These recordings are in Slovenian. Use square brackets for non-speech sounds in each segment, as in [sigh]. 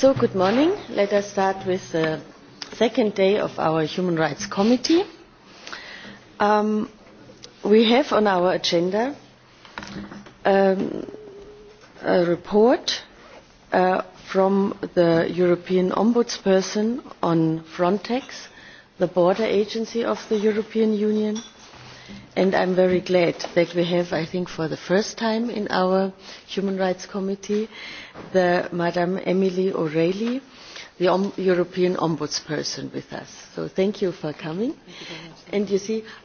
Good morning. Let us start with the second day of our Human Rights Committee. Um, we have on our agenda um, a report uh, from the European Ombudsperson on Frontex, the border agency of the European Union and i am very glad that we have i think for the first time in our human rights committee ms emily o'reilly the european ombudsperson with us so thank you for coming.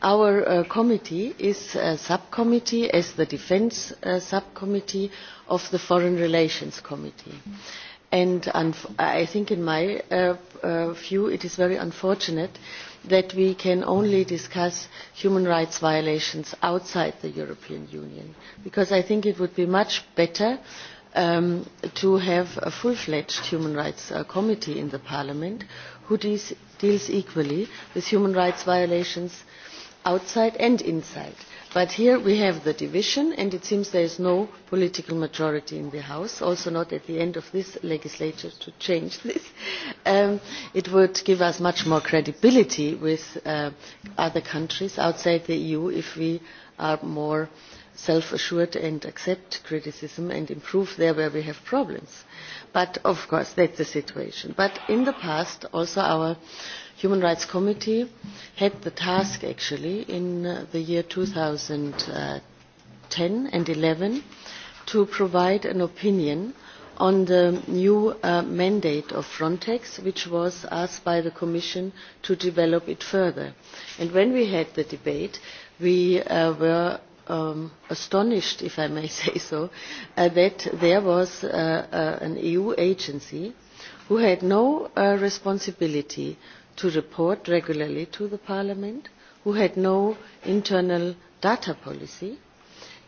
our uh, committee is a subcommittee as the defence uh, subcommittee of the foreign relations committee and I think in my uh, uh, view it is very unfortunate that we can only discuss human rights violations outside the European Union because I think it would be much better um, to have a full-fledged human rights uh, committee in the parliament who de deals equally with human rights violations outside and inside but here we have the division and it seems there is no political majority in the house also not at the end of this legislature to change this. [laughs] Um, it would give us much more credibility with uh, other countries outside the eu if we are more self assured and accept criticism and improve there where we have problems. but of course that is the situation. but in the past also our human rights committee had the task actually in uh, the year 2010 uh, and 11 to provide an opinion on the new uh, mandate of Frontex, which was asked by the Commission to develop it further. And when we had the debate, we uh, were um, astonished, if I may [laughs] say so, uh, that there was uh, uh, an EU agency who had no uh, responsibility to report regularly to the parliament who had no internal data policy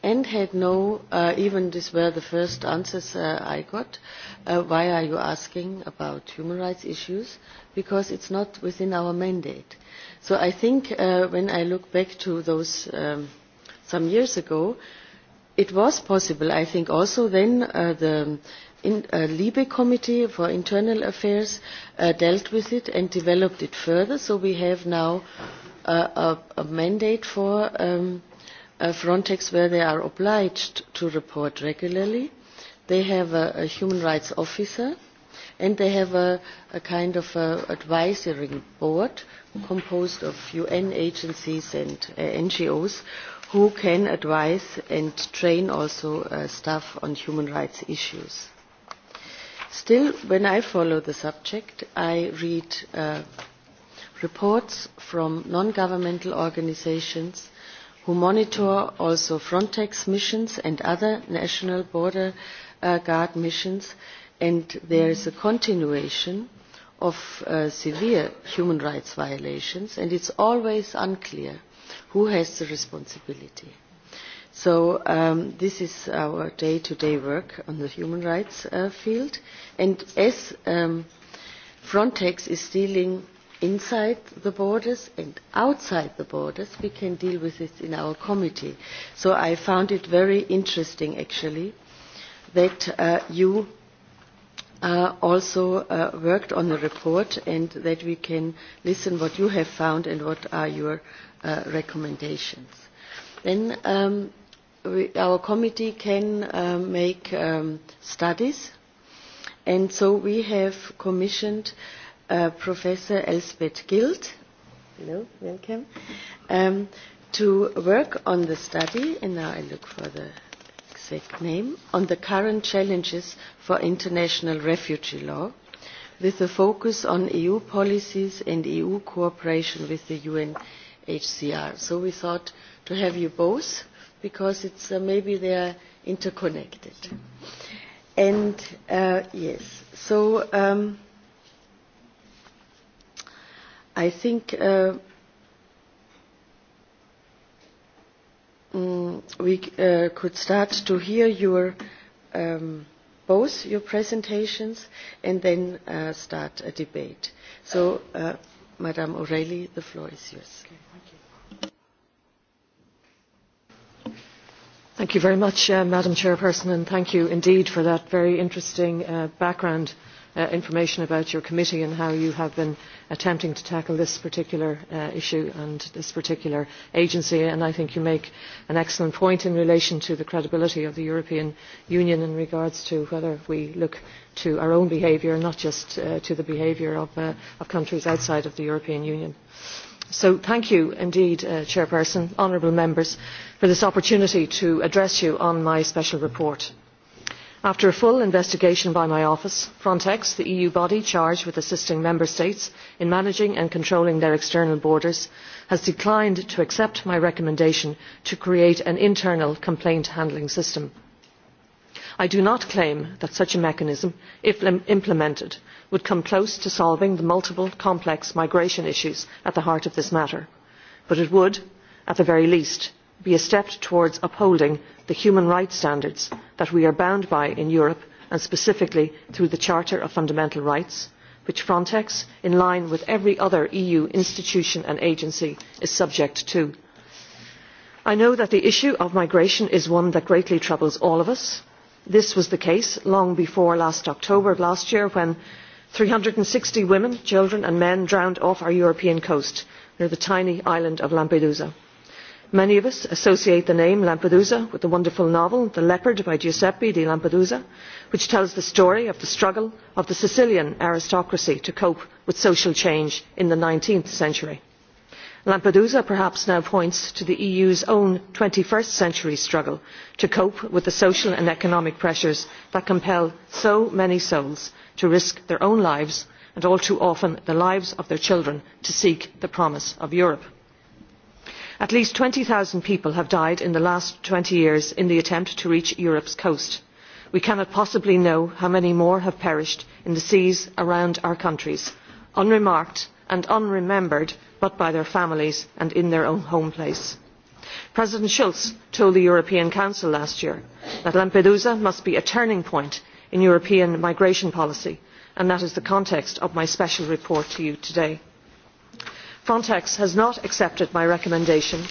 and had no, uh, even this were the first answers uh, I got, uh, why are you asking about human rights issues? Because it's not within our mandate. So I think uh, when I look back to those um, some years ago, it was possible, I think also then uh, the the libe committee for internal affairs uh, dealt with it and developed it further so we have now a, uh, a, a mandate for um, uh, frontex where they are obliged to report regularly they have a, a human rights officer and they have a, a kind of a advisory board composed of UN agencies and uh, NGOs who can advise and train also uh, staff on human rights issues. Still, when I follow the subject, I read uh, reports from non governmental organizations who monitor also Frontex missions and other national border uh, guard missions, and there is a continuation of uh, severe human rights violations, and it's always unclear who has the responsibility so um, this is our day to day work on the human rights uh, field and as um, frontex is dealing inside the borders and outside the borders we can deal with it in our committee so i found it very interesting actually that uh, you uh, also worked on the report and that we can listen what you have found and what are your recommendations then um, we, our committee can um, make um, studies, and so we have commissioned uh, Professor Elspeth Gild, hello, welcome, um, to work on the study, and now I look for the exact name, on the current challenges for international refugee law, with a focus on EU policies and EU cooperation with the UNHCR. So we thought to have you both because it's uh, maybe they are interconnected. And uh, yes, so um, I think uh, mm, we uh, could start to hear your um, both your presentations and then uh, start a debate. So, uh, Madame O'Reilly, the floor is yours. Okay, thank you. Uh, madam president i thank you indeed for that very interesting uh, background uh, information about your committee and how you have been attempting to tackle this particular issue and this particular agency and i think you make an excellent point in relation to the credibility of the european union in regards to whether we look to our own behaviour and not just to the behaviour of countries outside of the european union thank you indeed uh, chairperson honourable members for this opportunity to address you on my special report. after a full investigation by my office frontex the eu body charged with assisting member states in managing and controlling their external borders has declined to accept my recommendation to create an internal complaint handling system. i do not claim that such a mechanism if implemented would come close to solving the multiple complex migration issues at the heart of this matter but it would at the very least be a step towards upholding the human rights standards that we are bound by in europe and specifically through the charter of fundamental rights which frontex in line with every other eu institution and agency is subject to. i know that the issue of migration is one that greatly troubles all of us. this was the case long before last october when three hundred and sixty women children and men drowned off our european coast near the tiny island of lampedusa. many of us associate the name lampedusa with the wonderful novel the leopard by giuseppe di lampedusa which tells the story of the struggle of the sicilian aristocracy to cope with social change in the nineteenth century lampedusa perhaps now points to the eu's own twenty first century struggle to cope with the social and economic pressures that compel so many souls to risk their own lives and all too often the lives of their children to seek the promise of europe. at least twenty zero people have died in the last twenty years in the attempt to reach europe's coast. we cannot possibly know how many more have perished in the seas around our countries unremarked and unremembered but by their families and in their own home place. president schulz told the european council last year that lampedusa must be a turning point in european migration policy and that is the context of my special report to you today. frontex has not accepted my recommendation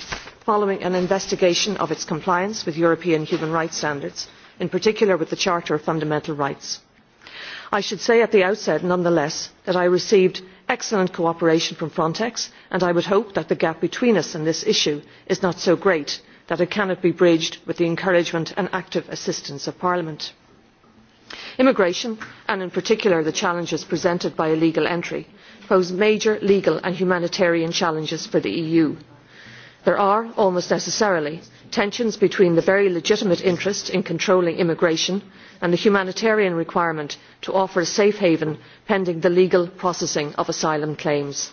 following an investigation of its compliance with european human rights standards in particular with the charter of fundamental rights. i should say at the outset nonetheless that i received excellent cooperation from frontex and i would hope that the gap between us on this issue is not so great that it cannot be bridged with the encouragement and active assistance of parliament. immigration and in particular the challenges presented by illegal entry pose major legal and humanitarian challenges for the eu. there are almost necessarily tensions between the very legitimate interest in controlling immigration and the humanitarian requirement to offer a safe haven pending the legal processing of asylum claims.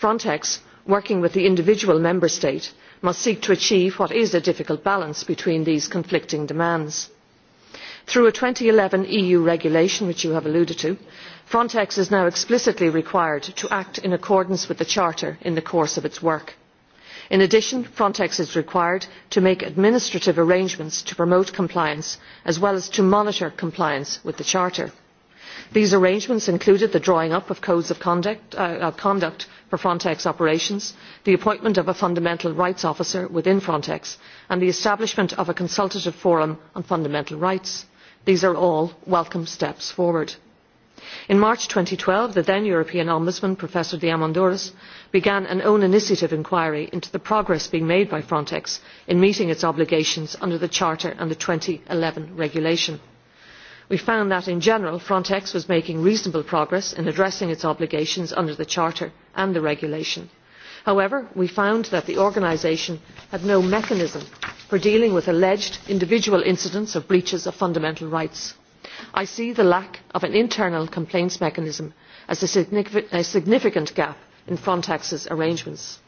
frontex working with the individual member state must seek to achieve what is a difficult balance between these conflicting demands. through a two thousand and eleven eu regulation which you have alluded to frontex is now explicitly required to act in accordance with the charter in the course of its work in addition frontex is required to make administrative arrangements to promote compliance as well as to monitor compliance with the charter. these arrangements included the drawing up of codes of conduct uh, for frontex operations the appointment of a fundamental rights officer within frontex and the establishment of a consultative forum on fundamental rights. these are all welcome steps forward in march two thousand and twelve the then european ombudsman professor diamandouros began an own initiative inquiry into the progress being made by frontex in meeting its obligations under the charter and the two thousand and eleven regulation. we found that in general frontex was making reasonable progress in addressing its obligations under the charter and the regulation. however we found that the organisation had no mechanism for dealing with alleged individual incidents of breaches of fundamental rights i see the lack of an internal complaints mechanism as a significant gap in frontex's arrangements.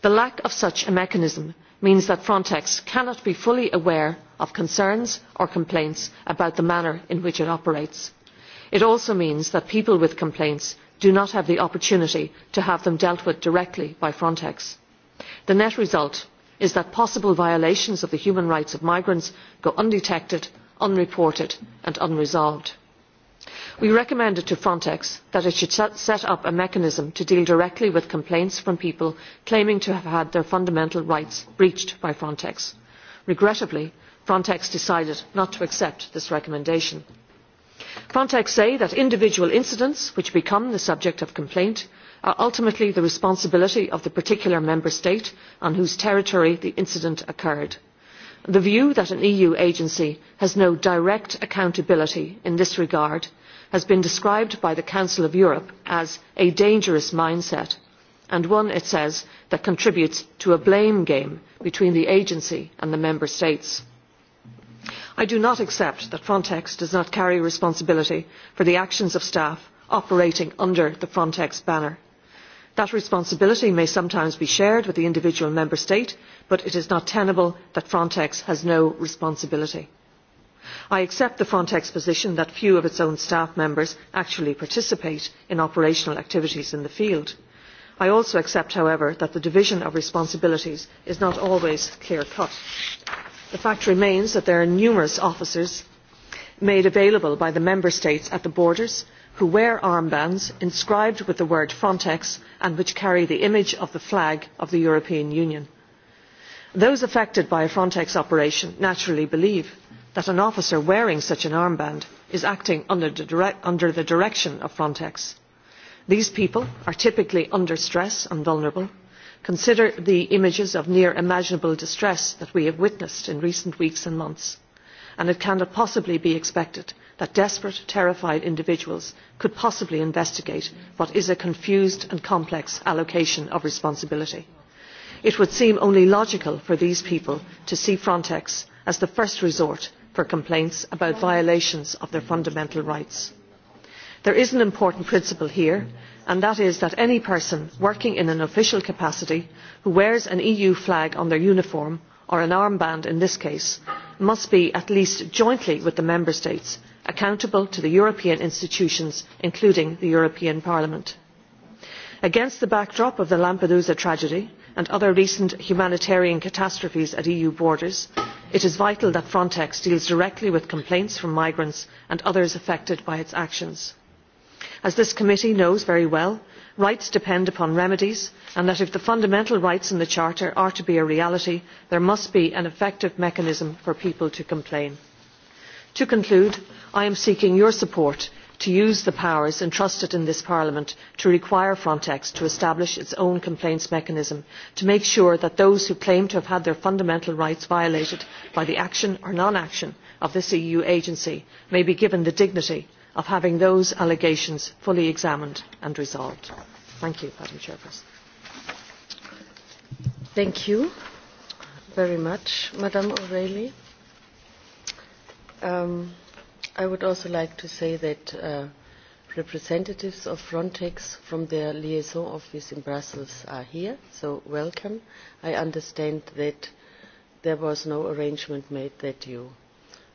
the lack of such a mechanism means that frontex cannot be fully aware of concerns or complaints about the manner in which it operates. it also means that people with complaints do not have the opportunity to have them dealt with directly by frontex. the net result is that possible violations of the human rights of migrants go undetected unreported and unresolved. We recommended to Frontex that it should set up a mechanism to deal directly with complaints from people claiming to have had their fundamental rights breached by Frontex. Regrettably, Frontex decided not to accept this recommendation. Frontex say that individual incidents which become the subject of complaint are ultimately the responsibility of the particular member state on whose territory the incident occurred the view that an eu agency has no direct accountability in this regard has been described by the council of europe as a dangerous mindset and one it says that contributes to a blame game between the agency and the member states. i do not accept that frontex does not carry responsibility for the actions of staff operating under the frontex banner. that responsibility may sometimes be shared with the individual member state but it is not tenable that Frontex has no responsibility. I accept the Frontex position that few of its own staff members actually participate in operational activities in the field. I also accept, however, that the division of responsibilities is not always clear-cut. The fact remains that there are numerous officers made available by the member states at the borders who wear armbands inscribed with the word Frontex and which carry the image of the flag of the European Union those affected by a frontex operation naturally believe that an officer wearing such an armband is acting under the direction of frontex. these people are typically under stress and vulnerable. consider the images of near imaginable distress that we have witnessed in recent weeks and months and it cannot possibly be expected that desperate terrified individuals could possibly investigate what is a confused and complex allocation of responsibility it would seem only logical for these people to see frontex as the first resort for complaints about violations of their fundamental rights. there is an important principle here and that is that any person working in an official capacity who wears an eu flag on their uniform or an armband in this case must be at least jointly with the member states accountable to the european institutions including the european parliament. against the backdrop of the lampedusa tragedy and other recent humanitarian catastrophes at eu borders it is vital that frontex deals directly with complaints from migrants and others affected by its actions. as this committee knows very well rights depend upon remedies and if the fundamental rights in the charter are to be a reality there must be an effective mechanism for people to complain. to conclude i am seeking your support to use the powers entrusted in this parliament to require frontex to establish its own complaints mechanism to make sure that those who claim to have had their fundamental rights violated by the action or non action of this eu agency may be given the dignity of having those allegations fully examined and resolved. thank you madam chairperson. thank you very much madam o'reilly. Um, i would also like to say that uh, representatives of frontex from their liaison office in brussels are here so welcome. i understand that there was no arrangement made that you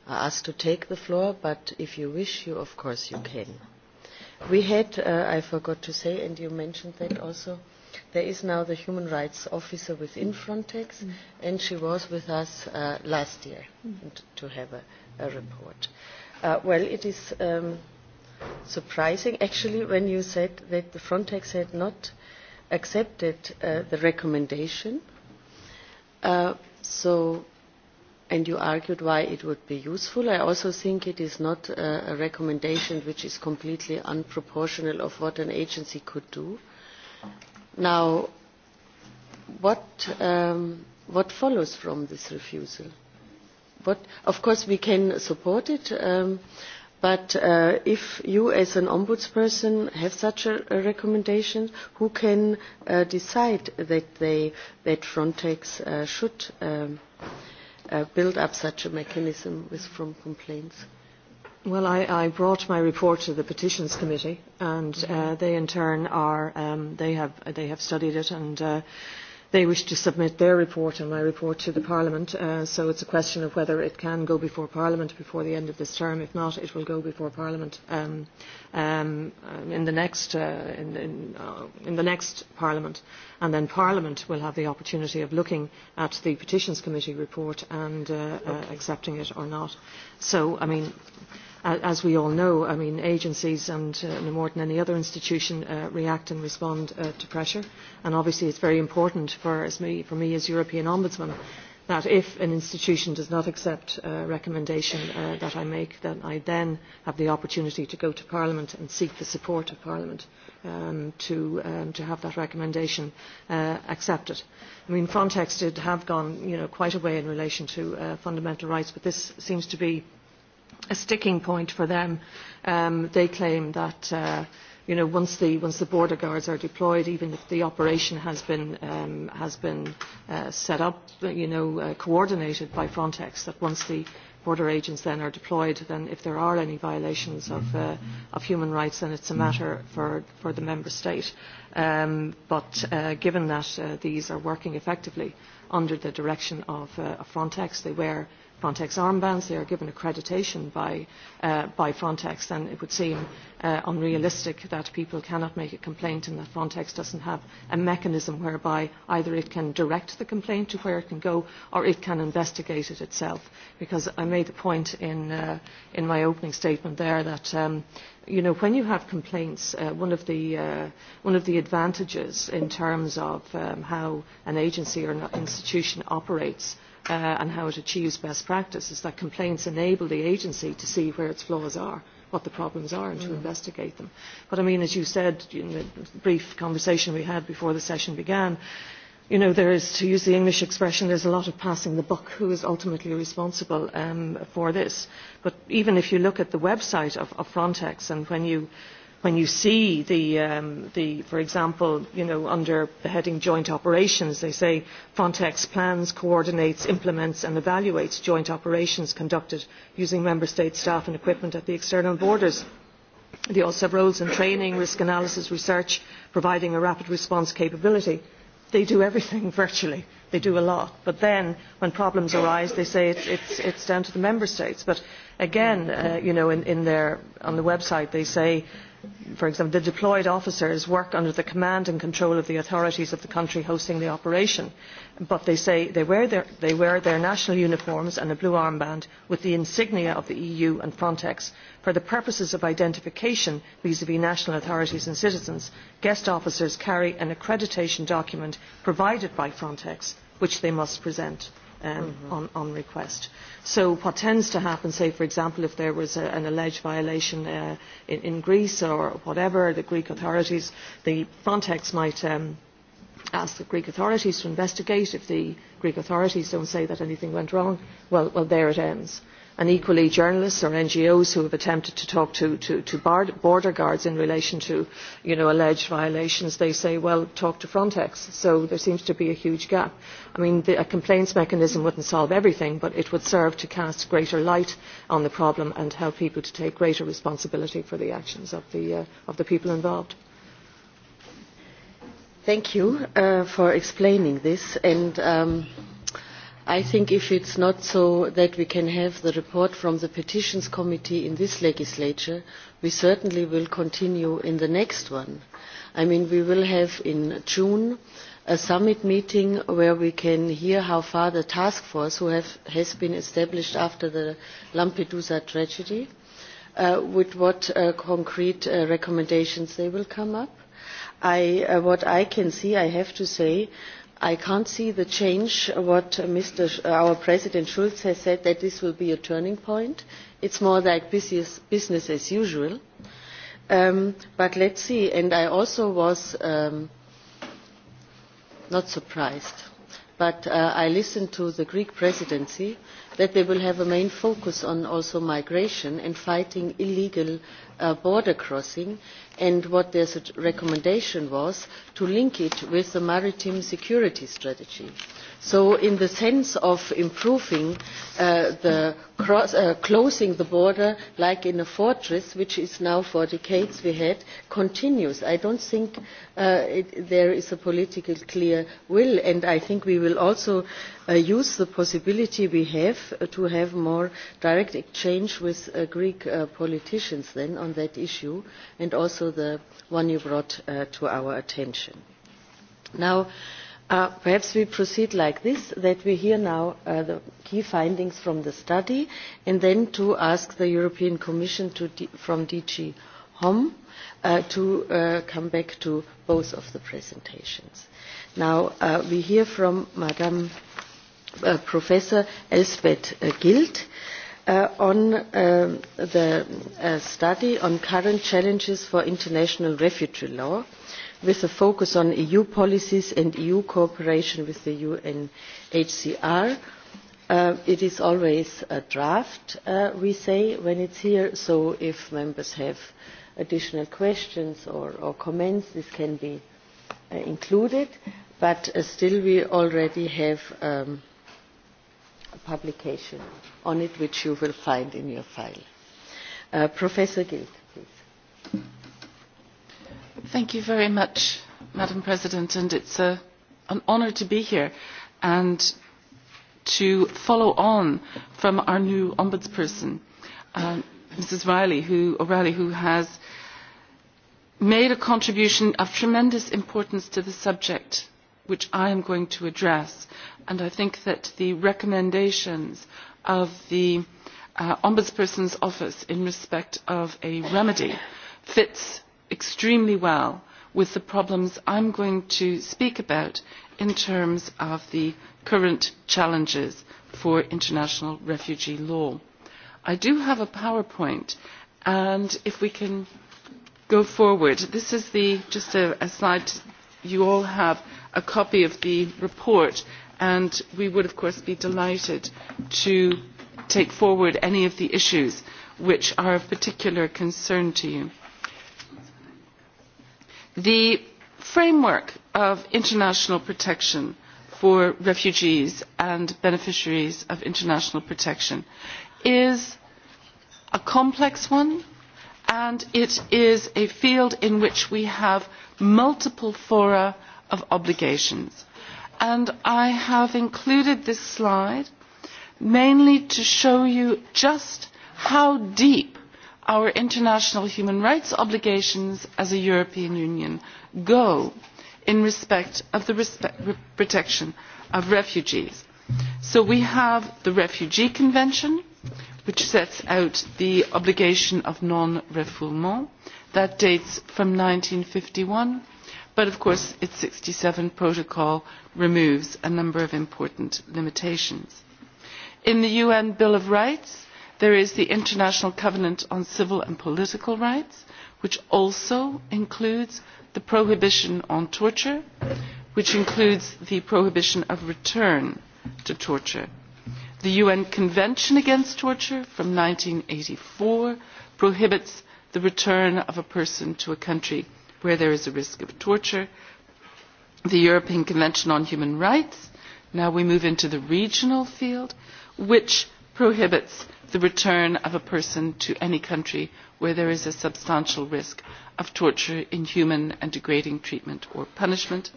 are asked to take the floor but if you wish you of course you can. we had uh, i forgot to say and you mentioned that also there is now the human rights officer within frontex mm. and she was with us uh, last year mm. to have a, a report. Uh, Uh, well, it is um, surprising actually when you said that the Frontex had not accepted uh, the recommendation. Uh, so, and you argued why it would be useful. I also think it is not a, a recommendation which is completely unproportional of what an agency could do. Now, what, um, what follows from this refusal? what of course we can support it um, but uh, if you as an ombudsperson have such a, a recommendation who can uh, decide that they that frontex uh, should um, uh, build up such a mechanism with from complaints well, I, I brought my report to the Petitions Committee, and uh, they in turn are, um, they, have, they have studied it, and uh, they wish to submit their report and my report to the parliament. Uh, so it's a question of whether it can go before parliament before the end of this term. If not, it will go before parliament um, um, uh, in, the next, uh, in, in, uh, in the next parliament. And then parliament will have the opportunity of looking at the petitions committee report and uh, okay. uh, accepting it or not. So, I mean, as we all know, I mean, agencies and uh, no more than any other institution uh, react and respond uh, to pressure. And obviously, it's very important for, as me, for me as European Ombudsman that if an institution does not accept a uh, recommendation uh, that I make, that I then have the opportunity to go to Parliament and seek the support of Parliament um, to, um, to have that recommendation uh, accepted. I mean, Frontex did have gone you know, quite a way in relation to uh, fundamental rights, but this seems to be a sticking point for them. Um, they claim that uh, you know, once, the, once the border guards are deployed, even if the operation has been, um, has been uh, set up, you know, uh, coordinated by Frontex, that once the border agents then are deployed, then if there are any violations of, uh, of human rights, then it's a matter for, for the member state. Um, but uh, given that uh, these are working effectively under the direction of uh, Frontex, they were uh, Frontex armbands. They are given accreditation by, uh, by Frontex, and it would seem uh, unrealistic that people cannot make a complaint and that Frontex doesn't have a mechanism whereby either it can direct the complaint to where it can go or it can investigate it itself. Because I made the point in, uh, in my opening statement there that um, you know, when you have complaints, uh, one, of the, uh, one of the advantages in terms of um, how an agency or an institution operates Uh, and how it achieves best practices that complaints enable the agency to see where its flaws are what the problems are and mm. to investigate them but i mean as you said in the brief conversation we had before the session began you know, there is, to use the English expression, there's a lot of passing the buck who is ultimately responsible um, for this. But even if you look at the website of, of Frontex and when you when you see the, um, the for example, you know, under the heading joint operations, they say Frontex plans, coordinates, implements and evaluates joint operations conducted using member state staff and equipment at the external borders. They also have roles in training, risk analysis, research, providing a rapid response capability. They do everything [laughs] virtually. They do a lot. But then, when problems arise, they say it's, it's, it's down to the member states. But again, uh, you know, in, in their, on the website, they say for example, the deployed officers work under the command and control of the authorities of the country hosting the operation, but they say they wear their, they wear their national uniforms and a blue armband with the insignia of the EU and Frontex for the purposes of identification vis-à-vis -vis national authorities and citizens. Guest officers carry an accreditation document provided by Frontex, which they must present um, mm -hmm. on, on request. So what tends to happen, say, for example, if there was a, an alleged violation uh, in, in Greece or whatever, the Greek authorities, the Frontex might um, ask the Greek authorities to investigate. If the Greek authorities don't say that anything went wrong, well, well there it ends. Mm and equally journalists or ngos who have attempted to talk to border guards in relation to alleged violations say well talk to frontex so there seems to be a huge gap. i mean a complaints mechanism would not solve everything but it would serve to cast greater light on the problem and help people to take greater responsibility for the actions of the, uh, of the people involved. Thank you uh, for explaining this. And, um, i think if it is not so that we can have the report from the petitions committee in this legislature we certainly will continue in the next one. i mean we will have in june a summit meeting where we can hear how far the task force which has been established after the lampedusa tragedy uh, with what uh, concrete uh, recommendations they will come up. I, uh, what i can see i have to say i cannot see the change what uh, uh, our president schulz has said that this will be a turning point. it is more like business as usual um, but let us see. i also was um, not surprised but uh, i listened to the greek presidency that we will have a main focus on also migration and fighting illegal uh, border crossing and what their recommendation was to link it with the maritime security strategy. So in the sense of improving uh, the cross, uh, closing the border like in a fortress, which is now for decades we had, continues. I don't think uh, it, there is a political clear will, and I think we will also uh, use the possibility we have uh, to have more direct exchange with uh, Greek uh, politicians then on that issue, and also the one you brought uh, to our attention. Now, uh, Uh, perhaps we proceed like this that we hear now uh, the key findings from the study and then ask the european commission from dg home uh, to come back to both of the presentations. now we hear from madam professor elspeth gilt on the study on current challenges for international refugee law with a focus on eu policies and eu cooperation with the unhcr. Uh, it is always a draft uh, we say when it is here so if members have additional questions or comments this can be uh, included but still we already have um, a publication on it which you will find in your file. professor madam president it is uh, an honour to be here and to follow on from our new ombudsperson mrs um, o'reilly who has made a contribution of tremendous importance to the subject which i am going to address and i think that the recommendations of the uh, ombudsperson's office in respect of a remedy fit extremely well with the problems I am going to speak about in terms of the current challenges for international refugee law. I do have a PowerPoint, and if we can go forward, this is the, just a, a slide. You all have a copy of the report, and we would, of course, be delighted to take forward any of the issues which are of particular concern to you the framework of international protection for refugees and beneficiaries of international protection is a complex one and it is a field in which we have multiple fora of obligations. And I have included this slide mainly to show you just how deep our international human rights obligations as a european union go in respect of the protection of refugees. so we have the refugee convention which sets out the obligation of non refoulement that dates from one thousand nine hundred and fifty one but of course its sixty seven protocol removes a number of important limitations. in the un bill of rights There is the International Covenant on Civil and Political Rights, which also includes the prohibition on torture, which includes the prohibition of return to torture. The UN Convention Against Torture from 1984 prohibits the return of a person to a country where there is a risk of torture. The European Convention on Human Rights, now we move into the regional field, which prohibits the return of a person to any country where there is a substantial risk of torture, inhuman and degrading treatment or punishment.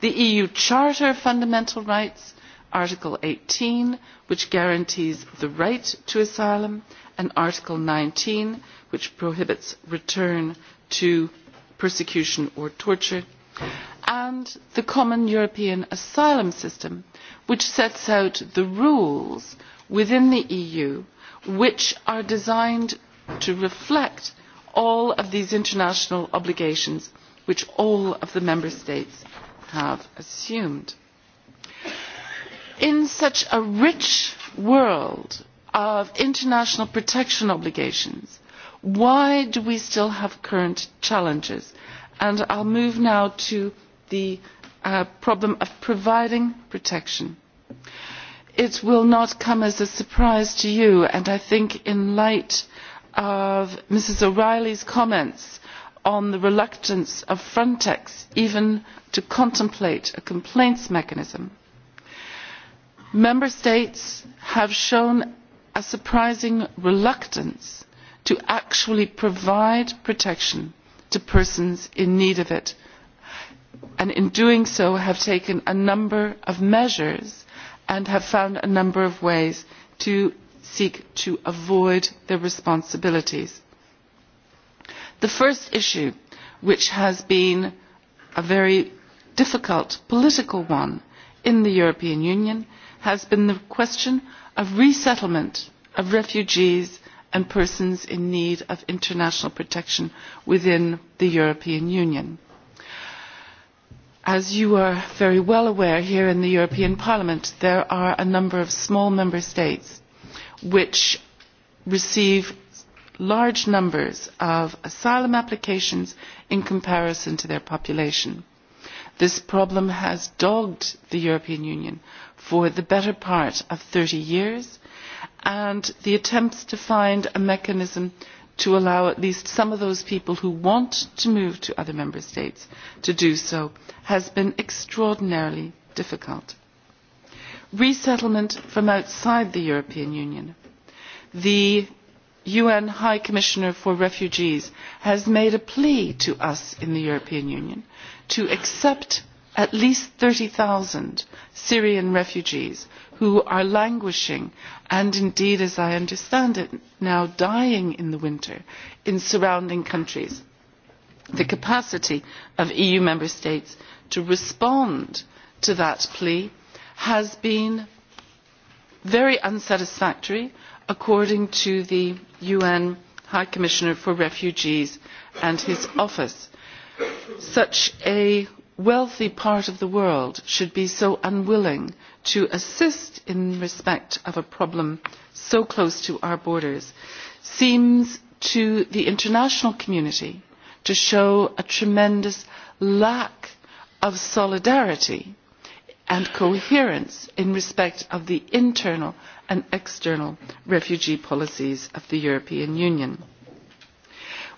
The EU Charter of Fundamental Rights, Article 18, which guarantees the right to asylum, and Article 19, which prohibits return to persecution or torture, and the Common European Asylum System, which sets out the rules within the EU which are designed to reflect all of these international obligations which all of the member states have assumed. In such a rich world of international protection obligations, why do we still have current challenges? And I'll move now to the uh, problem of providing protection it will not come as a surprise to you and i think in light of mrs o'reilly's comments on the reluctance of frontex even to contemplate a complaints mechanism member states have shown a surprising reluctance to actually provide protection to persons in need of it and in doing so have taken a number of measures and have found a number of ways to seek to avoid their responsibilities. The first issue, which has been a very difficult political one in the European Union, has been the question of resettlement of refugees and persons in need of international protection within the European Union. As you are very well aware here in the European Parliament, there are a number of small member states which receive large numbers of asylum applications in comparison to their population. This problem has dogged the European Union for the better part of 30 years, and the attempts to find a mechanism to allow at least some of those people who want to move to other member states to do so has been extraordinarily difficult. Resettlement from outside the European Union. The UN High Commissioner for Refugees has made a plea to us in the European Union to accept at least 30,000 Syrian refugees who are languishing and indeed, as I understand it, now dying in the winter in surrounding countries. The capacity of EU member states to respond to that plea has been very unsatisfactory, according to the UN High Commissioner for Refugees and his office. Such a wealthy part of the world should be so unwilling to assist in respect of a problem so close to our borders seems to the international community to show a tremendous lack of solidarity and coherence in respect of the internal and external refugee policies of the european union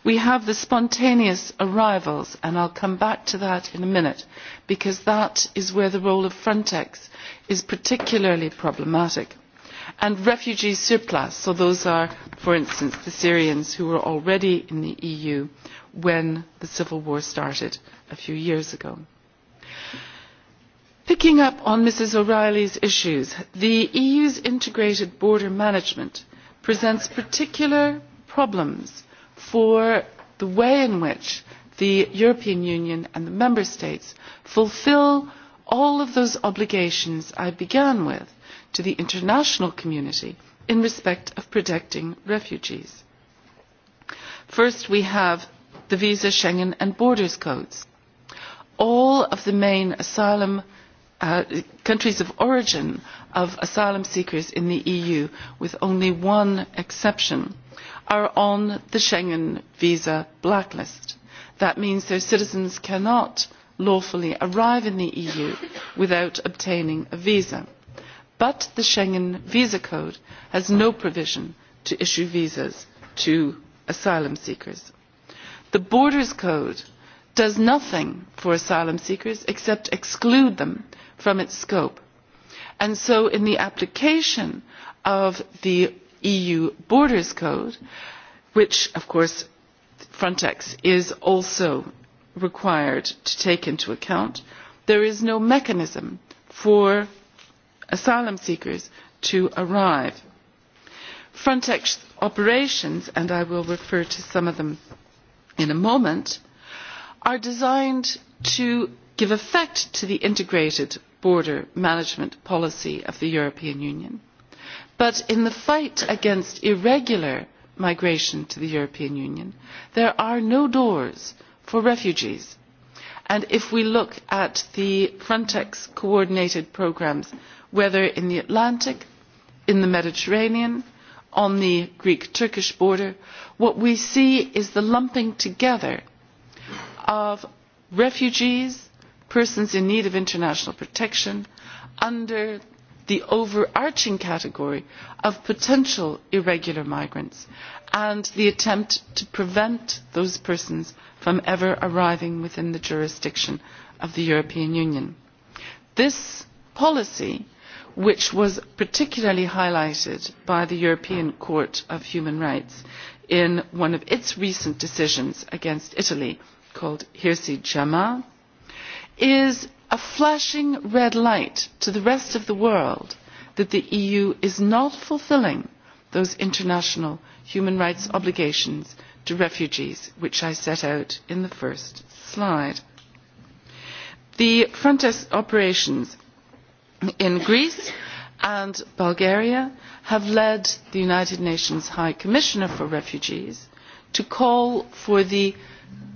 we have the spontaneous arrivals and i'll come back to that in a minute because that is where the role of frontex is particularly problematic and refugee surplus so those are for instance the syrians who were already in the eu when the civil war started a few years ago picking up on mrs o'reilly's issues the eu's integrated border management presents particular problems for the way in which the European Union and the Member States fulfill all of those obligations I began with to the international community in respect of protecting refugees. First, we have the Visa, Schengen and Borders Codes. All of the main asylum Uh, countries of origin of asylum seekers in the EU, with only one exception, are on the Schengen visa blacklist. That means their citizens cannot lawfully arrive in the EU without obtaining a visa. But the Schengen Visa Code has no provision to issue visas to asylum seekers. The Borders Code does nothing for asylum seekers except exclude them from its scope. And so in the application of the EU Borders Code, which of course Frontex is also required to take into account, there is no mechanism for asylum seekers to arrive. Frontex operations, and I will refer to some of them in a moment, are designed to give effect to the integrated border management policy of the european union but in the fight against irregular migration to the european union there are no doors for refugees and if we look at the frontex coordinated programmes whether in the atlantic in the mediterranean or on the greek turkish border what we see is the lumping together of refugees persons in need of international protection under the overarching category of potential irregular migrants and the attempt to prevent those persons from ever arriving within the jurisdiction of the European Union. This policy, which was particularly highlighted by the European Court of Human Rights in one of its recent decisions against Italy called Hirsi Jamal, is a flashing red light to the rest of the world that the EU is not fulfilling those international human rights obligations to refugees, which I set out in the first slide. The Frontex operations in Greece and Bulgaria have led the United Nations High Commissioner for Refugees to call for the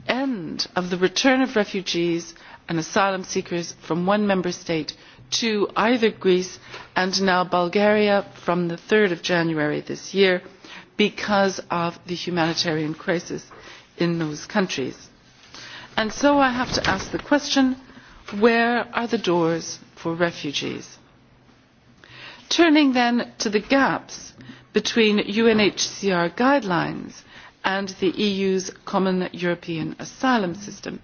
end of the return of refugees and asylum seekers from one member state to either Greece and now Bulgaria from the 3rd of January this year because of the humanitarian crisis in those countries. And so I have to ask the question, where are the doors for refugees? Turning then to the gaps between UNHCR guidelines and the EU's common European asylum system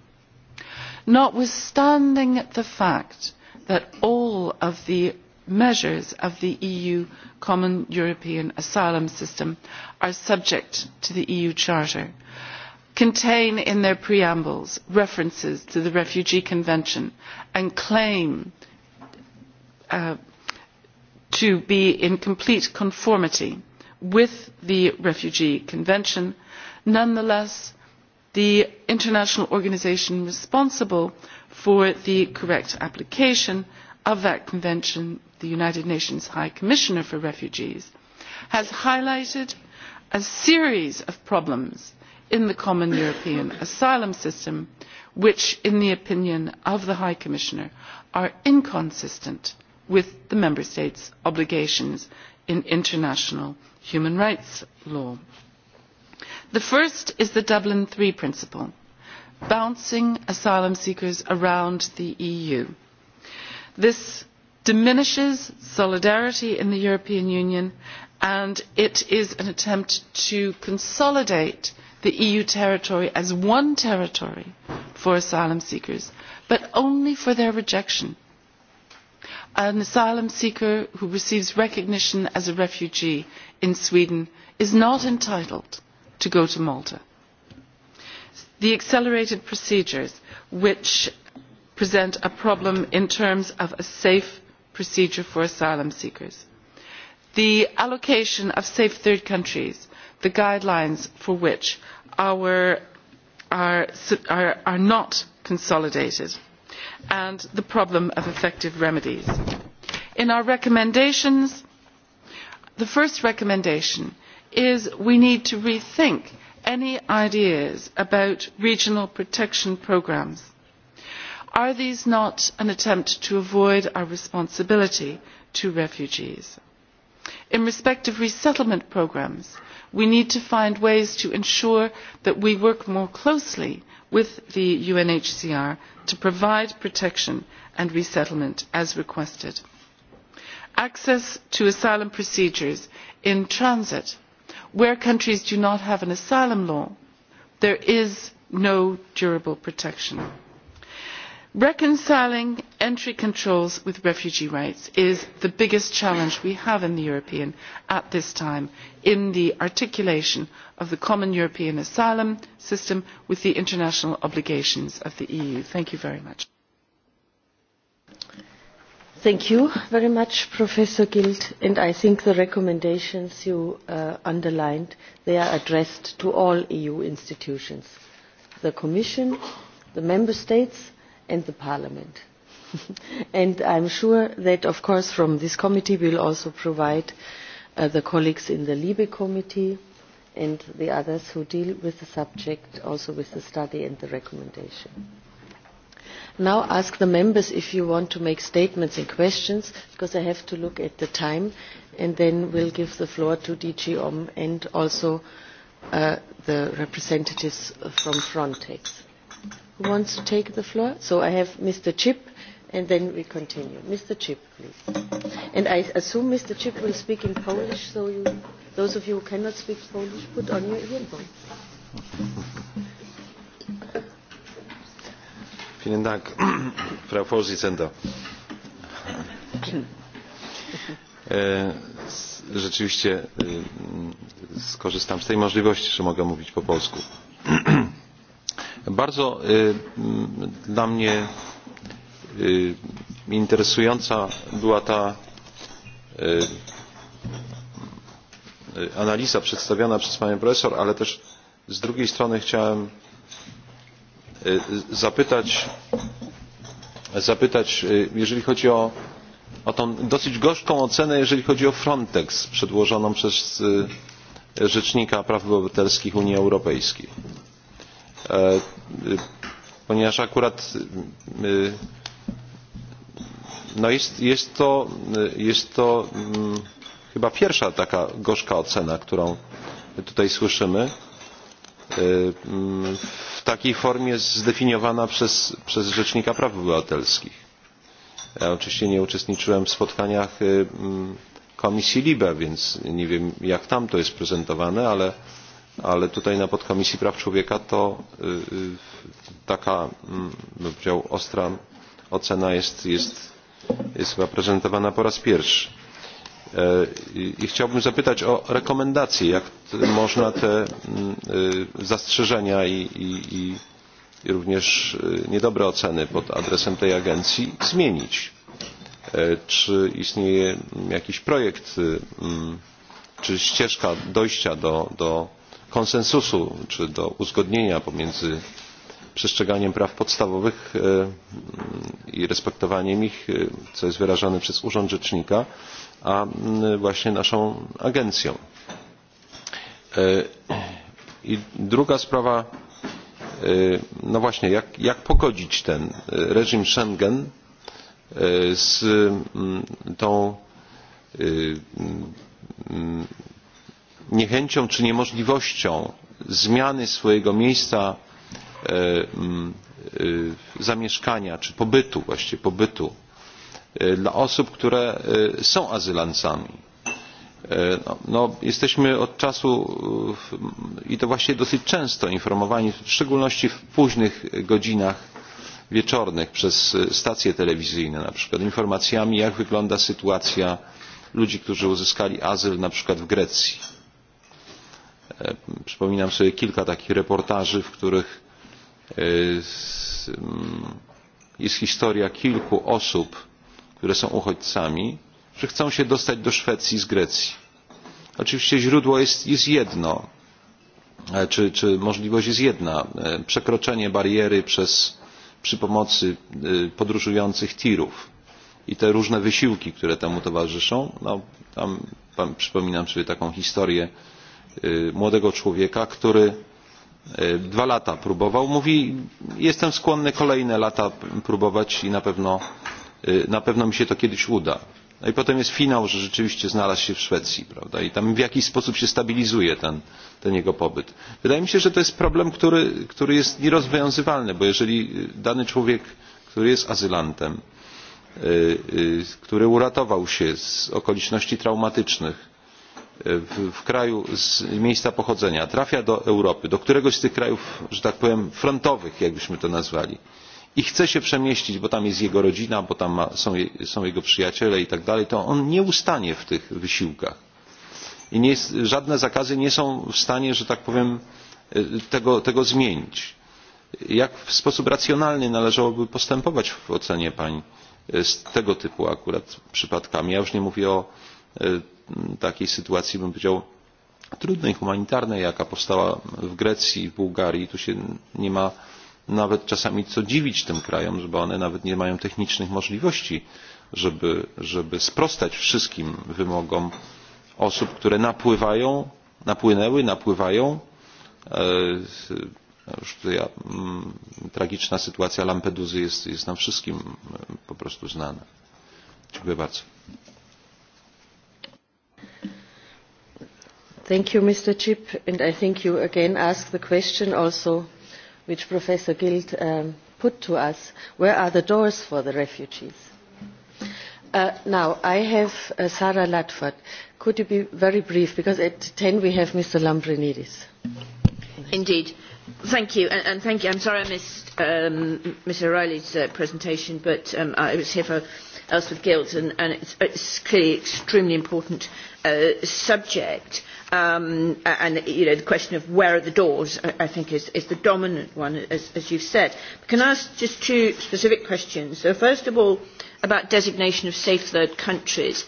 notwithstanding the fact that all of the measures of the EU common European asylum system are subject to the EU Charter, contain in their preambles references to the Refugee Convention and claim uh, to be in complete conformity with the Refugee Convention, nonetheless, the international organisation responsible for the correct application of that convention the united nations high commissioner for refugees has highlighted a series of problems in the common european asylum system which in the opinion of the high commissioner are inconsistent with the member states' obligations in international human rights law the first is the dublin iii principle bouncing asylum seekers around the eu. this diminishes solidarity in the european union and it is an attempt to consolidate the eu territory as one territory for asylum seekers but only for their rejection. an asylum seeker who receives recognition as a refugee in sweden is not entitled to go to Malta. The accelerated procedures, which present a problem in terms of a safe procedure for asylum seekers. The allocation of safe third countries, the guidelines for which our, are, are, are not consolidated, and the problem of effective remedies. In our recommendations, the first recommendation is we need to rethink any ideas about regional protection programmes. Are these not an attempt to avoid our responsibility to refugees? In respect of resettlement programmes, we need to find ways to ensure that we work more closely with the UNHCR to provide protection and resettlement as requested. Access to asylum procedures in transit where countries do not have an asylum law there is no durable protection. reconciling entry controls with refugee rights is the biggest challenge we have in the european at this time in the articulation of the common european asylum system with the international obligations of the eu. thank you very much professor gilt and i think the recommendations you uh, underlined are addressed to all eu institutions the commission the member states and parliament [laughs] and i am sure that of course from this committee we will also provide uh, the colleagues in the libe committee and the others who deal with the subject also with the study and the recommendation now ask the members if you want to make statements and questions because i have to look at the time and then we'll give the floor to dg om and also uh, the representatives from frontex who wants to take the floor so i have mr chip and then we continue mr chip please and i assume mr chip will speak in polish so you, those of you who cannot speak polish put on your earphones [clears throat] frau präsidentin! [laughs] E, rzeczywiście skorzystam z tej możliwości że mogę mówić po polsku. [clears throat] bardzo dla mnie interesująca była ta analiza przedstawiona przez panią profesor ale też z drugiej strony chciałem E, zapytać e, jeżeli chodzi o tę dosyć gorzką ocenę jeżeli chodzi o frontex przedłożoną przez e, rzecznika praw obywatelskich unii europejskiej ponieważ akurat no jest, jest, to, jest to mm, chyba pierwsza taka gorzka ocena którą tutaj słyszymy. E, w takiej formie zdefiniowana przez, przez Rzecznika Praw Obywatelskich. Ja oczywiście nie uczestniczyłem w spotkaniach e, Komisji LIBE, więc nie wiem, jak tam to jest prezentowane, ale, ale tutaj na Podkomisji Praw Człowieka to e, taka, bym powiedział, ostra ocena jest, jest, jest chyba prezentowana po raz pierwszy. E, i chciałbym zapytać o rekomendacje jak można te e, zastrzeżenia i, i, i również e, niedobre oceny pod adresem tej agencji zmienić czy istnieje jakiś projekt czy ścieżka dojścia do, do konsensusu czy do uzgodnienia pomiędzy przestrzeganiem praw podstawowych i respektowaniem ich co jest wyrażane przez urząd rzecznika a właśnie naszą agencją. E, I druga sprawa, e, no właśnie, jak, jak pogodzić ten reżim Schengen e, z tą niechęcią czy niemożliwością zmiany swojego miejsca zamieszkania czy pobytu, właściwie pobytu E, dla osób które e, są azylantami. E, no, no, jesteśmy od czasu i to właśnie dosyć często informowani, w szczególności w późnych godzinach wieczornych przez stacje telewizyjne na przykład informacjami, jak wygląda sytuacja ludzi, którzy uzyskali azyl na przykład w Grecji. Przypominam sobie kilka takich reportaży, w których jest historia kilku osób, które są uchodźcami, że chcą się dostać do Szwecji z Grecji. Oczywiście źródło jest, jest jedno, e, czy, czy możliwość jest jedna. E, przekroczenie bariery przez, przy pomocy e, podróżujących tirów i te różne wysiłki, które temu towarzyszą. No, tam pan, przypominam sobie taką historię młodego człowieka, który dwa lata próbował. Mówi, jestem skłonny kolejne lata próbować i na pewno na pewno mi się to kiedyś uda. No i potem jest finał, że rzeczywiście znalazł się w Szwecji, prawda? I tam w jakiś sposób się stabilizuje ten, ten jego pobyt. Wydaje mi się, że to jest problem, który, który jest nierozwiązywalny, bo jeżeli dany człowiek, który jest azylantem, yy, yy, który uratował się z okoliczności traumatycznych w, w kraju z miejsca pochodzenia, trafia do Europy, do któregoś z tych krajów, że tak powiem, frontowych, jakbyśmy to nazwali, i chce się przemieścić, bo tam jest jego rodzina, bo tam ma, są, są jego przyjaciele i tak dalej, to on nie ustanie w tych wysiłkach. I nie, żadne zakazy nie są w stanie, że tak powiem, e, tego, tego zmienić. Jak w sposób racjonalny należałoby postępować w ocenie pań e, z tego typu akurat przypadkami? Ja już nie mówię o e, takiej sytuacji, bym powiedział, trudnej, humanitarnej, jaka powstała w Grecji i w Bułgarii. Tu się nie ma nawet czasami co dziwić tym krajom, bo one nawet nie mają technicznych możliwości, żeby, żeby sprostać wszystkim wymogom osób, które napływają, napłynęły, napływają. E, no już tutaj, ja, mm, tragiczna sytuacja Lampeduzy jest, jest nam wszystkim e, po prostu znana. Dziękuję bardzo. Thank you, Mr. Chip, and I think you again ask the question also which professor gilt um, put to us where are the doors for the refugees? Uh, now i have uh, sarah ludford. could you be very brief because at ten we have mr lambrinidis. indeed. Thank you, and thank you. I'm sorry I missed um, Ms. O'Reilly's uh, presentation, but um, I was here for Elspeth Guild, and, and it's, it's clearly an extremely important uh, subject. Um, and the question of where are the doors i think is the dominant one as you said. can i ask just two specific questions? first of all about designation of safe third countries.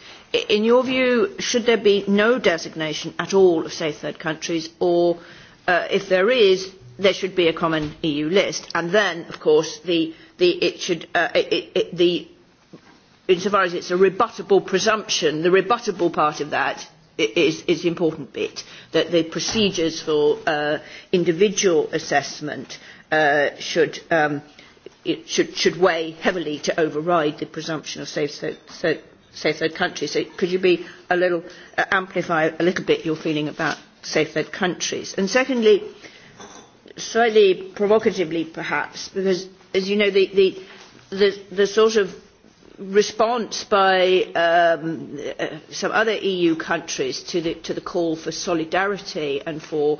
in your view should there be no designation at all of safe third countries or uh, if there is there should be a common EU list and then of course the, the it should uh, it, it, the insofar as it's a rebuttable presumption the rebuttable part of that is, is the important bit, that the procedures for uh, individual assessment uh, should, um, it should, should weigh heavily to override the presumption of safe, safe, safe third countries. So could you be a little, uh, amplify a little bit your feeling about safe third countries? And secondly, slightly provocatively perhaps, because as you know, the, the, the, the sort of response by um, uh, some other eu countries to the call for solidarity and for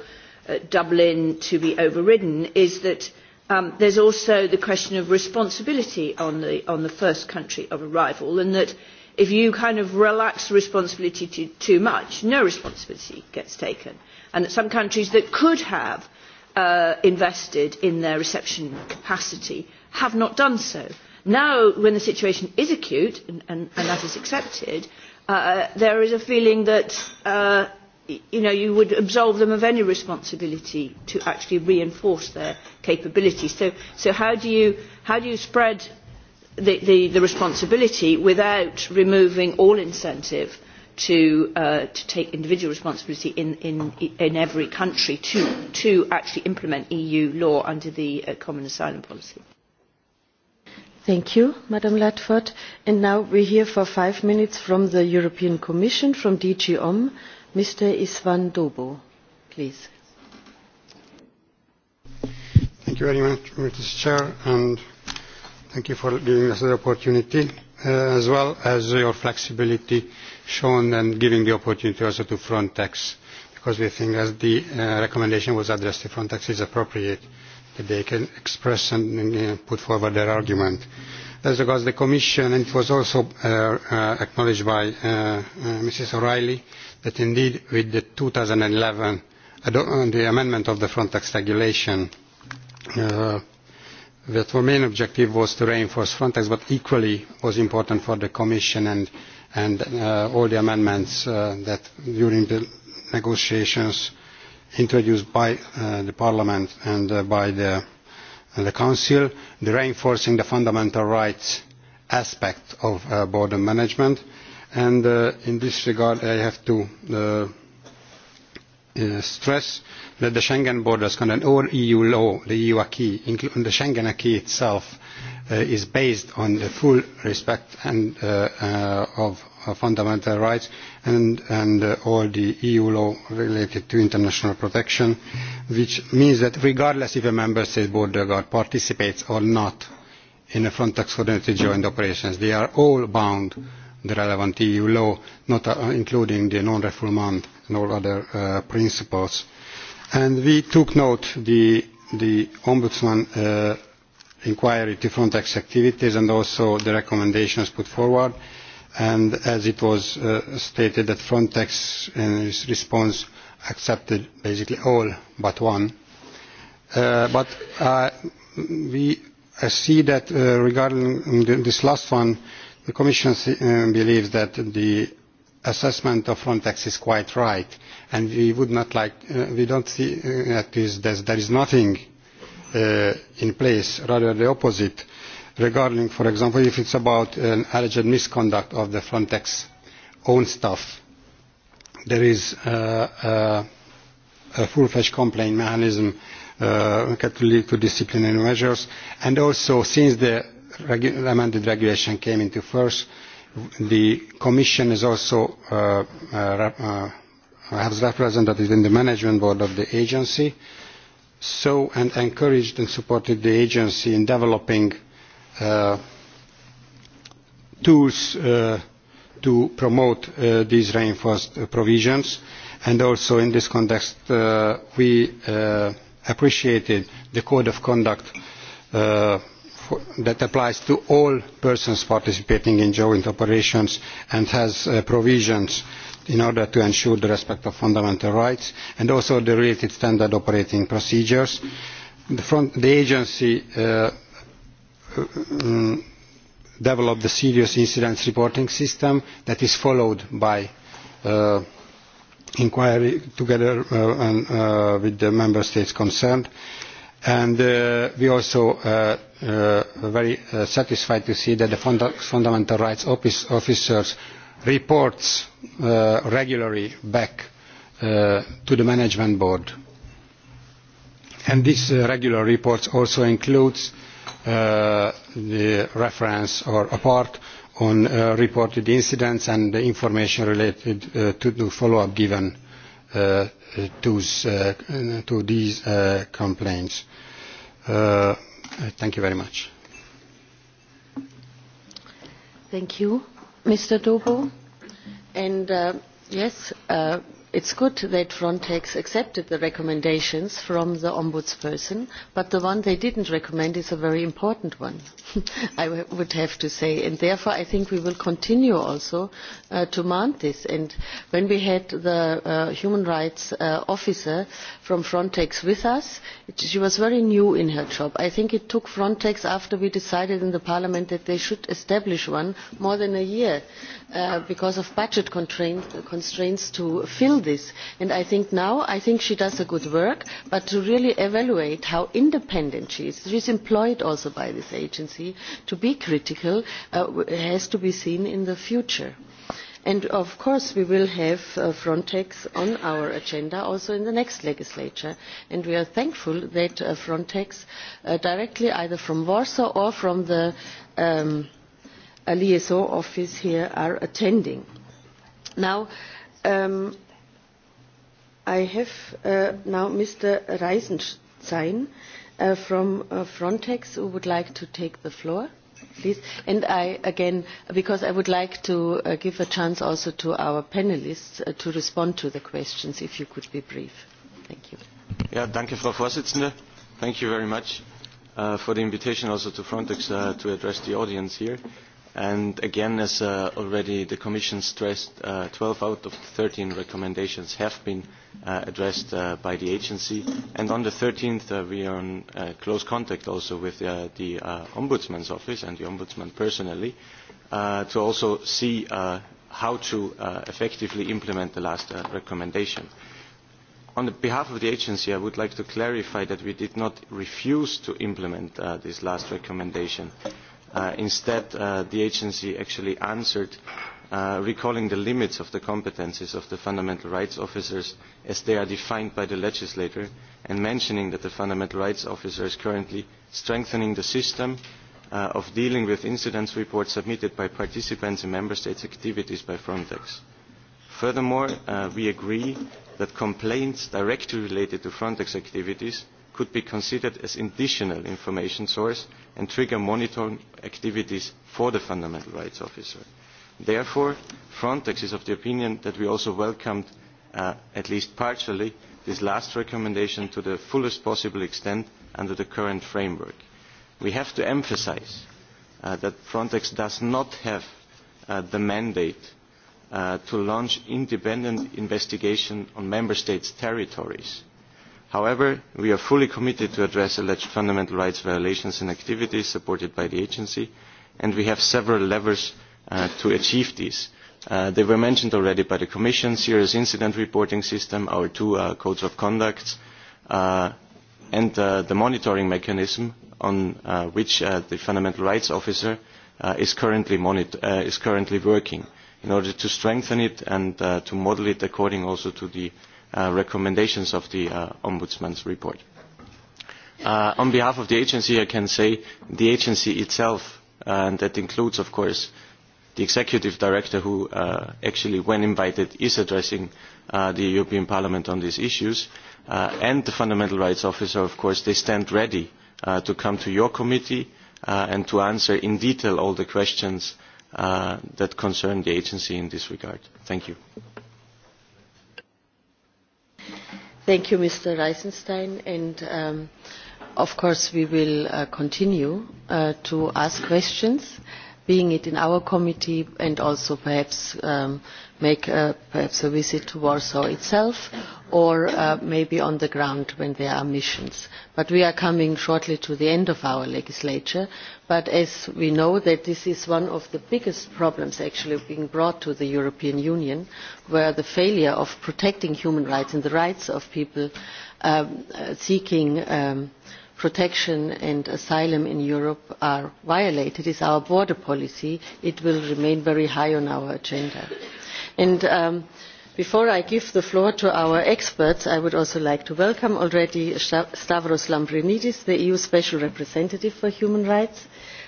uh, dublin to be overridden is that um, there is also the question of responsibility on the first country of arrival and that if you kind of relax responsibility too much no responsibility gets taken and that some countries that could have uh, invested in their reception capacity have not done so. Now, when the situation is acute, and, and, and that is accepted, uh, there is a feeling that uh, you, know, you would absolve them of any responsibility to actually reinforce their capabilities. So, so how, do you, how do you spread the, the, the responsibility without removing all incentive to, uh, to take individual responsibility in, in, in every country to, to actually implement EU law under the uh, common asylum policy? thank you madam ludford and now we hear for five minutes from the european commission from dg om mr istvn dobro please thank you very much mrs chair and thank you for giving us the opportunity uh, as well as your flexibility shown and giving the opportunity also to frontex because we think as the uh, recommendation was addressed to frontex is appropriate uh, they can express and uh, put forward their argument. As regards the Commission, and it was also uh, uh, acknowledged by uh, uh, Mrs. O'Reilly, that indeed with the 2011 ad- uh, the amendment of the Frontex regulation, uh, that our main objective was to reinforce Frontex, but equally was important for the Commission and, and uh, all the amendments uh, that during the negotiations uh, introduced by uh, the Parliament and uh, by the, uh, the Council, the reinforcing the fundamental rights aspect of uh, border management. And uh, in this regard, I have to uh, uh, stress that the Schengen borders and all EU law, the EU acquis, including the Schengen acquis itself, uh, is based on the full respect and, uh, uh, of uh, fundamental rights, and and uh, all the EU law related to international protection, which means that regardless if a member state border guard participates or not in a Frontex coordinated joint operations, they are all bound the relevant EU law, not uh, including the non-refoulement and all other uh, principles. And we took note the the ombudsman uh, inquiry to Frontex activities and also the recommendations put forward and as it was uh, stated that Frontex in its response accepted basically all but one. Uh, but uh, we uh, see that uh, regarding th this last one, the Commission uh, believes that the assessment of Frontex is quite right, and we would not like, uh, we don't see uh, that, is, that there is nothing uh, in place, rather the opposite regarding for example if it's about an alleged misconduct of the frontex own staff there is uh, uh, a full-fledged complaint mechanism uh, that could lead to disciplinary measures and also since the regu amended regulation came into force the commission is also uh, uh, uh, has representatives in the management board of the agency so and encouraged and supported the agency in developing uh, Uh, tools uh, to promote uh, these reinforced provisions and also in this context we appreciated the code of conduct that applies to all persons participating in joint operations and has provisions in order to ensure the respect of fundamental rights and also the related standard operating procedures. the agency Uh, uh, develop the serious incidents reporting system that is followed by an uh, inquiry together with the member states concerned and we are also very satisfied to see that the fundamental rights officer's reports regularly back to the management board. these regular reports also include Uh, the reference or a part on uh, reported incidents and the information related uh, to the follow-up given uh, to, uh, to these uh, complaints. Uh, thank you very much. Thank you, Mr. Dobo. And uh, yes, uh, it is good that frontex accepted the recommendations from the ombudsperson but the one they did not recommend is a very important one [laughs] i would have to say and therefore i think we will continue also uh, to mount this and when we had the uh, human rights uh, officer from frontex with us it, she was very new in her job i think it took frontex after we decided in the parliament that they should establish one more than a year uh, Uh, because of budget constraints to fill this. And I think now, I think she does a good work, but to really evaluate how independent she is, she's employed also by this agency, to be critical uh, has to be seen in the future. And of course, we will have uh, Frontex on our agenda also in the next legislature. And we are thankful that uh, Frontex, uh, directly either from Warsaw or from the um, liaison office here are attending. Now, um, I have uh, now Mr. Reisenstein uh, from uh, Frontex who would like to take the floor. Please, and I again, because I would like to uh, give a chance also to our panelists uh, to respond to the questions, if you could be brief. Thank you. Yeah, danke, Frau Vorsitzende. Thank you very much uh, for the invitation also to Frontex uh, to address the audience here. Uh, And again, as uh, already the Commission stressed, uh, 12 out of 13 recommendations have been uh, addressed uh, by the agency. And on the 13th, uh, we are in uh, close contact also with uh, the uh, Ombudsman's office and the Ombudsman personally uh, to also see uh, how to uh, effectively implement the last uh, recommendation. On the behalf of the agency, I would like to clarify that we did not refuse to implement uh, this last recommendation. Uh, instead, uh, the agency actually answered, uh, recalling the limits of the competences of the fundamental rights officers as they are defined by the legislator, and mentioning that the fundamental rights officer is currently strengthening the system uh, of dealing with incidents reports submitted by participants in member states' activities by Frontex. Furthermore, uh, we agree that complaints directly related to Frontex activities uh, could be considered as an additional information source and trigger monitoring activities for the fundamental rights officer. therefore frontex is of the opinion that we also welcomed uh, at least partially this last recommendation to the fullest possible extent under the current framework. we have to emphasise uh, that frontex does not have uh, the mandate to launch independent investigations on member states' territories however we are fully committed to addressing alleged fundamental rights violations and activities supported by the agency and we have several levers uh, to achieve this. Uh, they were mentioned already by the commission the serious incident reporting system our two uh, codes of conduct and the monitoring mechanism on which the fundamental rights officer is currently working in order to strengthen it and to model it according also to the uh, recommendations of the uh, Ombudsman's report. Uh, on behalf of the agency, I can say the agency itself, uh, and that includes, of course, the executive director who uh, actually, when invited, is addressing uh, the European Parliament on these issues, uh, and the fundamental rights officer, of course, they stand ready uh, to come to your committee uh, and to answer in detail all the questions uh, that concern the agency in this regard. Thank you. thank you mr eisenstein and um, of course we will uh, continue uh, to ask questions being it in our committee and also perhaps um, make uh, perhaps a visit to Warsaw itself or uh, maybe on the ground when there are missions. But we are coming shortly to the end of our legislature. But as we know that this is one of the biggest problems actually being brought to the European Union, where the failure of protecting human rights and the rights of people um, seeking um, protection and asylum in Europe are violated is our border policy. It will remain very high on our agenda. Um, before i give the floor to our experts i would also like to welcome stavros lambrinidis the eu special representative for human rights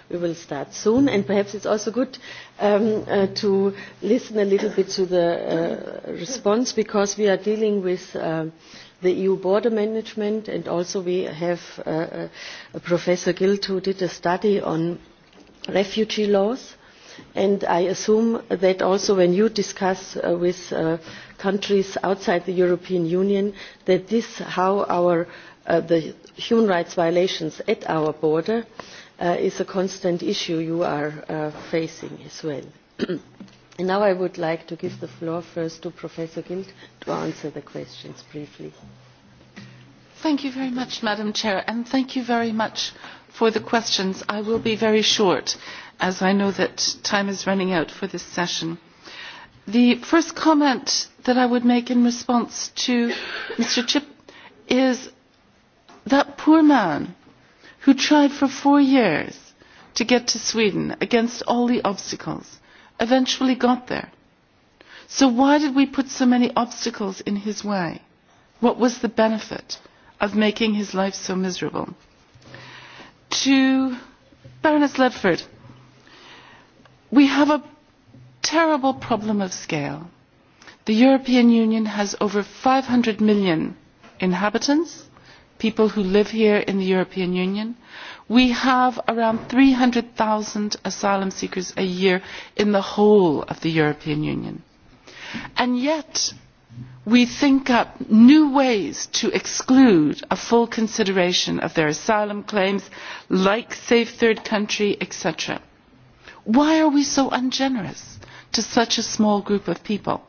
who will start soon and perhaps it is also good um, uh, to listen a little bit to the uh, response because we are dealing with uh, the eu border management and also we have professor gill who did a study on refugee laws and i assume that also when you discuss uh, with uh, countries outside the european union how uh, the human rights violations at our border is a constant issue you are facing as well. [clears throat] now i would like to give the floor first to professor gilt to answer the questions briefly. Thank you very much, Madam Chair, and thank you very much for the questions. I will be very short. Uh, as I know that time is running out for this session. The first comment that I would make in response to Mr. Chip is that poor man who tried for four years to get to Sweden against all the obstacles eventually got there. So why did we put so many obstacles in his way? What was the benefit of making his life so miserable? To Baroness Ledford. We have a terrible problem of scale. The European Union has over 500 million inhabitants, people who live here in the European Union. We have around 300,000 asylum seekers a year in the whole of the European Union. And yet, we think up new ways to exclude a full consideration of their asylum claims, like safe third country, etc why are we so ungenerous to such a small group of people?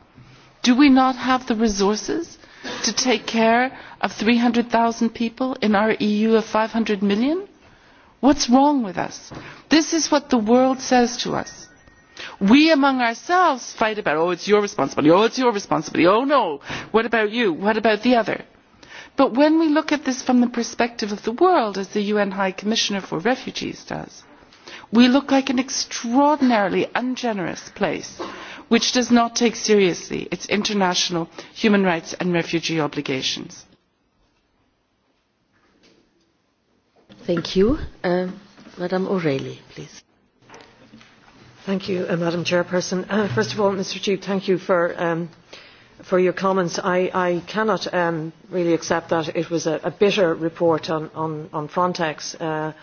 Do we not have the resources to take care of 300,000 people in our EU of 500 million? What's wrong with us? This is what the world says to us. We among ourselves fight about, oh, it's your responsibility, oh, it's your responsibility, oh, no, what about you, what about the other? But when we look at this from the perspective of the world, as the UN High Commissioner for Refugees does, we look like an extraordinarily ungenerous place which does not take seriously its international human rights and refugee obligations. Thank you. Um, uh, Madam O'Reilly, please. Thank you, uh, Madam Chairperson. Uh, first of all, Mr. Tube, thank you for, um, for your comments. I, I cannot um, really accept that it was a, a bitter report on, on, on Frontex. Uh,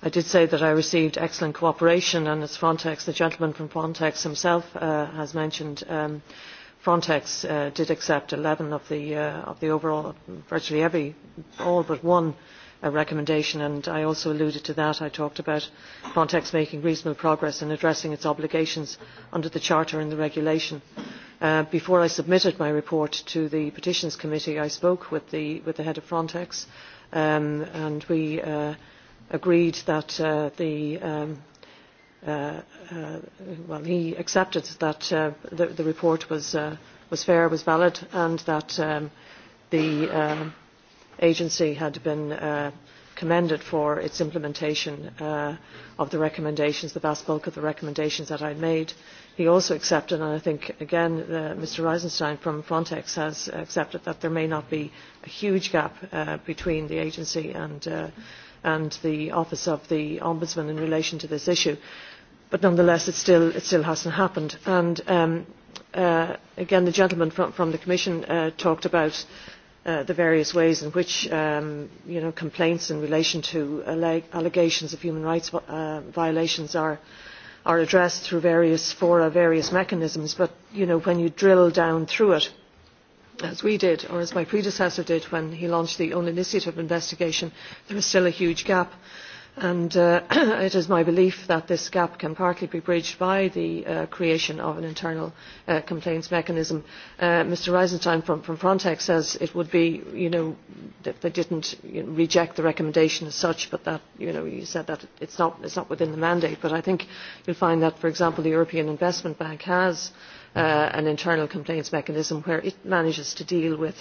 I did say that I received excellent cooperation, and it's Frontex, the gentleman from Frontex himself uh, has mentioned um, Frontex uh, did accept 11 of the, uh, of the overall, virtually every, all but one uh, recommendation, and I also alluded to that. I talked about Frontex making reasonable progress in addressing its obligations under the Charter and the regulation. Uh, before I submitted my report to the Petitions Committee, I spoke with the, with the head of Frontex, um, and we uh, agreed that uh, the um, uh, uh, well, he accepted that uh, the, the report was uh, was fair, was valid, and that um, the uh, agency had been uh, commended for its implementation uh, of the recommendations, the vast bulk of the recommendations that I made. He also accepted, and I think again, uh, Mr. Reisenstein from Frontex has accepted that there may not be a huge gap uh, between the agency and. Uh, and the office of the ombudsman in relation to this issue. But nonetheless, it still, it still hasn't happened. And um, uh, again, the gentleman from, from the Commission uh, talked about uh, the various ways in which um, you know, complaints in relation to alleg- allegations of human rights uh, violations are, are addressed through various fora, various mechanisms. But you know, when you drill down through it, uh, as we did or as my predecessor did when he launched the own initiative investigation there is still a huge gap and uh, [clears throat] it is my belief that this gap can partly be bridged by the uh, creation of an internal uh, complaints mechanism. mr reizenstein from frontex says it would be you know that they did not reject the recommendation as such but that you know you said that it is not within the mandate but i think you will find that for example the european investment bank has uh, Uh, an internal complaints mechanism where it manages to deal with,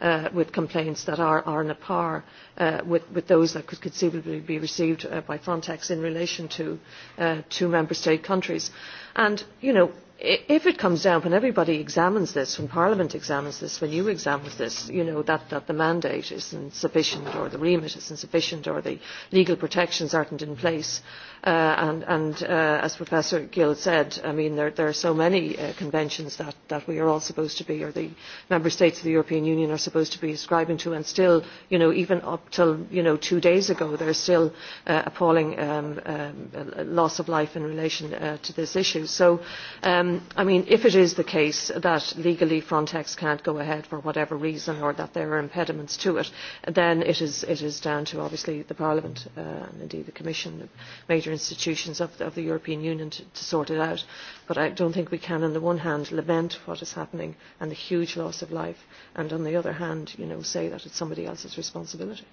uh, with complaints that are, are on a par uh, with, with those that could conceivably be received uh, by Frontex in relation to, uh, to member state countries and you know if it comes down when everybody examines this when parliament examines this when you examine this you know that, that the mandate is insufficient or the remit is insufficient or the legal protections aren't in place uh, and, and uh, as Professor Gill said, I mean, there, there are so many uh, conventions that, that we are all supposed to be, or the member states of the European Union are supposed to be ascribing to, and still, you know, even up till, you know, two days ago, there is still uh, appalling um, um, loss of life in relation uh, to this issue issue. So, um, I mean, if it is the case that legally Frontex can't go ahead for whatever reason or that there are impediments to it, then it is, it is down to obviously the Parliament uh, and indeed the Commission, the major institutions of the, of the European Union to, to sort it out. But I don't think we can, on the one hand, lament what is happening and the huge loss of life, and on the other hand, you know, say that it's somebody else's responsibility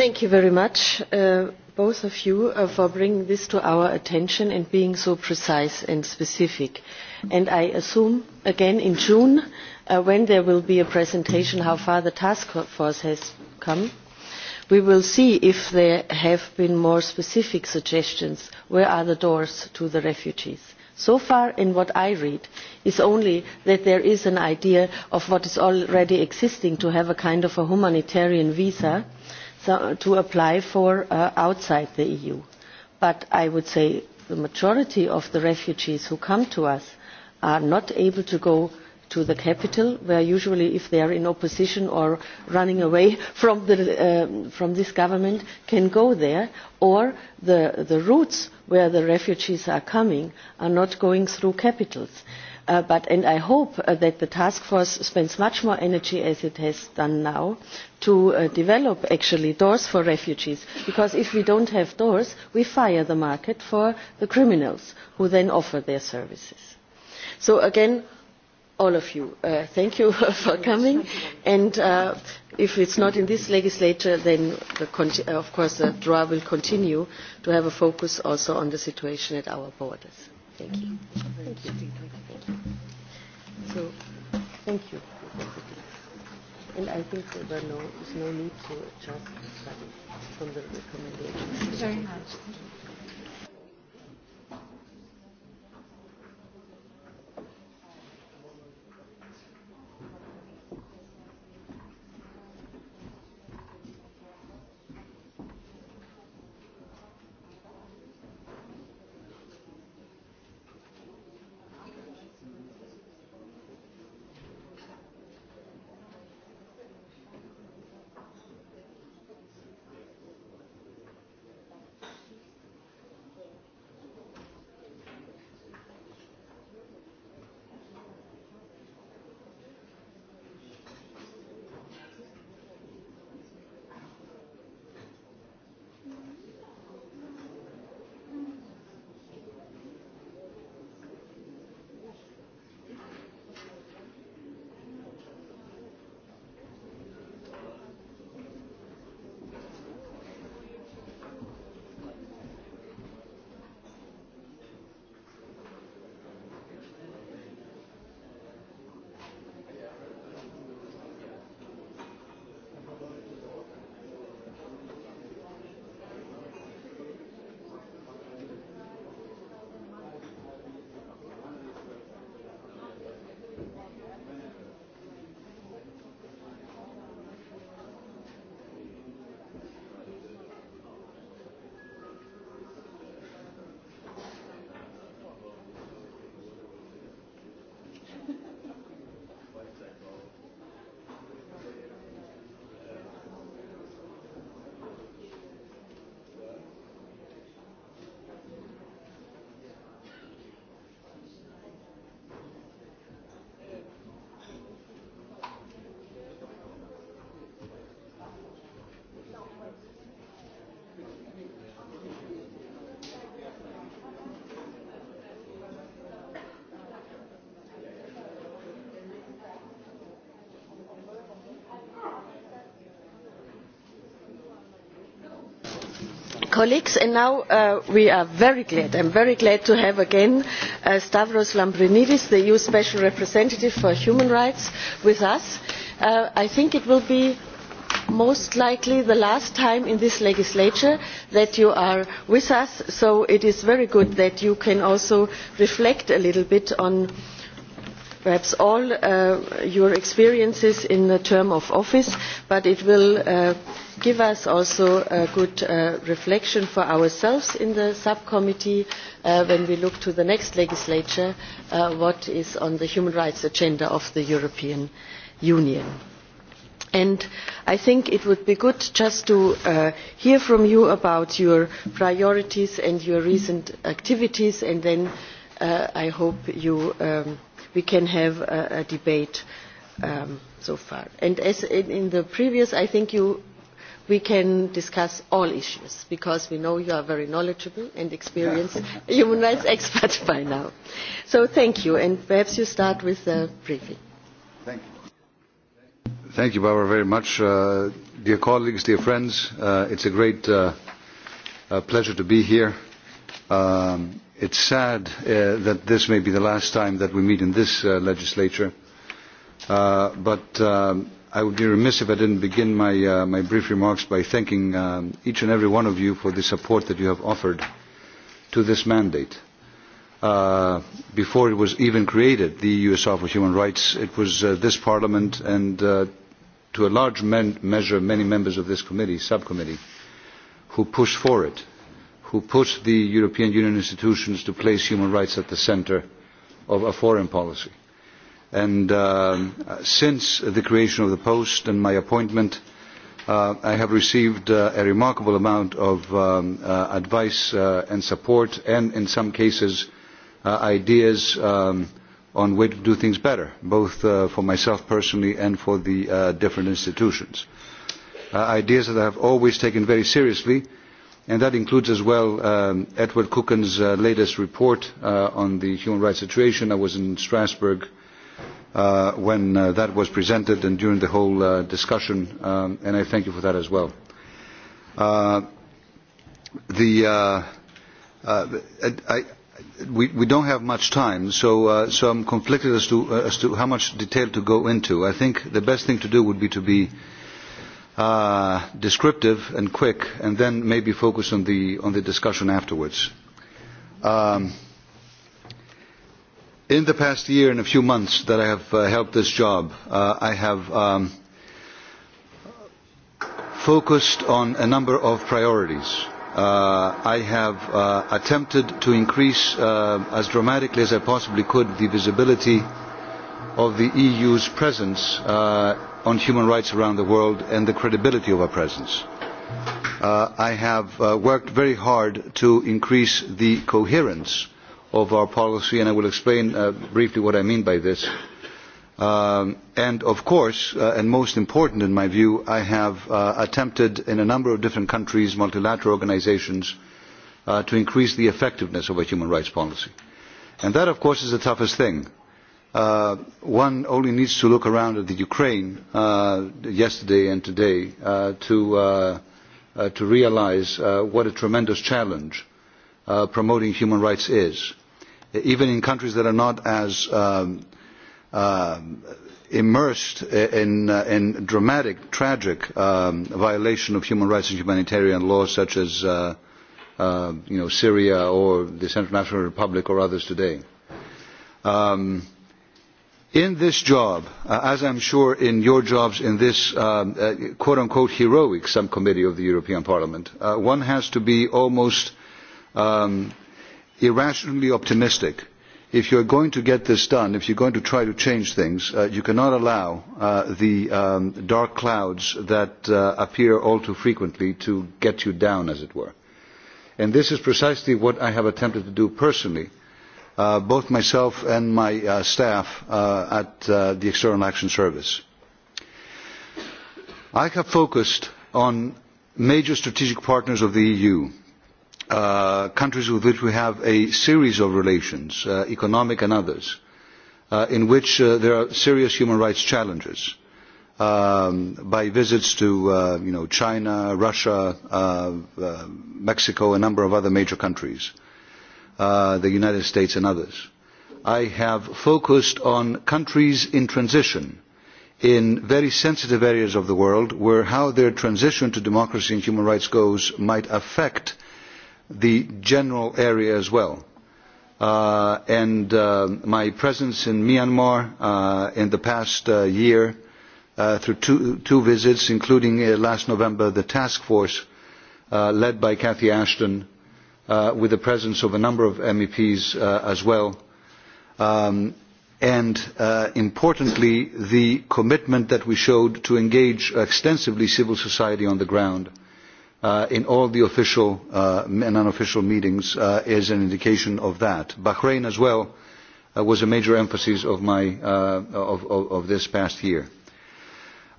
thank you very much uh, both of you uh, for bringing this to our attention and being so precise and specific and i assume again in june uh, when there will be a presentation on how far the task force has come we will see if there have been more specific suggestions where are the doors to the refugees so far in what i read is only that there is an idea of what is already existing to have a kind of a humanitarian visa to apply for uh, outside the EU. But I would say the majority of the refugees who come to us are not able to go to the capital, where usually if they are in opposition or running away [laughs] from, the, uh, from this government, can go there, or the, the routes where the refugees are coming are not going through capitals. Mm-hmm. Uh, and i hope uh, that the task force spends much more energy as it has done now to uh, develop actually doors for refugees because if we do not have doors we fire the market for the criminals who then offer their services. so again all of you thank you [laughs] for coming and if it is not in this legislature then of course the drawer will continue to have a focus also on the situation at our borders. Thank you. Thank you. Thank you. So, thank you. And I think there were no, there's no need to adjust from the recommendations. Thank you very much. colleagues and now uh, we are very glad i am very glad to have again uh, stavros lambrinidis the eu special representative for human rights with us. Uh, i think it will be most likely the last time in this legislature that you are with us so it is very good that you can also reflect a little bit on perhaps all your experiences in the term of office but it will give us also a good uh, reflection for ourselves in the subcommittee uh, when we look to the next legislature uh, what is on the human rights agenda of the European Union. And I think it would be good just to uh, hear from you about your priorities and your recent activities and then uh, I hope you, um, we can have a, a debate um, so far. And as in, in the previous, I think you we can discuss all issues because we know you are a very knowledgeable and experienced human rights [laughs] expert by now. So thank you, and perhaps you start with the uh, briefing. Thank you. Thank you, Barbara, very much. Uh, dear colleagues, dear friends, uh, it's a great uh, uh, pleasure to be here. Um, it's sad uh, that this may be the last time that we meet in this uh, legislature, uh, but um, I would be remiss if I didn't begin my, uh, my brief remarks by thanking um, each and every one of you for the support that you have offered to this mandate. Uh, before it was even created, the e USR for Human Rights, it was uh, this Parliament and uh, to a large men- measure many members of this committee, subcommittee, who pushed for it, who pushed the European Union institutions to place human rights at the centre of a foreign policy and uh, since the creation of the post and my appointment, uh, I have received uh, a remarkable amount of um, uh, advice uh, and support, and in some cases, uh, ideas um, on where to do things better, both uh, for myself personally and for the uh, different institutions. Uh, ideas that I have always taken very seriously, and that includes as well um, Edward Cookin's uh, latest report uh, on the human rights situation. I was in Strasbourg uh, Uh, when uh, that was presented and during the whole uh, discussion, um, and I thank you for that as well. Uh, the, uh, uh, I, I, we, we don't have much time, so, uh, so I'm conflicted as to, uh, as to how much detail to go into. I think the best thing to do would be to be uh, descriptive and quick, and then maybe focus on the, on the discussion afterwards. Um, in the past year and a few months that I have uh, helped this job, uh, I have um, focused on a number of priorities. Uh, I have uh, attempted to increase uh, as dramatically as I possibly could the visibility of the EU's presence uh, on human rights around the world and the credibility of our presence. Uh, I have uh, worked very hard to increase the coherence uh, of our policy, and I will explain uh, briefly what I mean by this. Um, and of course, uh, and most important in my view, I have uh, attempted in a number of different countries, multilateral organizations, uh, to increase the effectiveness of a human rights policy. And that, of course, is the toughest thing. Uh, one only needs to look around at the Ukraine uh, yesterday and today uh, to, uh, uh, to realize uh, what a tremendous challenge uh, promoting human rights is. Uh, even in countries that are not as um, uh, immersed in, uh, in dramatic, tragic um, violation of human rights and humanitarian law, such as uh, uh, you know, Syria or the Central African Republic or others today. Um, in this job, uh, as I'm sure in your jobs in this um, uh, quote unquote heroic subcommittee of the European Parliament, uh, one has to be almost um, irrationally optimistic. If you are going to get this done, if you are going to try to change things, uh, you cannot allow uh, the um, dark clouds that uh, appear all too frequently to get you down, as it were. And this is precisely what I have attempted to do personally, uh, both myself and my uh, staff uh, at uh, the External Action Service. I have focused on major strategic partners of the EU. Uh, countries with which we have a series of relations, uh, economic and others, uh, in which uh, there are serious human rights challenges. Um, by visits to uh, you know, China, Russia, uh, uh, Mexico, a number of other major countries, uh, the United States and others. I have focused on countries in transition in very sensitive areas of the world where how their transition to democracy and human rights goes might affect uh, the general area as well. Uh, and uh, my presence in Myanmar uh, in the past uh, year uh, through two, two visits, including uh, last November, the task force uh, led by Cathy Ashton, uh, with the presence of a number of MEPs uh, as well. Um, and uh, importantly, the commitment that we showed to engage extensively civil society on the ground. Uh, in all the official uh, and unofficial meetings uh, is an indication of that. bahrain as well was a major emphasis of this past year.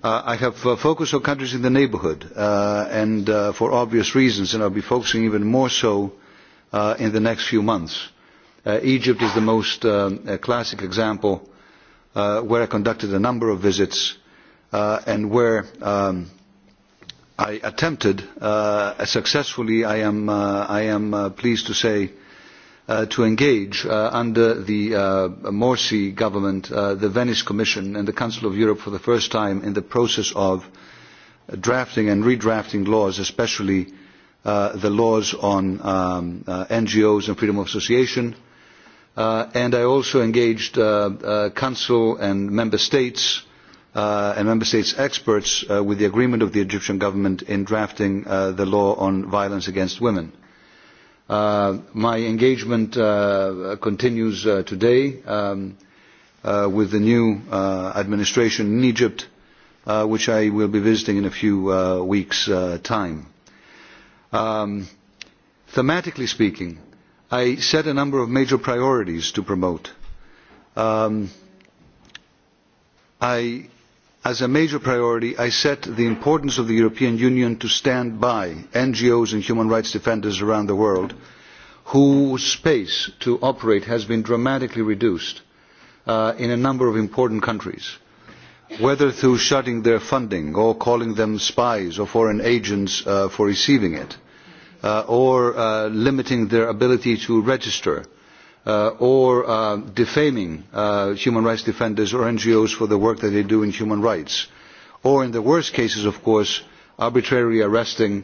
i have focused on countries in the neighbourhood for obvious reasons and i will be focusing even more so in the next few months. egypt is the most classic example where i conducted a number of visits and where um, I attempted uh, successfully, I am, uh, I am uh, pleased to say, uh, to engage uh, under the uh, Morsi government, uh, the Venice Commission and the Council of Europe for the first time in the process of drafting and redrafting laws, especially uh, the laws on um, uh, NGOs and freedom of association. Uh, and I also engaged uh, uh, Council and Member States uh, uh, and member states' experts uh, with the agreement of the Egyptian government in drafting uh, the law on violence against women. Uh, my engagement uh, continues uh, today um, uh, with the new uh, administration in Egypt, uh, which I will be visiting in a few uh, weeks' uh, time. Um, thematically speaking, I set a number of major priorities to promote. Um, I As a major priority, I set the importance of the European Union to stand by NGOs and human rights defenders around the world whose space to operate has been dramatically reduced uh, in a number of important countries, whether through shutting their funding or calling them spies or foreign agents uh, for receiving it, uh, or uh, limiting their ability to register uh, Uh, or uh, defaming uh, human rights defenders or ngos for the work that they do in human rights or in the worst cases of course arbitrarily arresting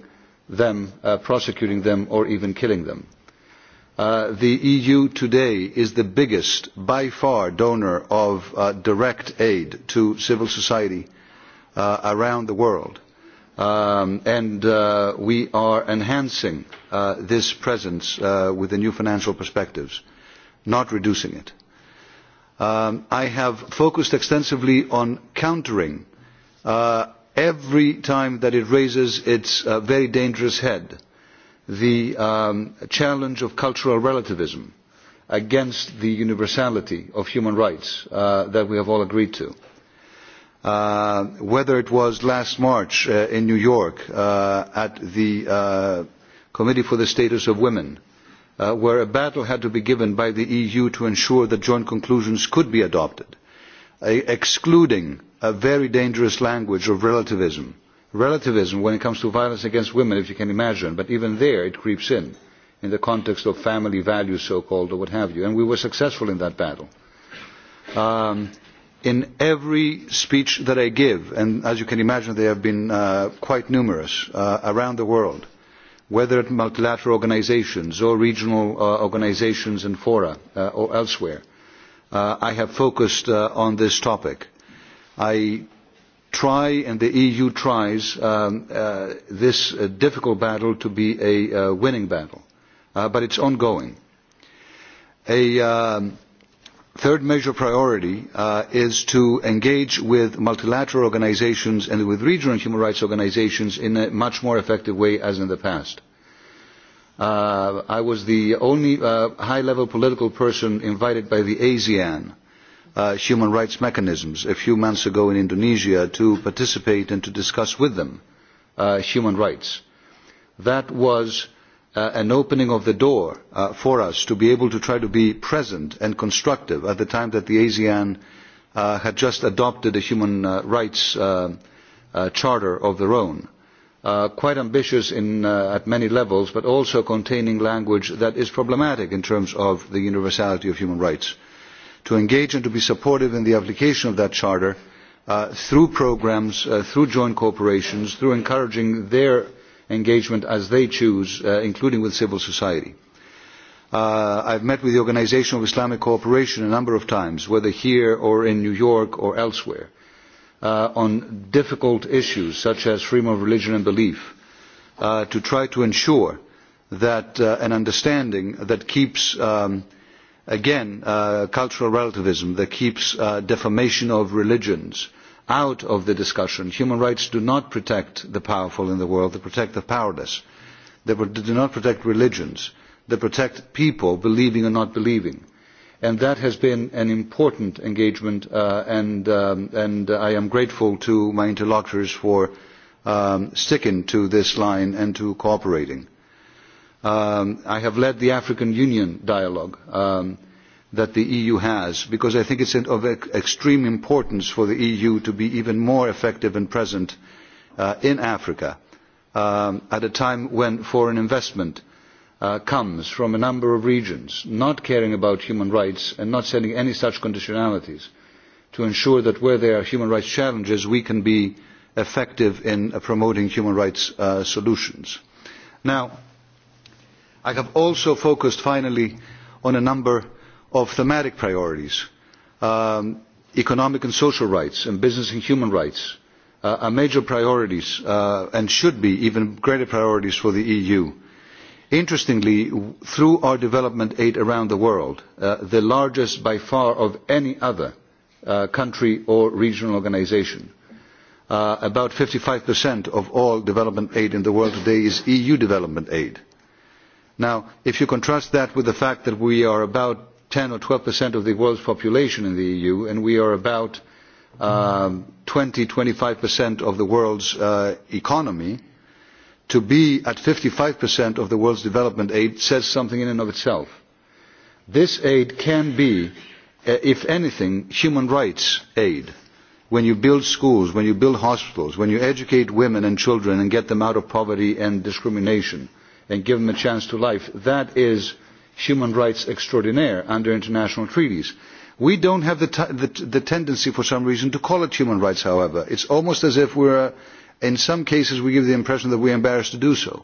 them prosecuting them or even killing them. the eu today is the biggest by far donor of direct aid to civil society around the world um, and we are enhancing this presence with the new financial perspectives not reducing it. Um, I have focused extensively on countering uh, every time that it raises its uh, very dangerous head the um, challenge of cultural relativism against the universality of human rights uh, that we have all agreed to. Uh, whether it was last March uh, in New York uh, at the uh, Committee for the Status of Women, uh, Uh, where a battle had to be given by the eu to ensure that joint conclusions could be adopted excluding a very dangerous language of relativism relativism when it comes to violence against women if you can imagine but even there it creeps in in the context of family values so called or what have you and we were successful in that battle um, in every speech that i give and as you can imagine they have been uh, quite numerous uh, around the world whether at multilateral organisations or regional uh, organisations and fora uh, or elsewhere, uh, I have focused uh, on this topic. I try and the EU tries um, uh, this uh, difficult battle to be a uh, winning battle, uh, but it's ongoing. A, um, third major priority uh, is to engage with multilateral organizations and with regional human rights organizations in a much more effective way as in the past. Uh, I was the only uh, high-level political person invited by the ASEAN uh, human rights mechanisms a few months ago in Indonesia to participate and to discuss with them uh, human rights. That was uh, Uh, an opening of the door uh, for us to be able to try to be present and constructive at the time that the asean uh, had just adopted a human rights charter of their own quite ambitious in, uh, at many levels, but also containing language that is problematic in terms of the universality of human rights. To engage and to be supportive in the application of that charter uh, through programs, uh, through joint corporations, through encouraging their engagement as they choose, uh, including with civil society. Uh, I've met with the Organization of Islamic Cooperation a number of times, whether here or in New York or elsewhere, uh, on difficult issues such as freedom of religion and belief, uh, to try to ensure that uh, an understanding that keeps, um, again, uh, cultural relativism, that keeps uh, defamation of religions, uh, out of the discussion. Human rights do not protect the powerful in the world, they protect the powerless. They do not protect religions, they protect people, believing or not believing. And that has been an important engagement, uh, and, um, and I am grateful to my interlocutors for um, sticking to this line and to cooperating. Um, I have led the African Union dialogue. Um, that the EU has, because I think it's of extreme importance for the EU to be even more effective and present uh, in Africa um, at a time when foreign investment uh, comes from a number of regions, not caring about human rights and not sending any such conditionalities to ensure that where there are human rights challenges, we can be effective in uh, promoting human rights uh, solutions. Now, I have also focused finally on a number of of thematic priorities um, economic and social rights and business and human rights uh, are major priorities uh, and should be even greater priorities for the EU. Interestingly, through our development aid around the world, uh, the largest by far of any other uh, country or regional organization, uh, about 55% of all development aid in the world today is EU development aid. Now, if you contrast that with the fact that we are about 10 or 12 percent of the world's population in the EU, and we are about um, 20, 25 percent of the world's uh, economy, to be at 55 percent of the world's development aid says something in and of itself. This aid can be, uh, if anything, human rights aid. When you build schools, when you build hospitals, when you educate women and children and get them out of poverty and discrimination and give them a chance to life, that is uh, human rights extraordinaire under international treaties. We don't have the, t the, t the tendency for some reason to call it human rights, however. It's almost as if we're, uh, in some cases, we give the impression that we're embarrassed to do so.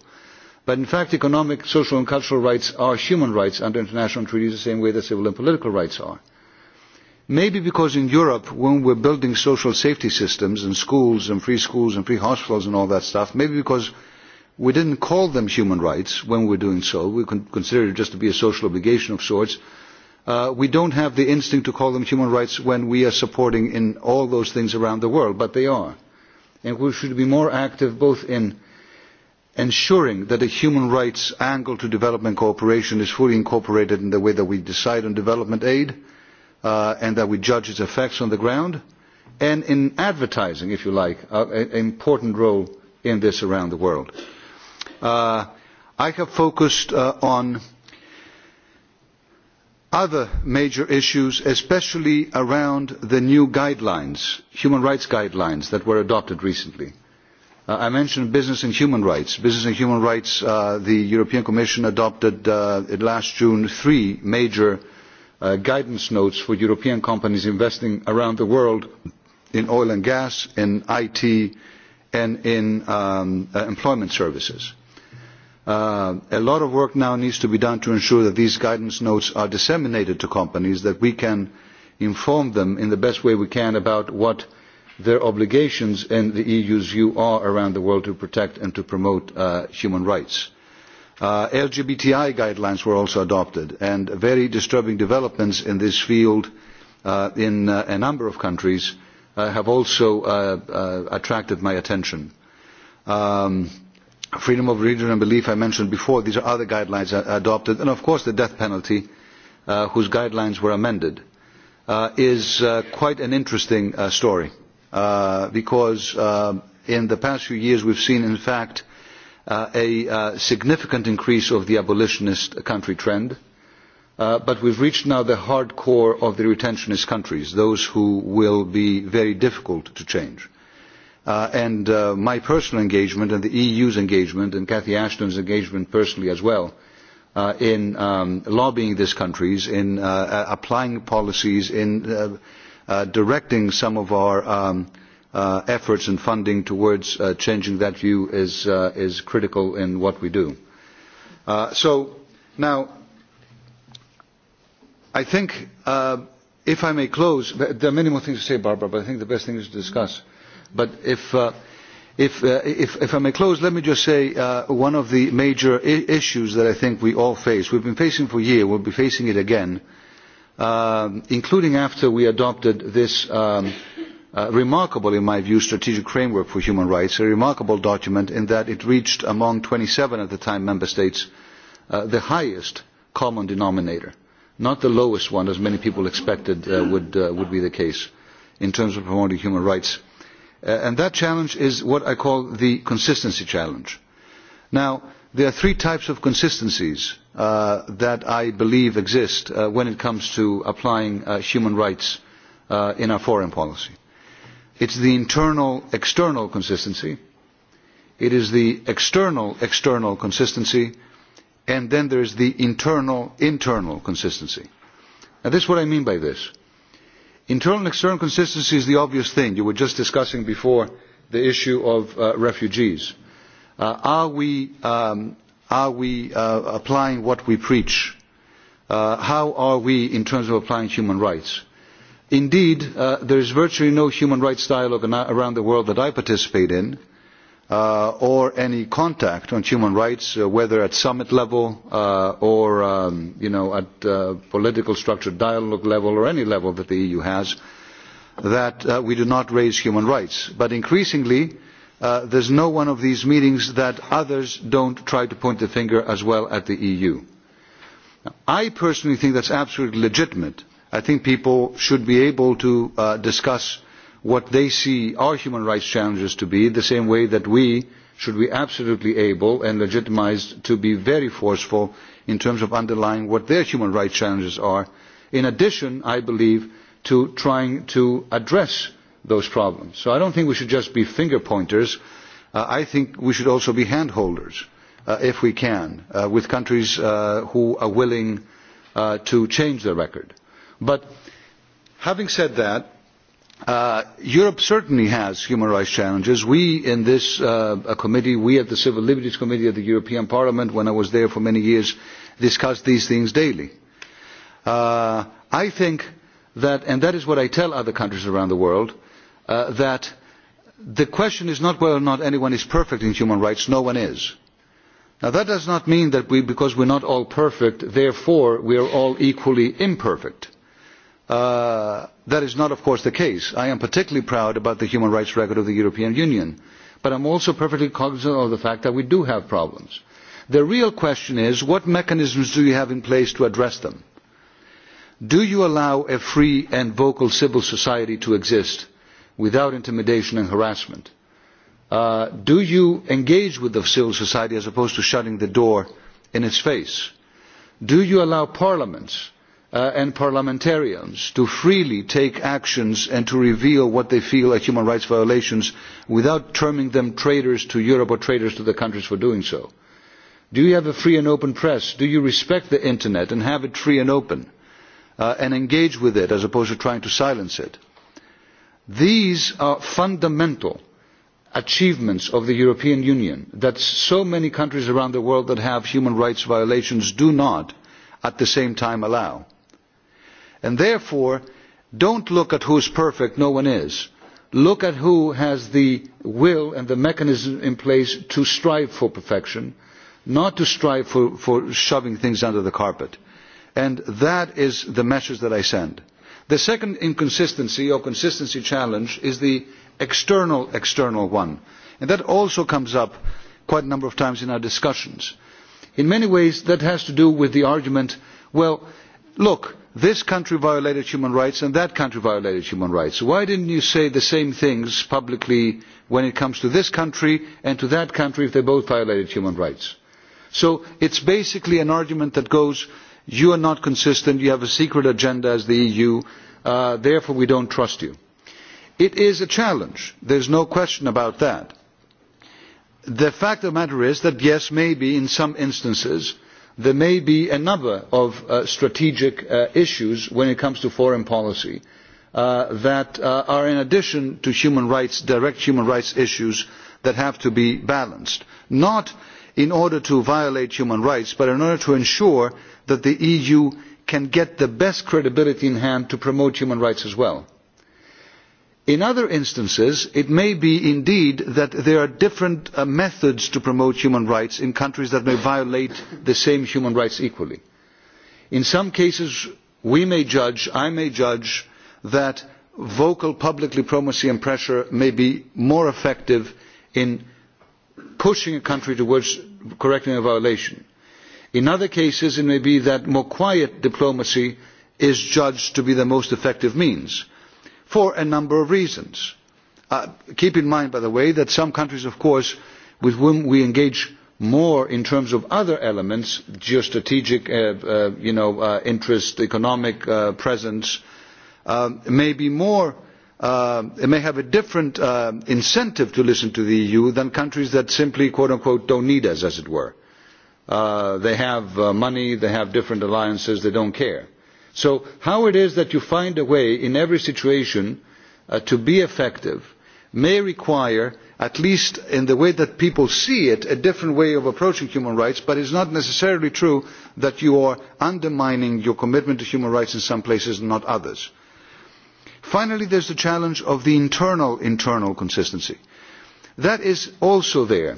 But in fact, economic, social and cultural rights are human rights under international treaties the same way that civil and political rights are. Maybe because in Europe, when we're building social safety systems and schools and free schools and free hospitals and all that stuff, maybe because We didn't call them human rights when we were doing so. We considered it just to be a social obligation of sorts. Uh, we don't have the instinct to call them human rights when we are supporting in all those things around the world, but they are. And we should be more active both in ensuring that a human rights angle to development cooperation is fully incorporated in the way that we decide on development aid uh, and that we judge its effects on the ground, and in advertising, if you like, an important role in this around the world. Uh, i have focused uh, on other major issues especially around the new human rights guidelines that were adopted recently. Uh, i mentioned business and human rights. business and human rights the european commission adopted last june three major guidance notes for european companies investing around the world in oil and gas in it and in um, employment services. Uh, a lot of work now needs to be done to ensure that these guidance notes are disseminated to companies that we can inform them in the best way we can about what their obligations and the eu's view are around the world to protect and to promote uh, human rights. Uh, lgbti guidelines were also adopted and very disturbing developments in this field uh, in uh, a number of countries uh, have also uh, uh, attracted my attention. Um, freedom of religion and belief i mentioned before these are other guidelines adopted and of course the death penalty uh, whose guidelines were amended uh, is uh, quite an interesting story because in the past few years we've seen in fact a significant increase of the abolitionist country trend but we've reached now the hard core of the retentionist countries those who will be very difficult to change. Uh, and uh, my personal engagement and the eu's engagement and cathy ashton's engagement personally as well uh, in um, lobbying these countries in applying policies in directing some of our um, efforts and funding towards changing that view is critical in what we do. so now i think if i may close there are many more things to say barbara but i think the best thing is to discuss but uh, uh, if i may close let me just say uh, one of the major issues that i think we all face we have been facing for a year and we will be facing it again um, including after we adopted this um, remarkable in my view strategic framework for human rights a remarkable document in that it reached among twenty seven at the time member states the highest common denominator not the lowest one as many people expected would be the case in terms of promoting human rights. Uh, and that challenge is what i call the consistency challenge. now there are three types of consistencies uh, that i believe exist uh, when it comes to applying uh, human rights uh, in our foreign policy. it's the internal external consistency. it is the external external consistency. and then there is the internal internal consistency. now this is what i mean by this internal and external consistency is the obvious thing. you were just discussing before the issue of uh, refugees. Uh, are we, um, are we uh, applying what we preach? Uh, how are we in terms of applying human rights? Indeed, uh, there is virtually no human rights dialogue around the world that I participate in uh, uh, or any contact on human rights, uh, whether at summit level uh, or um, you know, at uh, political structure dialogue level or any level that the EU has, that uh, we do not raise human rights. But increasingly, uh, there's no one of these meetings that others don't try to point the finger as well at the EU. Now, I personally think that's absolutely legitimate. I think people should be able to uh, discuss uh, what they see our human rights challenges to be, the same way that we should be absolutely able and legitimised to be very forceful in terms of underlying what their human rights challenges are, in addition, I believe, to trying to address those problems. So I don't think we should just be finger pointers. Uh, I think we should also be hand holders, uh, if we can, uh, with countries uh, who are willing uh, to change their record. But having said that, Uh, europe certainly has human rights challenges. we in this uh, committee we at the civil liberties committee of the european parliament when i was there for many years discuss these things daily. Uh, i think and that is what i tell other countries around the world that the question is not whether or not anyone is perfect in human rights no one is. now that does not mean that we, because we are not all perfect therefore we are all equally imperfect. Uh, that is not of course the case. i am particularly proud about the human rights record of the european union but i am also perfectly cognisant of the fact that we do have problems. the real question is what mechanisms do you have in place to address them? do you allow a free and vocal civil society to exist without intimidation and harassment? Uh, do you engage with the civil society as opposed to shutting the door in its face? do you allow parliaments Uh, and parliamentarians to freely take actions and to reveal what they feel are human rights violations without terming them traitors to europe or traitors to the countries for doing so? do you have a free and open press? do you respect the internet and have it free and open uh, and engage with it as opposed to trying to silence it? these are fundamental achievements of the european union that so many countries around the world that have human rights violations do not at the same time allow therefore do not look at who is perfect no one is look at who has the will and the mechanisms in place to strive for perfection not to strive for shoving things under the carpet and that is the message that i send. the second inconsistency or consistency challenge is the external external one and that also comes up quite a number of times in our discussions. in many ways that has to do with the argument well look this country violated human rights and that country violated human rights. why did you not say the same things publicly when it comes to this country and to that country if they both violated human rights? so it is basically an argument that goes you are not consistent you have a secret agenda as the eu uh, therefore we do not trust you. it is a challenge there is no question about that. the fact of the matter is that yes maybe in some instances uh, there may be a number of uh, strategic uh, issues when it comes to foreign policy uh, that are in addition to direct human rights issues that have to be balanced not in order to violate human rights but in order to ensure that the eu can get the best credibility in hand to promote human rights as well in other instances it may be indeed that there are different uh, methods to promote human rights in countries that may violate the same human rights equally in some cases we may judge i may judge that vocal public diplomacy and pressure may be more effective in pushing a country towards correcting a violation in other cases it may be that more quiet diplomacy is judged to be the most effective means for a number of reasons. Uh, keep in mind by the way that some countries of course with whom we engage more in terms of other elements geostrategic uh, uh, interests economic presence um, may be more may have a different incentive to listen to the eu than countries that simply quote unquote don't need us as it were. they have money they have different alliances they don't care so how it is that you find a way in every situation uh, to be effective may require at least in the way that people see it a different way of approaching human rights but it's not necessarily true that you are undermining your commitment to human rights in some places and not others finally there's the challenge of the internal internal consistency that is also there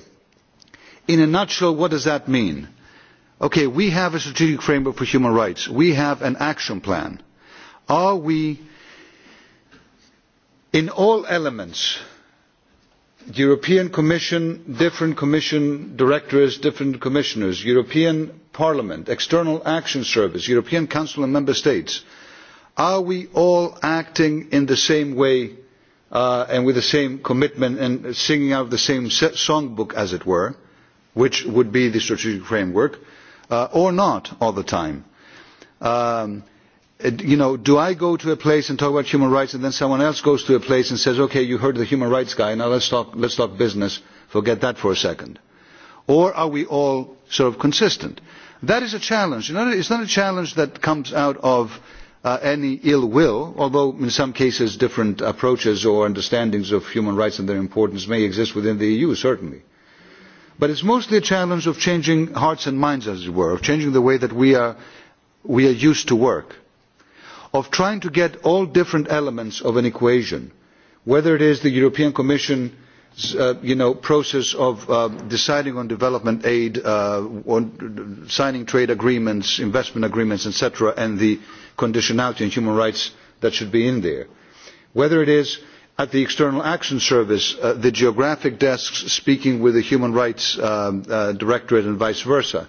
in a nutshell what does that mean okay we have a strategic framework for human rights we have an action plan are we in all elements the european commission different commission directors different commissioners european parliament external action service european council and member states are we all acting in the same way uh, and with the same commitment and singing out of the same songbook as it were which would be the strategic framework Uh, or not all the time. Um, you know, do I go to a place and talk about human rights and then someone else goes to a place and says, okay, you heard the human rights guy, now let's talk, let's talk business, forget that for a second. Or are we all sort of consistent? That is a challenge. You know, it's not a challenge that comes out of uh, any ill will, although in some cases different approaches or understandings of human rights and their importance may exist within the EU, certainly. Uh, but it is mostly a challenge of changing hearts and minds as it were of changing the way that we are used to work of trying to get all different elements of an equation whether it is the european commission uh, process of uh, deciding on development aid uh, on signing trade agreements investment agreements etc and the conditionality and human rights that should be in there whether it is at the external action service uh, the geographic desks speaking with the human rights um, uh, directorate and vice versa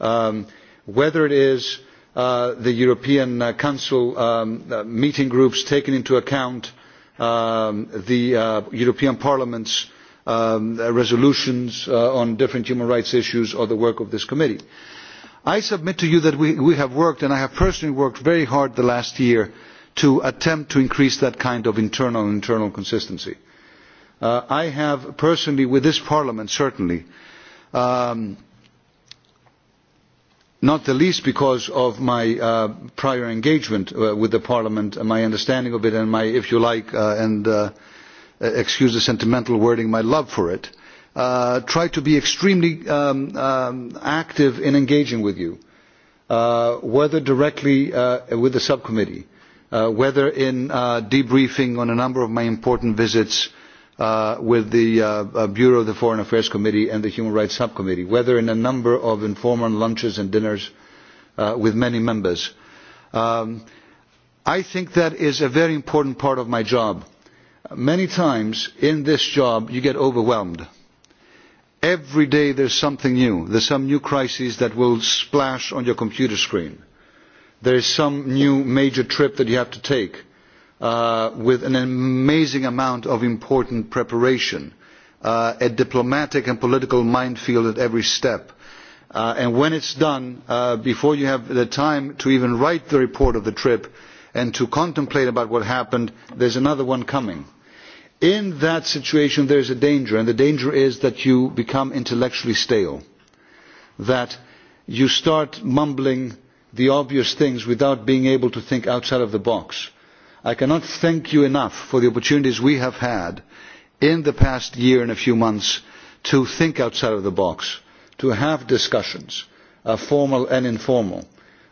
um, whether it is uh, the european council um, meeting groups taking into account the european parliament's resolutions on different human rights issues or the work of this committee. i submit to you that we have worked and i have personally worked very hard the last year to attempt to increase that kind of internal internal consistency. Uh, I have personally, with this Parliament certainly, um, not the least because of my uh, prior engagement uh, with the Parliament and my understanding of it and my, if you like, uh, and uh, e-, excuse the sentimental wording, my love for it, uh, try to be extremely um, um, active in engaging with you, uh, whether directly uh, with the subcommittee, uh, Uh, whether in uh, debriefing on a number of my important visits uh, with the bureau of the foreign affairs committee and the human rights subcommittee whether in a number of informal lunches and dinners with many members um, i think that is a very important part of my job many times in this job you get overwhelmed every day there is something new there is some new crisis that will splash on your computer screen there is some new major trip that you have to take uh, with an amazing amount of important preparation, uh, a diplomatic and political minefield at every step. Uh, and when it's done, uh, before you have the time to even write the report of the trip and to contemplate about what happened, there's another one coming. In that situation, there's a danger, and the danger is that you become intellectually stale, that you start mumbling the obvious things without being able to think outside of the box. I cannot thank you enough for the opportunities we have had in the past year and a few months to think outside of the box, to have discussions, uh, formal and informal,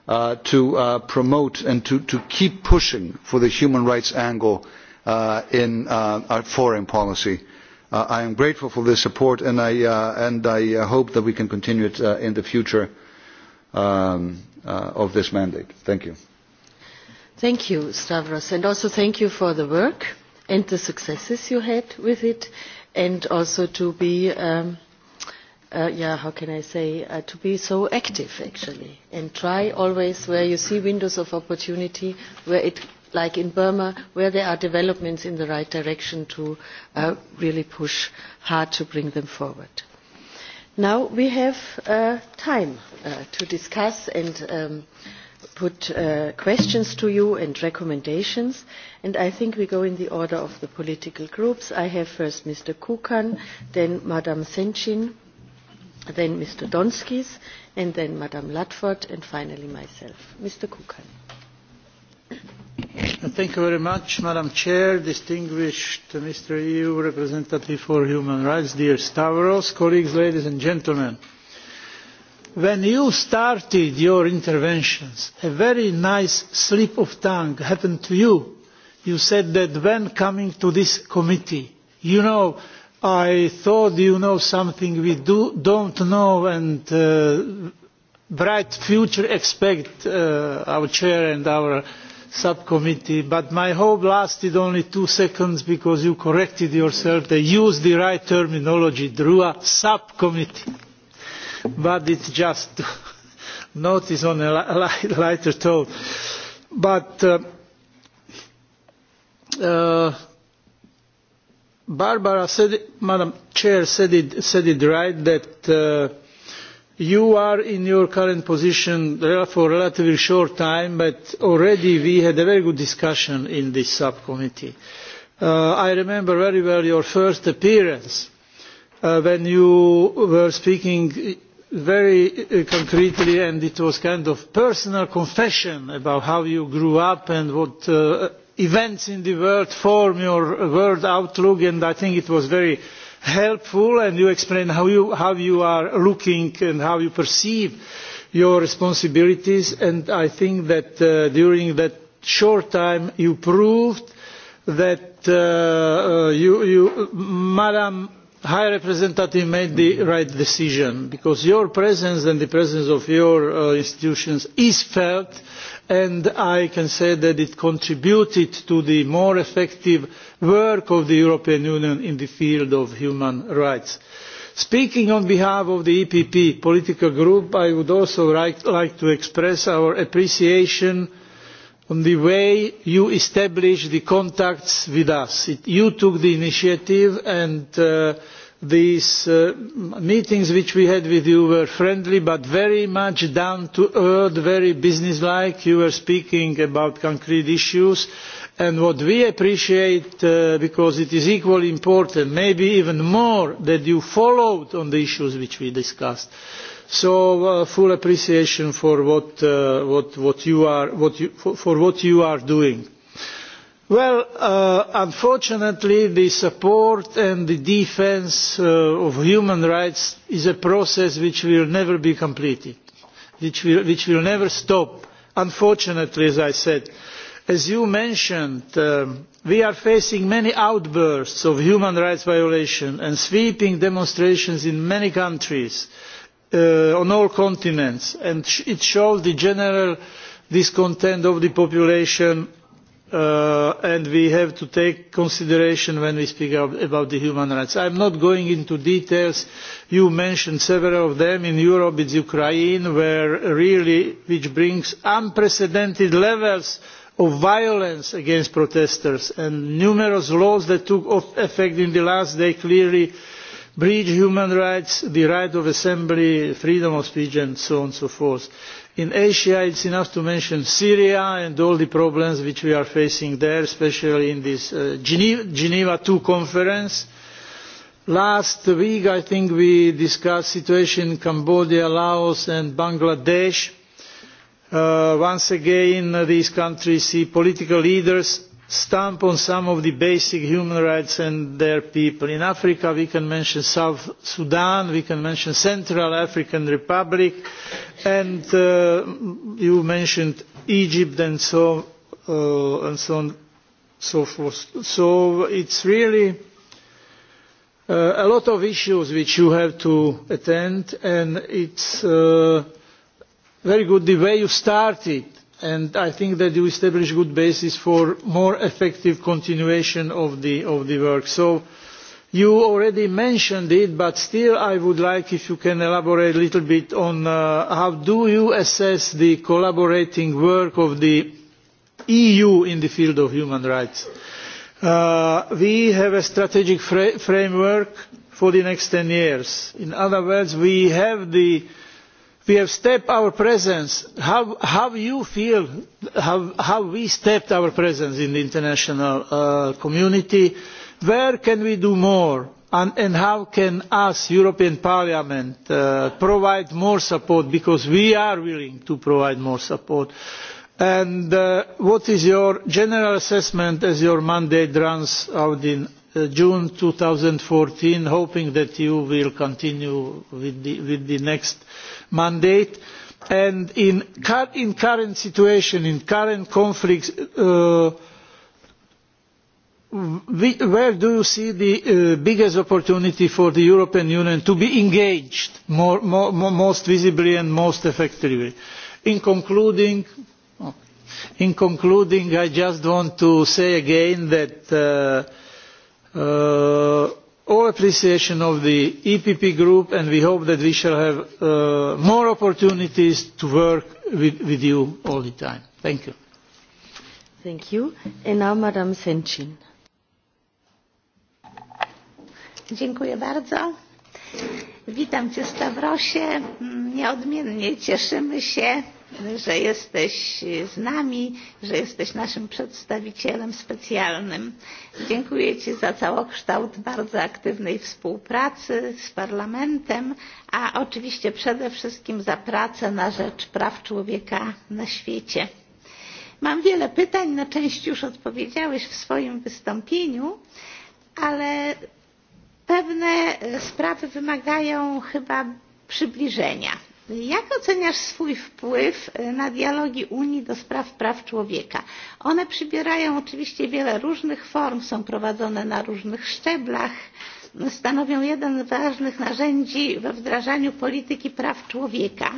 uh, to uh, promote and to, to keep pushing for the human rights angle uh, in uh, our foreign policy. Uh, I am grateful for this support and I, uh, and I uh, hope that we can continue it uh, in the future. Um, Uh, of this mandate. thank you. thank you, stavros, and also thank you for the work and the successes you had with it, and also to be, um, uh, yeah, how can i say, uh, to be so active, actually, and try always where you see windows of opportunity, where it, like in burma, where there are developments in the right direction to uh, really push hard to bring them forward now we have uh, time uh, to discuss and um, put uh, questions to you and recommendations and i think we go in the order of the political groups i have first mr kukan then madam senin then mr donskis and then madam ludford and finally myself. mr kukan madam president distinguished mr eu representative for human rights dear stavros colleagues ladies and gentlemen when you started your interventions a very nice slip of the tongue happened to you. you said that when coming to this committee you know i thought you know something we do, don't know and uh, bright future expect uh, our chair and our uh, subcommittee but my hope lasted only two seconds because you corrected yourself and used the right terminology drua subcommittee but it is just a [laughs] notice on a lighter tone. But uh, uh, Barbara said, Madam Chair said it, said it right that uh, you are in your current position for a relatively short time but already we had a very good discussion in this subcommittee. Uh, i remember very well your first appearance uh, when you were speaking very uh, concretely and it was a kind of personal confession about how you grew up and what events in the world formed your world outlook and i think it was very helpful and you explained how you, how you are looking and how you perceive your responsibilities and i think that uh, during that short time you proved that uh, uh you, you madam high representative made the mm-hmm. right decision because your presence and the presence of your uh, institutions is felt mm -hmm and i can say that it contributed to the more effective work of the european union in the field of human rights. speaking on behalf of the epp political group i would also like to express our appreciation for the way you established contacts with us. you took the initiative and uh, these uh, meetings which we had with you were friendly but very much down to earth very business like you were speaking about concrete issues and what we appreciate uh, because it is equally important maybe even more that you followed on the issues which we discussed so uh, full appreciation for what, uh, what, what you are what you, for, for what you are doing well uh, unfortunately the support and the defence uh, of human rights is a process which will never be completed which will never stop unfortunately as i said. as you mentioned um, we are facing many outbursts of human rights violations and sweeping demonstrations in many countries uh, on all continents and it shows the general discontent of the population uh, and we have to take consideration when we speak of, about the human rights. I'm not going into details. You mentioned several of them in Europe. It's Ukraine, where really, which brings unprecedented levels of violence against protesters and numerous laws that took effect in the last day clearly breach human rights, the right of assembly, freedom of speech, and so on and so forth in asia it is enough to mention syria and all the problems which we are facing there especially in this uh, geneva ii conference. last week i think we discussed the situation in cambodia laos and bangladesh. Uh, once again these countries see political leaders stamp on some of the basic human rights and their people. in africa we can mention south sudan we can mention central african republic and uh, you mentioned egypt and so, uh, and so on and so forth. so it's really uh, a lot of issues which you have to attend and it's uh, very good the way you started and I think that you establish good basis for more effective continuation of the, of the work. So you already mentioned it, but still I would like if you can elaborate a little bit on uh, how do you assess the collaborating work of the EU in the field of human rights. Uh, we have a strategic fra framework for the next 10 years. In other words, we have the uh, we have stepped our presence how do you feel how have we stepped our presence in the international uh, community where can we do more and how can us european parliament uh, provide more support because we are willing to provide more support and uh, what is your general assessment as your mandate runs out in june two thousand and fourteen hoping that you will continue with the next mandate and in the current situation in current conflicts uh, where do you see the uh, biggest opportunity for the european union to be engaged most visibly and most effectively? in concluding i just want to say again that uh, all appreciation of the epp group and we hope that we shall have uh, more opportunities to work with you all the time. thank you. thank you. and now madam senchin. Dziękuję bardzo. Witam Cię, Stawrosie. Nieodmiennie cieszymy się. No, że jesteś z nami, że jesteś naszym przedstawicielem specjalnym. Dziękuję Ci za całokształt bardzo aktywnej współpracy z Parlamentem, a oczywiście przede wszystkim za pracę na rzecz praw człowieka na świecie. Mam wiele pytań, na część już odpowiedziałeś w swoim wystąpieniu, ale pewne sprawy wymagają chyba przybliżenia. Jak oceniasz swój wpływ e, na dialogi Unii do spraw praw człowieka? One przybierają oczywiście wiele różnych form, są prowadzone na różnych szczeblach, stanowią jeden z ważnych narzędzi we wdrażaniu polityki praw człowieka.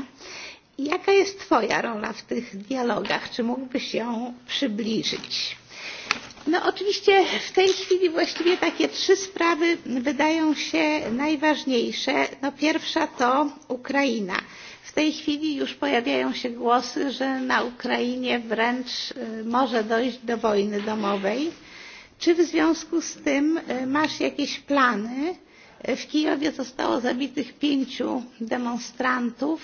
Jaka jest Twoja rola w tych dialogach? Czy mógłbyś ją przybliżyć? No, oczywiście w tej chwili właściwie takie trzy sprawy wydają się najważniejsze. No pierwsza to Ukraina. W tej chwili już pojawiają się głosy, że na Ukrainie wręcz może dojść do wojny domowej. Czy w związku z tym masz jakieś plany? W Kijowie zostało zabitych pięciu demonstrantów.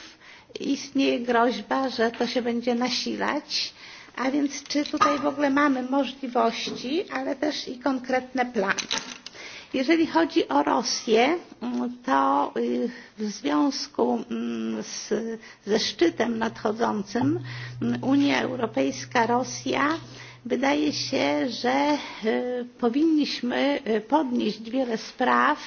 Istnieje groźba, że to się będzie nasilać. A więc czy tutaj w ogóle mamy możliwości, ale też i konkretne plany? Jeżeli chodzi o Rosję, mm, to w związku mm, z, ze szczytem nadchodzącym mm, Unia Europejska-Rosja wydaje się, że powinniśmy podnieść wiele spraw,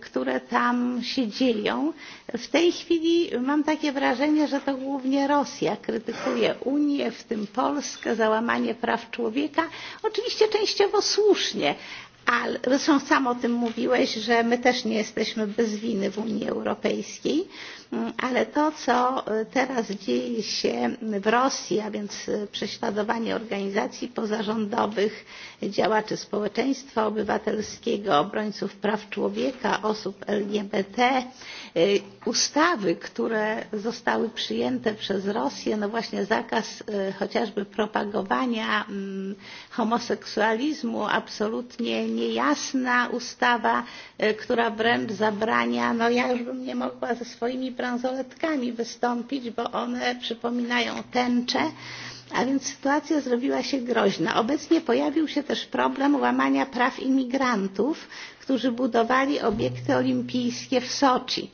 które tam się dzieją. W tej chwili mam takie wrażenie, że to głównie Rosja krytykuje Unię, w tym Polskę, załamanie praw człowieka. Oczywiście częściowo słusznie, ale sam o tym mówiłeś, że my też nie jesteśmy bez winy w Unii Europejskiej. Mm, ale to co e, teraz dzieje się w rosji a więc e, prześladowanie organizacji pozarządowych działaczy społeczeństwa obywatelskiego obrońców praw człowieka osób lgbt e, ustawy które zostały przyjęte przez rosję no właśnie zakaz chociażby propagowania mm, homoseksualizmu absolutnie niejasna ustawa która wręcz zabrania no ja już bym nie mogła ze swoimi bransoletkami wystąpić, bo one przypominają tęcze. A więc sytuacja zrobiła się groźna. Obecnie pojawił się też problem łamania praw imigrantów, którzy budowali obiekty olimpijskie w Soczi.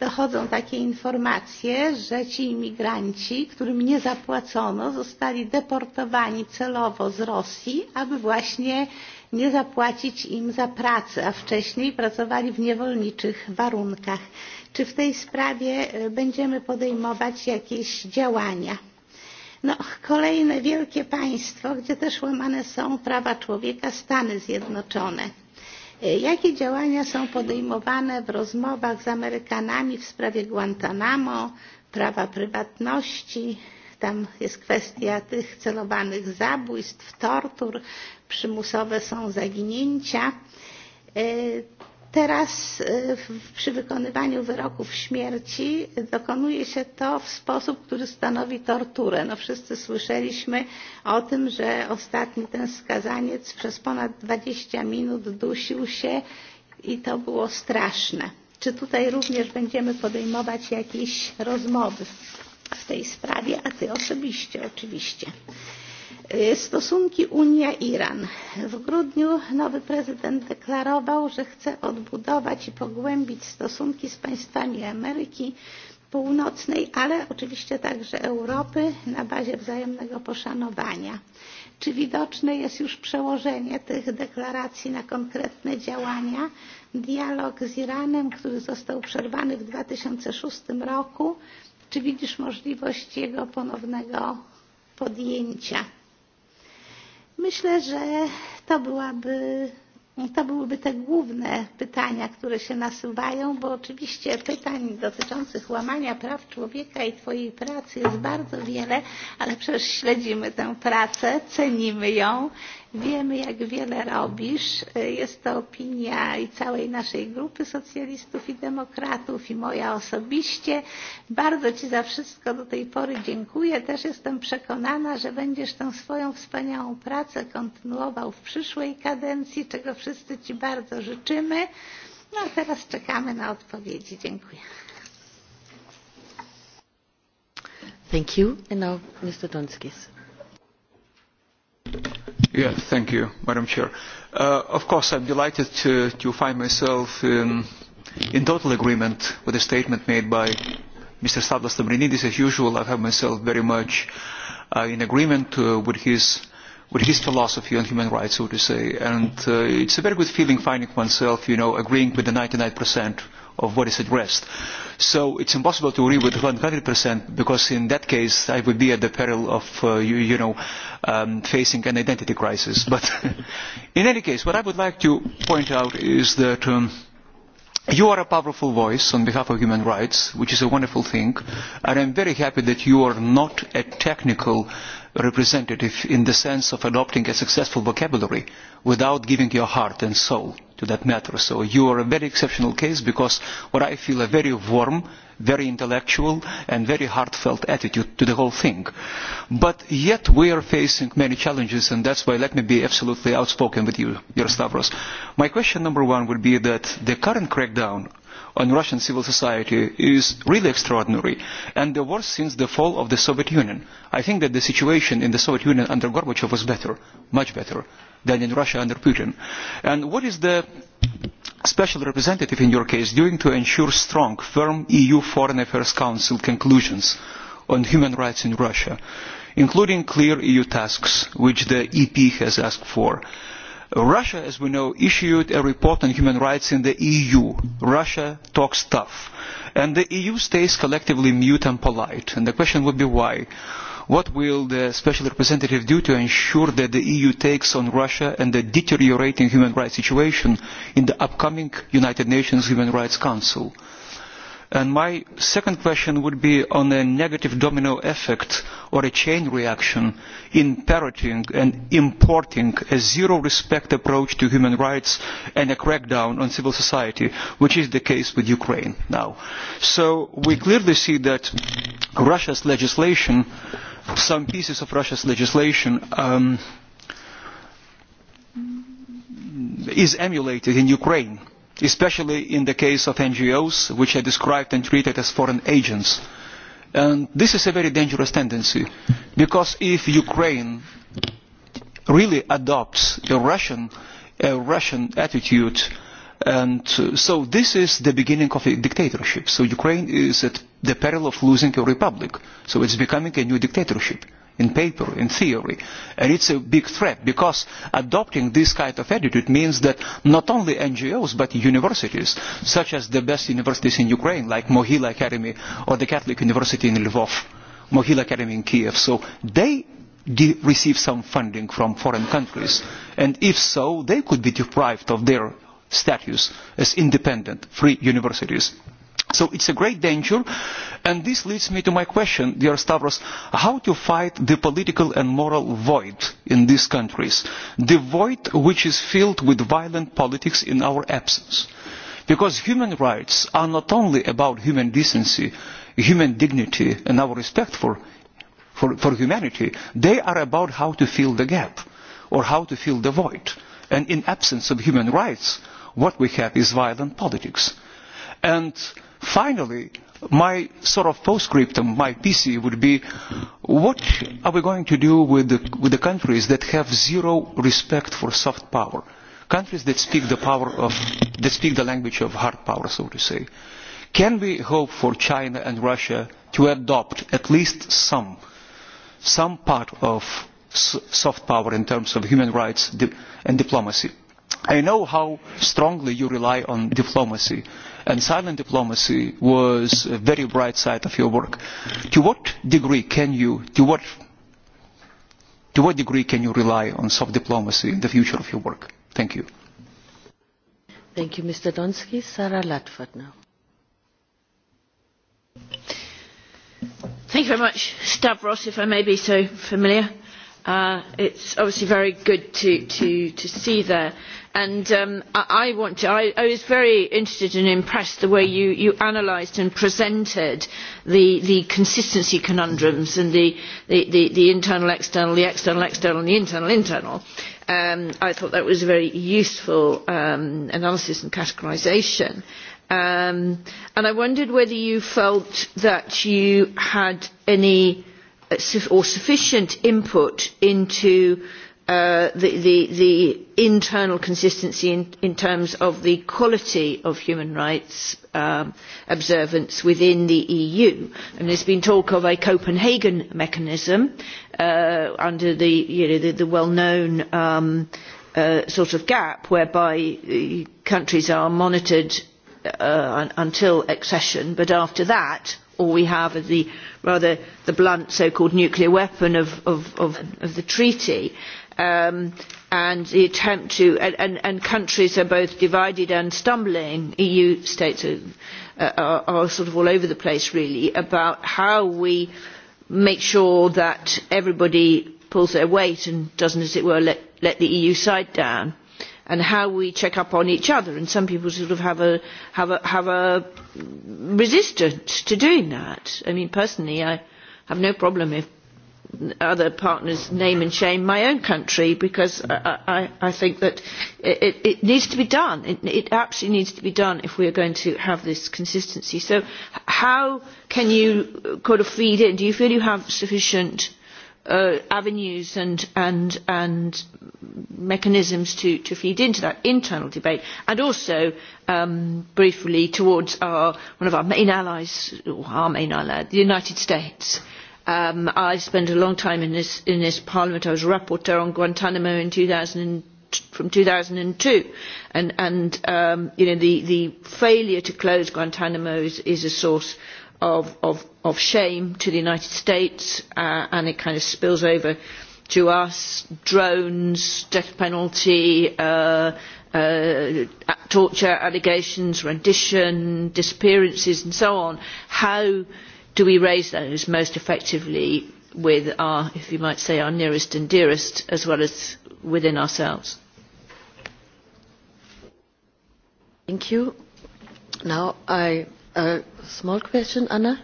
Dochodzą takie informacje, że ci imigranci, którym nie zapłacono, zostali deportowani celowo z Rosji, aby właśnie nie zapłacić im za pracę, a wcześniej pracowali w niewolniczych warunkach czy w tej sprawie e, będziemy podejmować jakieś działania. No, kolejne wielkie państwo, gdzie też łamane są prawa człowieka, Stany Zjednoczone. E, jakie działania są podejmowane w rozmowach z Amerykanami w sprawie Guantanamo, prawa prywatności? Tam jest kwestia tych celowanych zabójstw, tortur, przymusowe są zaginięcia. E, Teraz e, przy wykonywaniu wyroków śmierci dokonuje się to w sposób, który stanowi torturę. No wszyscy słyszeliśmy o tym, że ostatni ten skazaniec przez ponad 20 minut dusił się i to było straszne. Czy tutaj również będziemy podejmować jakieś rozmowy w tej sprawie, a ty osobiście oczywiście. Stosunki Unia-Iran. W grudniu nowy prezydent deklarował, że chce odbudować i pogłębić stosunki z państwami Ameryki Północnej, ale oczywiście także Europy na bazie wzajemnego poszanowania. Czy widoczne jest już przełożenie tych deklaracji na konkretne działania? Dialog z Iranem, który został przerwany w 2006 roku, czy widzisz możliwość jego ponownego podjęcia? Myślę, że to byłaby, to byłyby te główne pytania, które się nasuwają, bo oczywiście pytań dotyczących łamania praw człowieka i Twojej pracy jest bardzo wiele, ale przecież śledzimy tę pracę, cenimy ją Wiemy, jak wiele robisz. Jest to opinia i całej naszej grupy socjalistów i demokratów i moja osobiście. Bardzo Ci za wszystko do tej pory dziękuję. Też jestem przekonana, że będziesz tę swoją wspaniałą pracę kontynuował w przyszłej kadencji, czego wszyscy Ci bardzo życzymy. No a teraz czekamy na odpowiedzi. Dziękuję. Thank you. And now Mr. Donskis. Yeah, thank you, Madam Chair. Uh, of course, I'm delighted to, to find myself in, in total agreement with the statement made by Mr. Stavlas Lambrinidis. As usual, I have myself very much uh, in agreement uh, with his with his philosophy on human rights, so to say. And uh, it's a very good feeling finding oneself, you know, agreeing with the 99% of what is at rest. So it's impossible to agree with 100% because in that case I would be at the peril of, uh, you, you know, um, facing an identity crisis. But [laughs] in any case, what I would like to point out is that um, you are a powerful voice on behalf of human rights, which is a wonderful thing, and I'm very happy that you are not a technical uh, representative in the sense of adopting a successful vocabulary without giving your heart and soul to that matter. So you are a very exceptional case because what I feel a very warm, very intellectual and very heartfelt attitude to the whole thing. But yet we are facing many challenges and that's why let me be absolutely outspoken with you, Yaroslavros. My question number one would be that the current crackdown on Russian civil society is really extraordinary and the worst since the fall of the Soviet Union. I think that the situation in the Soviet Union under Gorbachev was better, much better than in Russia under Putin. And what is the special representative in your case doing to ensure strong, firm EU Foreign Affairs Council conclusions on human rights in Russia, including clear EU tasks which the EP has asked for? russia, as we know, issued a report on human rights in the eu. russia talks tough, and the eu stays collectively mute and polite. and the question would be why? what will the special representative do to ensure that the eu takes on russia and the deteriorating human rights situation in the upcoming united nations human rights council? And my second question would be on a negative domino effect or a chain reaction in parroting and importing a zero respect approach to human rights and a crackdown on civil society, which is the case with Ukraine now. So we clearly see that Russia's legislation, some pieces of Russia's legislation, um, is emulated in Ukraine especially in the case of ngos which are described and treated as foreign agents. this is a very dangerous tendency because if ukraine really adopts a russian, a russian attitude and so this is the beginning of a dictatorship. so ukraine is at the peril of losing a republic. so it's becoming a new dictatorship in paper, in theory. And it's a big threat because adopting this kind of attitude means that not only NGOs but universities, such as the best universities in Ukraine, like Mohila Academy or the Catholic University in Lvov, Mohila Academy in Kiev, so they de- receive some funding from foreign countries. And if so, they could be deprived of their status as independent, free universities so it is a great danger and this leads me to my question dear stavros how to fight the political and moral void in these countries the void which is filled with violent politics in our absence because human rights are not only about human decency human dignity and our respect for, for, for humanity they are about how to fill the gap or how to fill the void and in absence of human rights what we have is violent politics and finally my sort of postscriptum my pc would be what are we going to do with the, with the countries that have zero respect for soft power countries that speak the power of that speak the language of hard power so to say can we hope for china and russia to adopt at least some some part of soft power in terms of human rights and diplomacy i know how strongly you rely on diplomacy and silent diplomacy was a very bright side of your work. To what degree can you, to what, to what degree can you rely on soft diplomacy in the future of your work? Thank you. Thank you, Mr. Donsky. Sarah Latford now. Thank you very much, Stavros, if I may be so familiar. Uh, it's obviously very good to, to, to see there. Um, i was very interested and impressed by the way you analysed and presented the consistency conundrums and the internal external the external external and the internal internal. Um, i thought that was a very useful um, analysis and categorisation and i wondered whether you felt that you had any uh, or sufficient input into Uh, the, the internal consistency in, in terms of the quality of human rights um, observance within the EU. And there's been talk of a Copenhagen mechanism uh, under the, you know, the, the well-known um, uh, sort of gap whereby countries are monitored uh, until accession, but after that, all we have is the rather the blunt so-called nuclear weapon of, of, of, of the treaty. Um, and the attempt to and countries are both divided and stumbling eu states are sort of all over the place really about how we make sure that everybody pulls their weight and doesn't as it were let, let the eu side down and how we check up on each other and some people sort of have a have a have a resistance to doing that i mean personally i have no problem if other partners name and shame my own country because I, I, I think that it, it needs to be done. It, it absolutely needs to be done if we are going to have this consistency. So how can you kind of feed in? Do you feel you have sufficient uh, avenues and, and, and mechanisms to, to feed into that internal debate? And also, um, briefly, towards our, one of our main allies, or our main ally, the United States. Um, i spent a long time in this parliament i was rapporteur on guantnamo from two thousand and two and um, the failure to close guantnamo is a source of shame to the united states uh, and it kind of spills over to us drones death penalty uh, uh, torture allegations rendition disappearances and so on how do we raise those most effectively with our, if you might say, our nearest and dearest, as well as within ourselves? Thank you. Now, a uh, small question, Anna.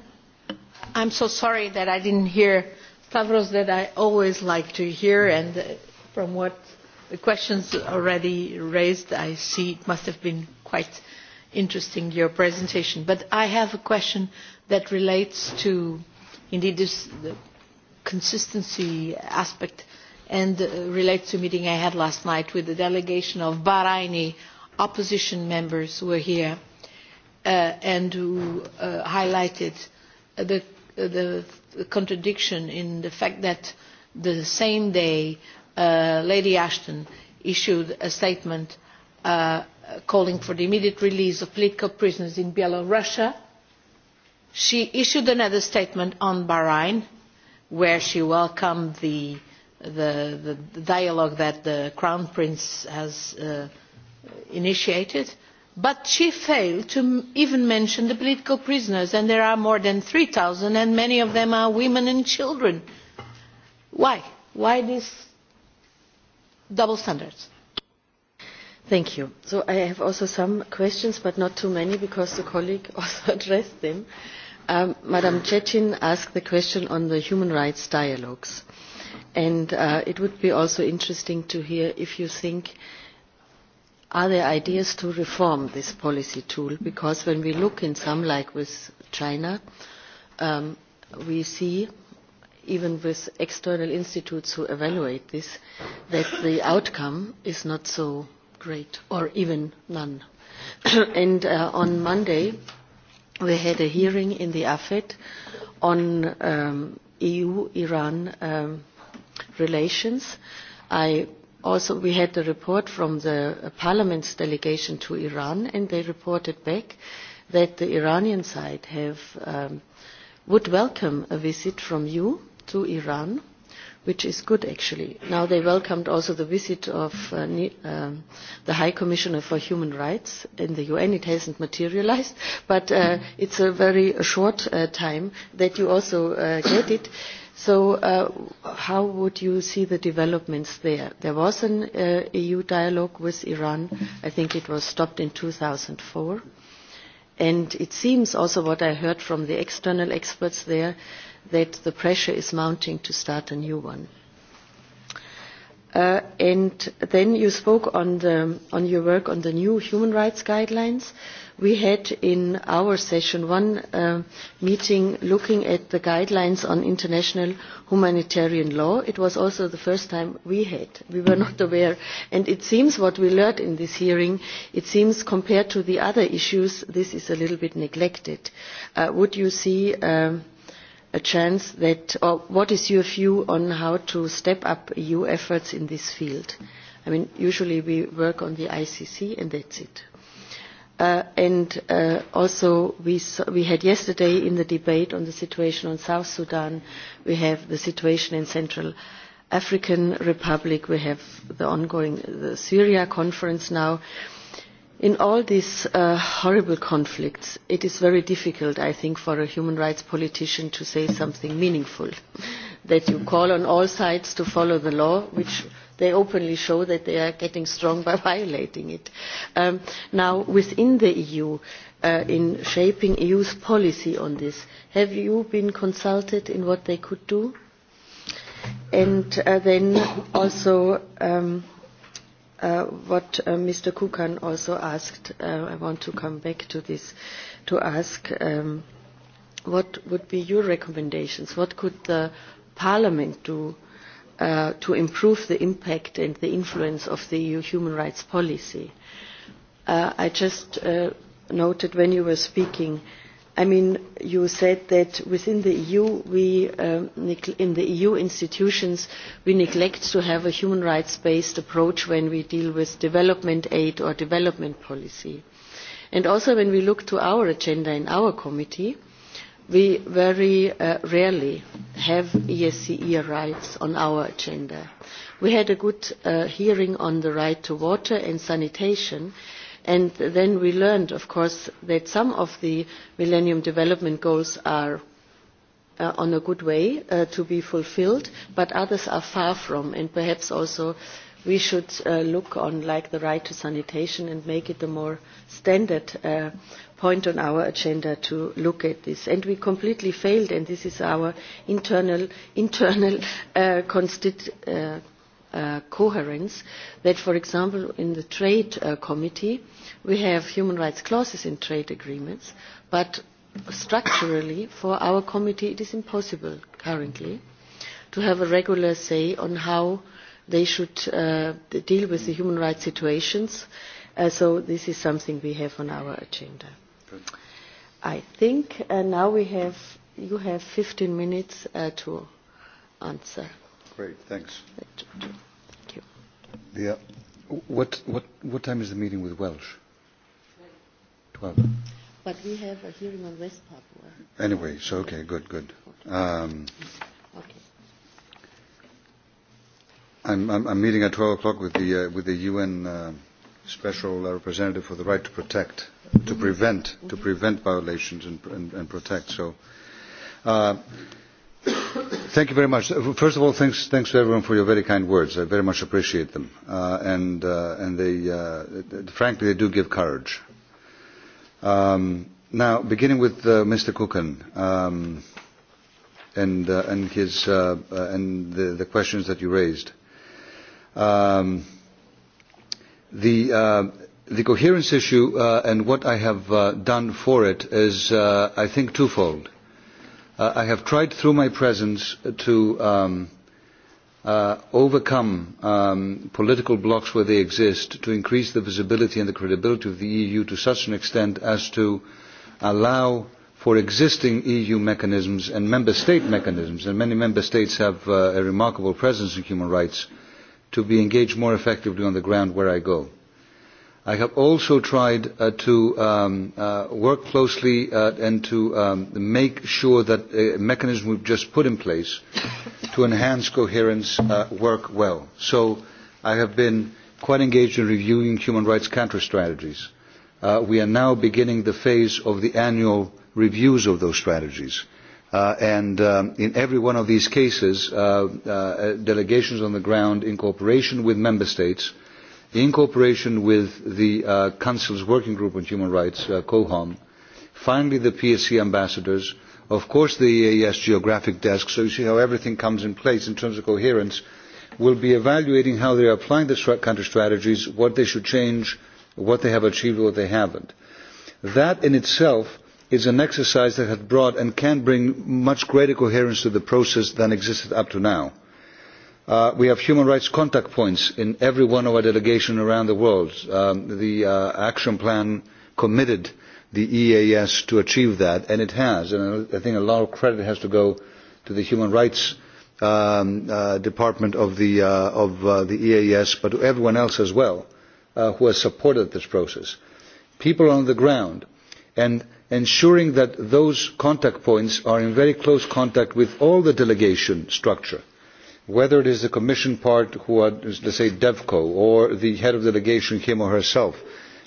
I'm so sorry that I didn't hear Stavros that I always like to hear, and uh, from what the questions already raised, I see it must have been quite interesting, your presentation. But I have a question that relates to indeed this the consistency aspect and uh, relates to a meeting I had last night with the delegation of Bahraini opposition members who were here uh, and who uh, highlighted the, the, the contradiction in the fact that the same day uh, Lady Ashton issued a statement uh, calling for the immediate release of political prisoners in Belarus, she issued another statement on bahrain where she welcomed the, the, the dialogue that the crown prince has uh, initiated but she failed to even mention the political prisoners and there are more than 3000 and many of them are women and children why why this double standards Thank you. So I have also some questions, but not too many because the colleague [laughs] also addressed them. Uh, Um, madam chechen asked the question on the human rights dialogues and uh, it would be also interesting to hear if you think are there ideas to reform this policy tool because when we look in some like with china um, we see even with external institutes who evaluate this that the outcome is not so great or even none [coughs] and uh, on monday we had a hearing in the AFET on um, EU Iran um, relations. I also, we had the report from the Parliament's delegation to Iran, and they reported back that the Iranian side have, um, would welcome a visit from you to Iran which is good actually. Now they welcomed also the visit of uh, um, the High Commissioner for Human Rights in the UN. It hasn't materialized, but uh, it's a very short uh, time that you also uh, get it. So uh, how would you see the developments there? There was an uh, EU dialogue with Iran. I think it was stopped in 2004. And it seems also what I heard from the external experts there that the pressure is mounting to start a new one. Uh, and then you spoke on, the, on your work on the new human rights guidelines. We had in our session one uh, meeting looking at the guidelines on international humanitarian law. It was also the first time we had. We were not mm-hmm. aware. And it seems what we learned in this hearing, it seems compared to the other issues, this is a little bit neglected. Uh, would you see uh, a chance that or what is your view on how to step up EU efforts in this field? I mean, usually we work on the ICC and that's it. Uh, and uh, also we, saw, we had yesterday in the debate on the situation on South Sudan, we have the situation in Central African Republic, we have the ongoing the Syria conference now. Uh, in all these uh, horrible conflicts, it is very difficult, I think, for a human rights politician to say something meaningful. that you call on all sides to follow the law, which they openly show that they are getting strong by [laughs] violating it. Um, now, within the EU, uh, in shaping EU's policy on this, have you been consulted in what they could do? And uh, then also. Um, Uh, what uh, Mr. Kukan also asked, uh, I want to come back to this, to ask um, what would be your recommendations? What could the Parliament do uh, to improve the impact and the influence of the EU human rights policy? Uh, I just uh, noted when you were speaking, uh, you said that within the eu uh, e institutions we neglect to have a human rights based approach when we deal with development aid or development policy and also when we look to our agenda in our committee we very uh, rarely have ese e rights on our agenda. we had a good uh, hearing on the right to water and sanitation and then we learned of course that some of the millennium development goals are uh, on a good way uh, to be fulfilled but others are far from and perhaps also we should uh, look on like the right to sanitation and make it a more standard uh, point on our agenda to look at this and we completely failed and this is our internal internal uh, constituent uh, Uh, coherence that for example in the trade uh, committee we have human rights clauses in trade agreements but structurally for our committee it is impossible currently to have a regular say on how they should uh, deal with the human rights situations uh, so this is something we have on our agenda Good. i think uh, now we have you have 15 minutes uh, to answer great thanks uh, to, to What, what, what time is the meeting with Welsh? 12. But we have a hearing on West Papua. Anyway, so okay, good, good. Um, okay. I'm, I'm, I'm meeting at 12 o'clock with the, uh, with the UN uh, Special uh, Representative for the Right to Protect, to mm-hmm. prevent, to mm-hmm. prevent violations and, and, and protect. So. Uh, first of all thanks to everyone for your very kind words i very much appreciate them uh, and uh, uh, frankly they do give courage. Um, now beginning with mr kukan um, and the questions that you raised um, the coherence issue and what i have done for it is i think twofold uh, I have tried through my presence to um, uh, overcome um, political blocks where they exist to increase the visibility and the credibility of the EU to such an extent as to allow for existing EU mechanisms and member state mechanisms, and many member states have uh, a remarkable presence in human rights, to be engaged more effectively on the ground where I go. I have also tried uh, to um, uh, work closely uh, and to um, make sure that the mechanism we've just put in place to enhance coherence uh, work well. So I have been quite engaged in reviewing human rights counter strategies. Uh, we are now beginning the phase of the annual reviews of those strategies. Uh, and um, in every one of these cases, uh, uh, delegations on the ground in cooperation with member states uh, in cooperation with the uh, council's working group on human rights uh, cohom finally the psc ambassadors of course the eeas geographic desk so you see how everything comes in place in terms of coherence will be evaluating how they are applying the country strategies what they should change what they have achieved what they haven't that in itself is an exercise that has brought and can bring much greater coherence to the process than existed up to now. Uh, we have human rights contact points in every one of our delegations around the world. Um, the uh, action plan committed the eeas to achieve that and it has. i think a lot of credit has to go to the human rights um, uh, department of the eeas but to everyone else as well who has supported this process people on the ground and ensuring that those contact points are in very close contact with all the delegation structure whether it is the commission part let us say devco or the head of delegation him or herself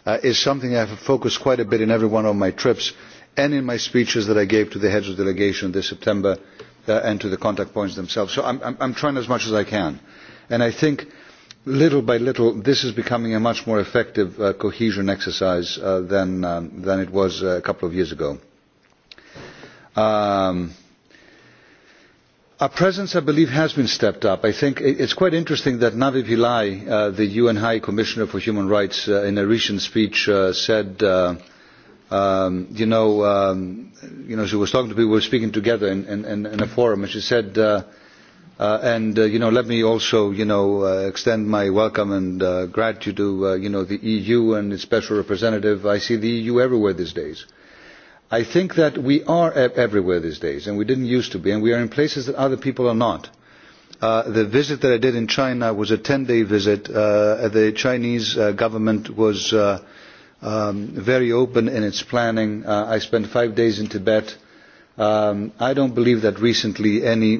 uh, is something i have focused quite a bit on in every one of my trips and in my speeches that i gave to the heads of delegation this september uh, and to the contact points themselves. so i am trying as much as i can and i think little by little this is becoming a much more effective uh, cohesion exercise um, than it was a couple of years ago. Um, our presence i believe has been stepped up. i think it is quite interesting that navi pillay uh, the un high commissioner for human rights uh, in a recent speech uh, said um, um, you know she was talking to people we were speaking together in a forum and she said and you know let me also you know extend my welcome and gratitude to you know the eu and its special representative i see the eu everywhere these days i think that we are e- everywhere these days and we did not used to be and we are in places that other people are not. Uh, the visit that i did in china was a ten day visit. Uh, the chinese uh, government was um, very open in its planning. i spent five days in tibet. Um, i do not believe that recently any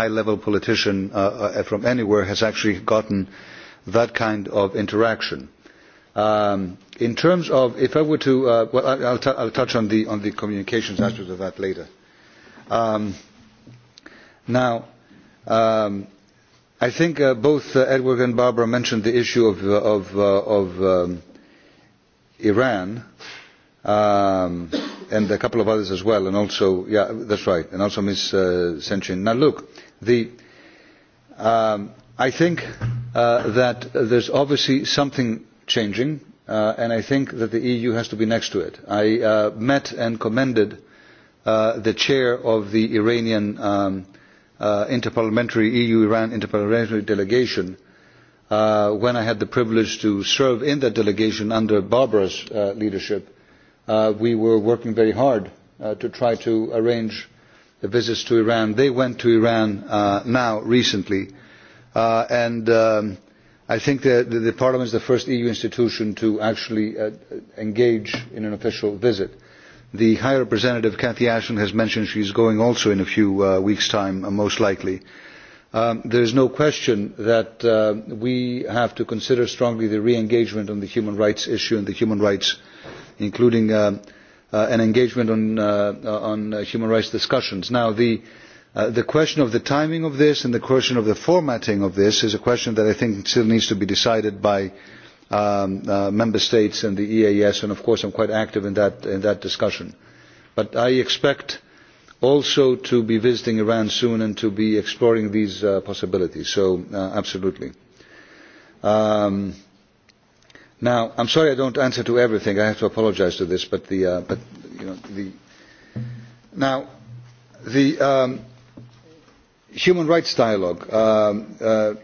high level politician from anywhere has actually gotten that kind of interaction. Um, in terms of if i were to uh, well i will touch on the on the communications mm. aspect of that later. Um, now um, i think uh, both uh, edward and barbara mentioned the issue of of of iran and a couple of others as well and also yeah that is right and also ms sencin. now look the i think that there is obviously something changing uh, and i think that the eu has to be next to it. i uh, met and commended uh, the chair of the iranian um, uh, interparliamentary eu-iran interparliamentary delegation uh, when i had the privilege to serve in that delegation under barbara's uh, leadership. Uh, we were working very hard uh, to try to arrange the visits to iran. they went to iran uh, now recently uh, and um, i think the parliament is the first eu institution to actually uh, engage in an official visit. the high representative catherine ashton has mentioned she is going also in a few uh, weeks' time uh, most likely. Um, there is no question that we have to consider strongly the re engagement on the human rights issue and the human rights including an engagement on human rights discussions. now Uh, the question of the timing of this and the question of the formatting of this is a question that i think still needs to be decided by um, uh, member states and the eeas and of course i am quite active in that discussion. but i expect also to be visiting iran soon and to be exploring these uh, possibilities so absolutely. Um, now i am sorry i do not answer to everything i have to apologise for this but the um, human rights dialogue. Um, uh,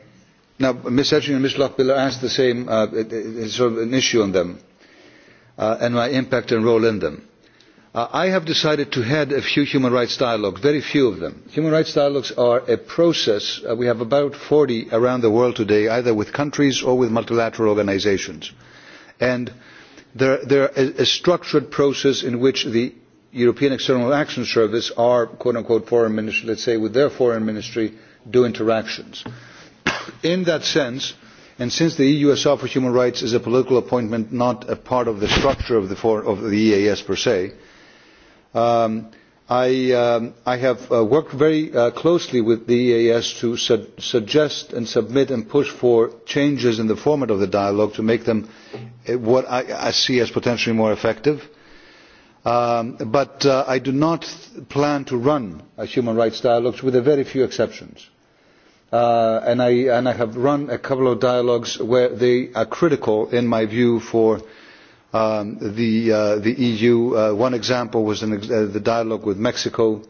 now, Ms. Etchin and Ms. Lochbiller asked the same uh, it, it, sort of an issue on them uh, and my impact and role in them. Uh, I have decided to head a few human rights dialogues, very few of them. Human rights dialogues are a process. Uh, we have about 40 around the world today, either with countries or with multilateral organizations. And they're, they're a, a structured process in which the European External Action Service, our quote unquote foreign ministry, let's say with their foreign ministry, do interactions. [coughs] In that sense, and since the EUSR for Human Rights is a political appointment, not a part of the structure of the, for, of the EAS per se, um, I, um, I have uh, worked very uh, closely with the EAS to su- suggest and submit and push for changes in the format of the dialogue to make them uh, what I, I see as potentially more effective. Um, but uh, i do not plan to run a human rights dialogue with a very few exceptions uh, and i have run a couple of dialogues where they are critical in my view for um, the uh, eu. E one example was the dialogue with mexico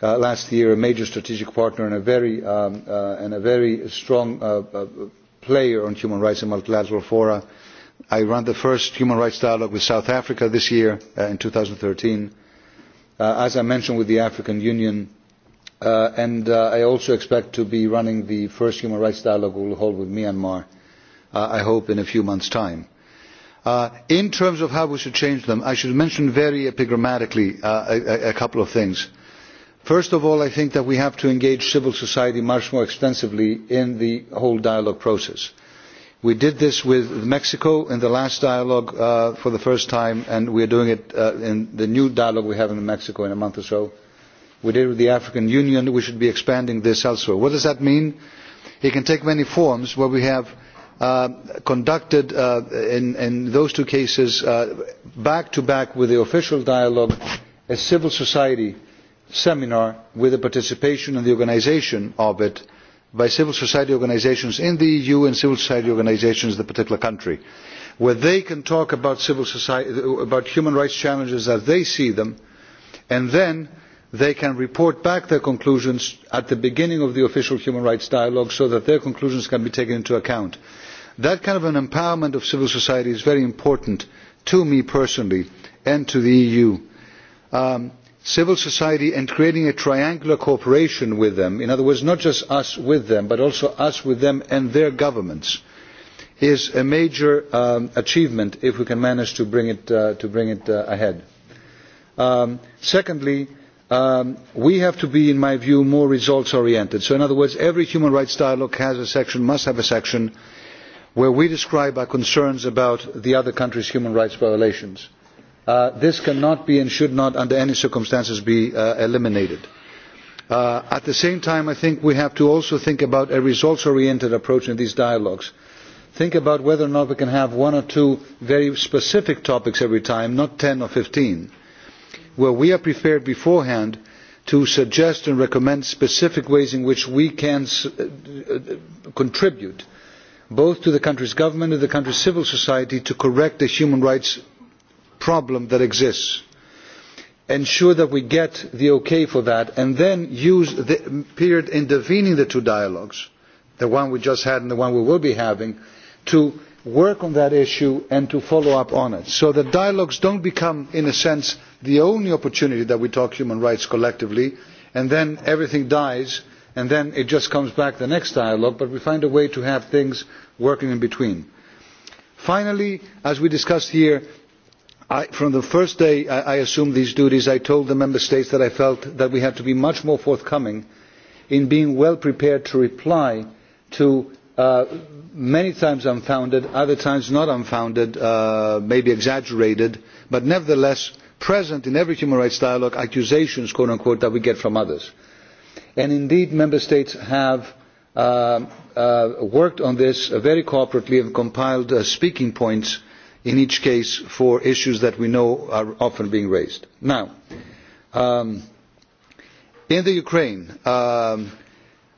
last year a major strategic partner and a very um, strong player on human rights in multilateral fora i ran the first human rights dialogue with south africa this year uh, in two thousand and thirteen uh, as i mentioned with the african union uh, and i also expect to be running the first human rights dialogue we will hold with myanmar i hope in a few months' time. in terms of how we should change them i should mention very epigrammatically a couple of things. first of all i think that we have to engage civil society much more extensively in the whole dialogue process we did this with mexico in the last dialogue uh, for the first time and we are doing it uh, in the new dialogue we have with mexico in a month or so. we did it with the african union we should be expanding this elsewhere. what does that mean? it can take many forms where we have uh, conducted in those two cases back to back with the official dialogue a civil society seminar with the participation and the organisation of it by civil society organisations in the eu and civil society organisations in the particular country where they can talk about human rights challenges as they see them and then they can report back their conclusions at the beginning of the official human rights dialogue so that their conclusions can be taken into account. that kind of empowerment of civil society is very important to me personally and to the eu. Um, civil society and creating a triangular cooperation with them in other words not just us with them but also us with them and their governments is a major um, achievement if we can manage to bring it, uh, to bring it uh, ahead. Um, secondly, um, we have to be, in my view, more results oriented. So, in other words, every human rights dialogue has a section, must have a section, where we describe our concerns about the other country's human rights violations. Uh, Uh, this cannot be and should not under any circumstances be uh, eliminated. Uh, at the same time, I think we have to also think about a results oriented approach in these dialogues. Think about whether or not we can have one or two very specific topics every time, not 10 or 15, where we are prepared beforehand to suggest and recommend specific ways in which we can s- uh, uh contribute both to the country's government and the country's civil society to correct the human rights problem that exists ensure that we get the okay for that and then use the period intervening the two dialogues the one we just had and the one we will be having to work on that issue and to follow up on it so that dialogues don't become in a sense the only opportunity that we talk human rights collectively and then everything dies and then it just comes back the next dialogue but we find a way to have things working in between. finally as we discussed here from the first day i assumed these duties i told the member states that i felt that we had to be much more forthcoming in being well prepared to reply to uh, many times unfounded other times not unfounded uh, maybe exaggerated but nevertheless present in every human rights dialogue accusations quote unquote that we get from others. and indeed member states have uh, worked on this very cooperatively and compiled speaking points in each case for issues that we know are often being raised. Now, um, in the Ukraine, um,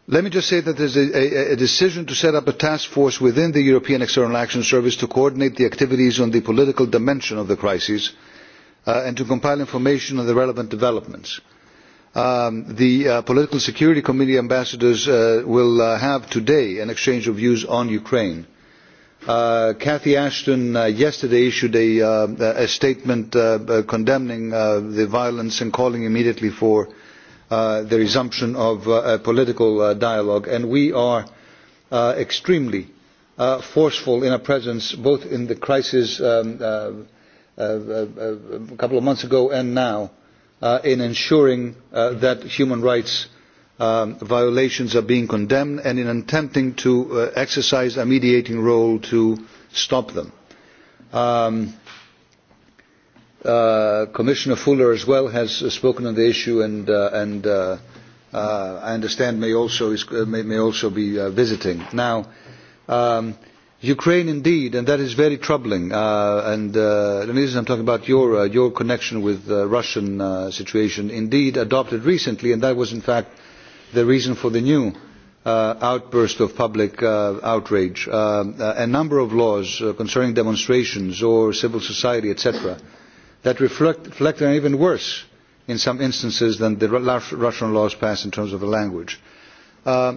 let me just say that there is a, a, a decision to set up a task force within the European External Action Service to coordinate the activities on the political dimension of the crisis uh, and to compile information on the relevant developments. Um, the uh, Political Security Committee ambassadors uh, will uh, have today an exchange of views on Ukraine. Uh, cathy ashton uh, yesterday issued a uh, statement condemning the violence and calling immediately for the resumption of political dialogue and we are extremely forceful in our presence both in the crisis um, a couple of months ago and now in ensuring that human rights Um, violations are being condemned and in attempting to uh, exercise a mediating role to stop them. Um, uh, commissioner fle as well has uh, spoken on the issue and i understand may also be visiting. now um, ukraine indeed and that is very troubling and i am talking about your connection with the russian situation indeed adopted recently and that was in fact the reason for the new uh, outburst of public uh, outrage. Uh, a number of laws concerning demonstrations or civil society, etc., that reflect an even worse in some instances than the Russian laws passed in terms of the language. Uh,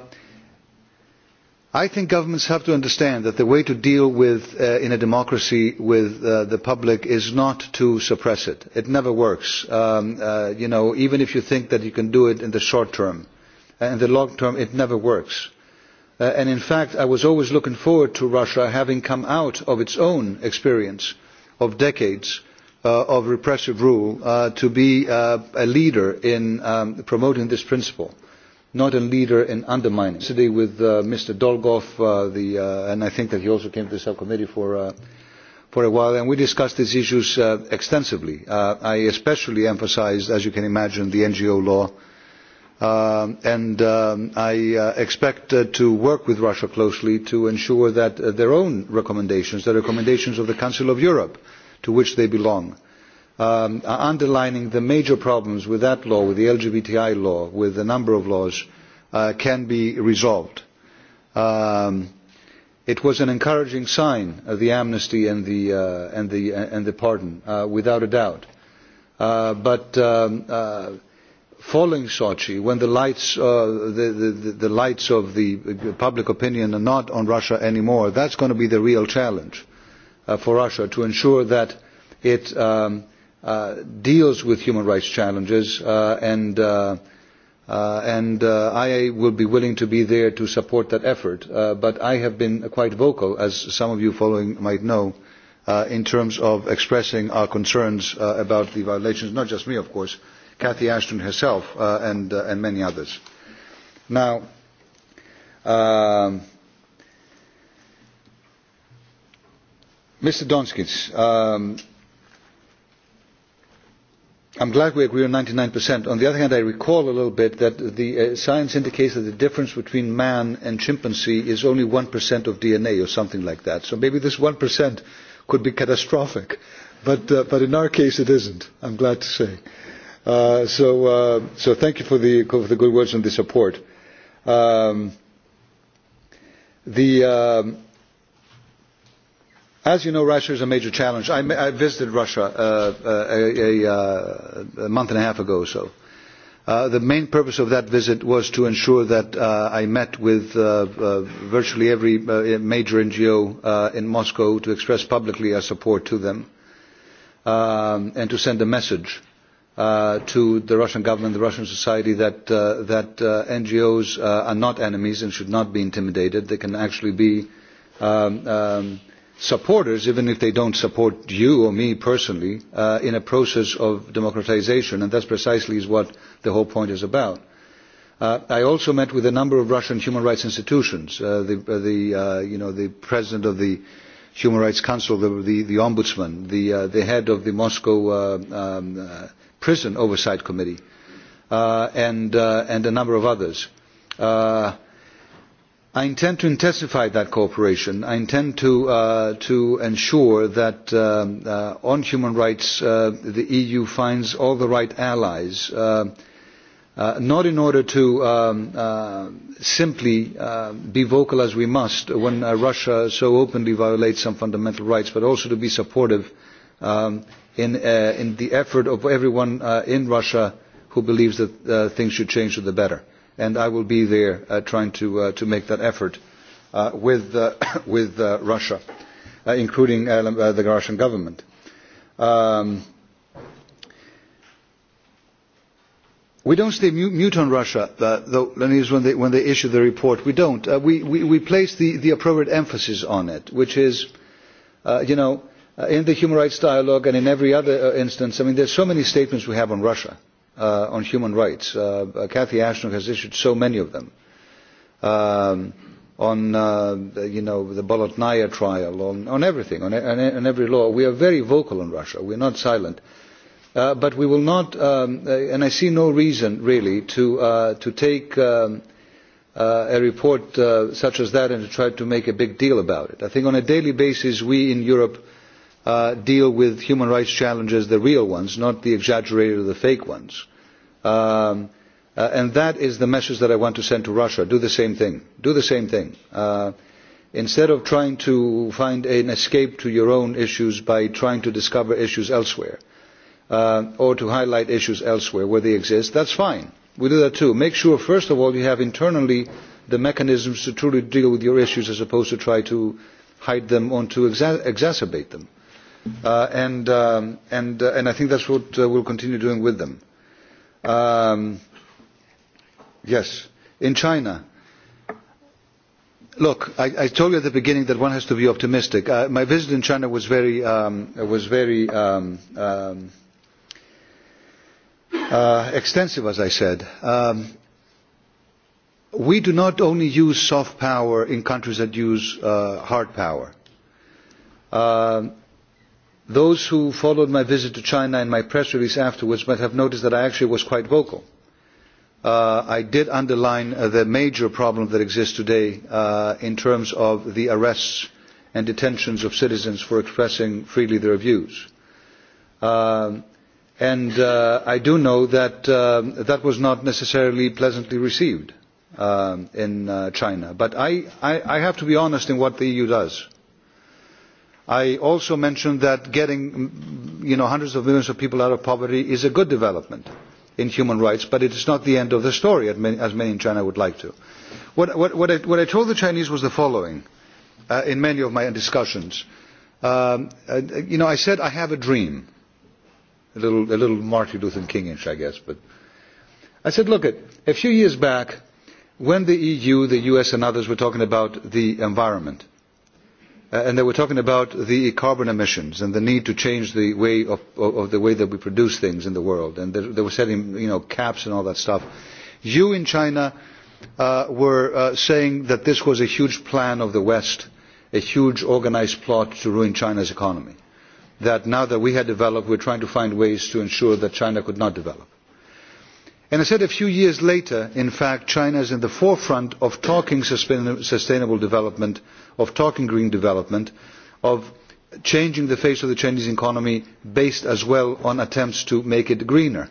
I think governments have to understand that the way to deal with, uh, in a democracy with uh, the public is not to suppress it. It never works, um, uh, you know, even if you think that you can do it in the short term. Uh, Uh, in the long term it never works. Uh, in fact i was always looking forward to russia having come out of its own experience of decades uh, of repressive rule to be a leader in um, promoting this principle not a leader in undermining it. yesterday with mr dolgov and i think that he also came to the subcommittee for a while we discussed these issues extensively. i especially emphasised as you can imagine the ngo law Uh, and uh, i uh, expect to work with russia closely to ensure that their own recommendations the recommendations of the council of europe to which they belong um, underlining the major problems with that law with the lgbti law with a number of laws can be resolved. Um, it was an encouraging sign the amnesty and the pardon without a doubt but um, falling Sochi, when the lights, uh, the, the, the lights of the public opinion are not on Russia anymore, that's going to be the real challenge uh, for Russia to ensure that it um, uh, deals with human rights challenges. Uh, and uh, uh, and uh, I will be willing to be there to support that effort. Uh, but I have been quite vocal, as some of you following might know. Uh, in terms of expressing our concerns uh, about the violations, not just me, of course, uh, Cathy Ashton herself, uh, and, uh, and many others. Now, um, Mr. Donskis, um, I'm glad we agree on 99%. On the other hand, I recall a little bit that the uh, science indicates that the difference between man and chimpanzee is only 1% of DNA or something like that. So maybe this 1% could be catastrophic. But, uh, but in our case, it isn't, I'm glad to say. Uh, Uh, uh, so thank you for the, for the good words and the support. Um, the, um, as you know, Russia is a major challenge. I, I visited Russia uh, uh a, a, a month and a half ago or so. Uh, the main purpose of that visit was to ensure that uh, I met with uh, uh, virtually every uh, major NGO uh, in Moscow to express publicly our support to them um, and to send a message. Uh, uh, to the Russian government, the Russian society, that, uh, that uh, NGOs uh, are not enemies and should not be intimidated. They can actually be um, um, supporters, even if they don't support you or me personally, uh, in a process of democratization, and that's precisely what the whole point is about. Uh, I also met with a number of Russian human rights institutions, uh, the, uh, the, uh, you know, the president of the Human Rights Council, the, the, the ombudsman, the, uh, the head of the Moscow uh, um, uh, Prison Oversight Committee, uh, and, uh, and a number of others. Uh, I intend to intensify that cooperation. I intend to, uh, to ensure that um, uh, on human rights uh, the EU finds all the right allies, uh, uh, not in order to um, uh, simply uh, be vocal as we must when uh, Russia so openly violates some fundamental rights, but also to be supportive. Um, in, uh, in the effort of everyone uh, in Russia who believes that uh, things should change for the better. And I will be there uh, trying to, uh, to make that effort uh, with, uh, [coughs] with uh, Russia, uh, including uh, uh, the Russian government. Um, we don't stay mute on Russia, uh, though, when they, when they issue the report. We don't. Uh, we, we, we place the, the appropriate emphasis on it, which is, uh, you know, uh, in the human rights dialogue and in every other uh, instance. I mean, there are so many statements we have on Russia, uh, on human rights. Uh, uh Kathy Ashton has issued so many of them. Um, on uh, you know the Bolotnaya trial, on, on everything, on, e, on, e, on every law, we are very vocal in Russia. We are not silent, uh, but we will not. Um, uh, and I see no reason really to uh, to take um, uh, a report uh, such as that and to try to make a big deal about it. I think on a daily basis, we in Europe uh, Uh, deal with human rights challenges the real ones not the exaggerated or the fake ones um, uh, and that is the message that i want to send to russia do the same thing do the same thing uh, instead of trying to find an escape to your own issues by trying to discover issues elsewhere uh, or to highlight issues elsewhere where they exist that's fine we do that too make sure first of all you have internally the mechanisms to truly deal with your issues as opposed to try to hide them or to exa- exacerbate them uh, and, um, and, uh, and I think that's what uh, we'll continue doing with them. Um, yes, in China. Look, I, I told you at the beginning that one has to be optimistic. Uh, my visit in China was very, um, was very um, um, uh, extensive, as I said. Um, we do not only use soft power in countries that use uh, hard power. Uh, those who followed my visit to china and my press release afterwards might have noticed that i actually was quite vocal. Uh, i did underline uh, the major problem that exists today uh, in terms of the arrests and detentions of citizens for expressing freely their views. Um, and i do know that um, that was not necessarily pleasantly received um, in china. but i have to be honest in what the eu does i also mentioned that getting mm, hundreds of millions of people out of poverty is a good development in human rights but it is not the end of the story as many in china would like to believe. what i told the chinese was the following uh, in many of my discussions um, uh, you know i said i have a dream a little, a little martin luther kingish i guess but i said look at a few years back when the eu the us and others were talking about the environment uh, and they were talking about the carbon emissions and the need to change the way of, of, of the way that we produce things in the world. And they, they were setting, you know, caps and all that stuff. You in China uh, were uh, saying that this was a huge plan of the West, a huge organized plot to ruin China's economy. That now that we had developed, we're trying to find ways to ensure that China could not develop instead a few years later in fact china is in the forefront of talking sustainable development of talking green development of changing the face of the chinese economy based as well on attempts to make it greener.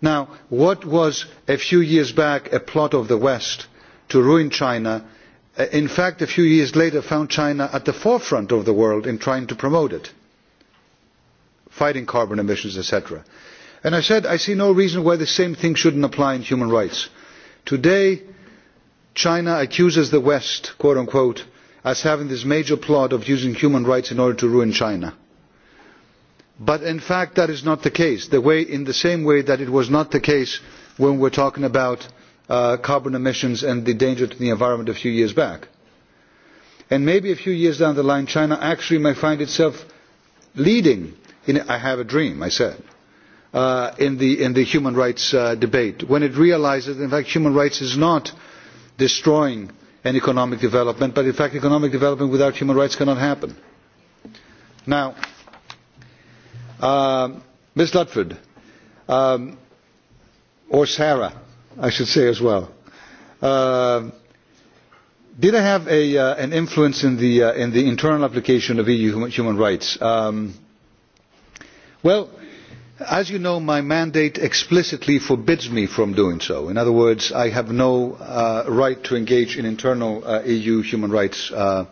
now what was a few years back a plot of the west to ruin china uh, in fact a few years later found china at the forefront of the world in trying to promote it fighting carbon emissions etcetera and i said i see no reason why the same thing should not apply in human rights. today china accuses the west of having this major plot of using human rights in order to ruin china but in fact that is not the case in the same way that it was not the case when we were talking about uh, carbon emissions and the danger to the environment a few years back. and maybe a few years down the line china actually might find itself leading in i have a dream i said uh, in, the, in the human rights uh, debate, when it realizes that in fact human rights is not destroying an economic development, but in fact economic development without human rights cannot happen. Now, uh, Ms. Lutford, um, or Sarah, I should say as well, uh, did I have a, uh, an influence in the, uh, in the internal application of EU human rights? Um, well, as you know my mandate explicitly forbids me from doing so in other words i have no uh, right to engage in internal uh, eu human rights uh,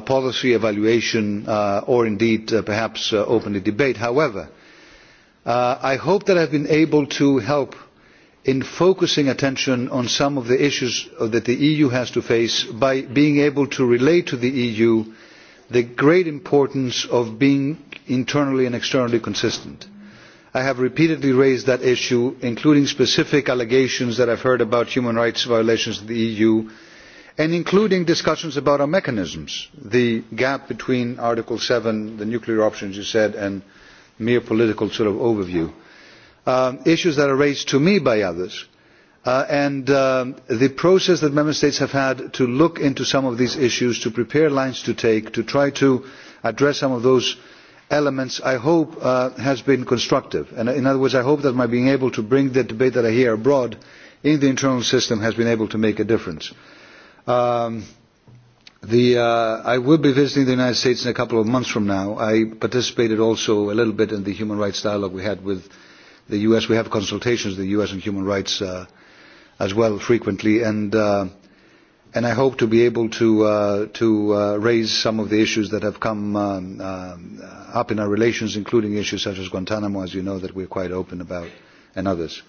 policy evaluation or indeed perhaps open a debate. however i hope that i have been able to help in focusing attention on some of the issues that the eu has to face by being able to relate to the eu the great importance of being internally and externally consistent i have repeatedly raised that issue including specific allegations that i have heard about human rights violations in the eu and including discussions about our mechanisms the gap between article seven the nuclear option as you said and mere political sort of overview um, issues that are raised to me by others uh, and um, the process that member states have had to look into some of these issues to prepare lines to take to try to address some of those elements i hope uh, has been constructive. in other words i hope that my being able to bring the debate that i hear abroad into the internal system has been able to make a difference. Um, uh, i will be visiting the united states in a couple of months from now. i participated also a little bit in the human rights dialogue we had with the us. we have consultations with the us on human rights uh, as well frequently and I hope to be able to uh, to uh, raise some of the issues that have come um, uh, up in our relations, including issues such as Guantanamo, as you know, that we're quite open about, and others.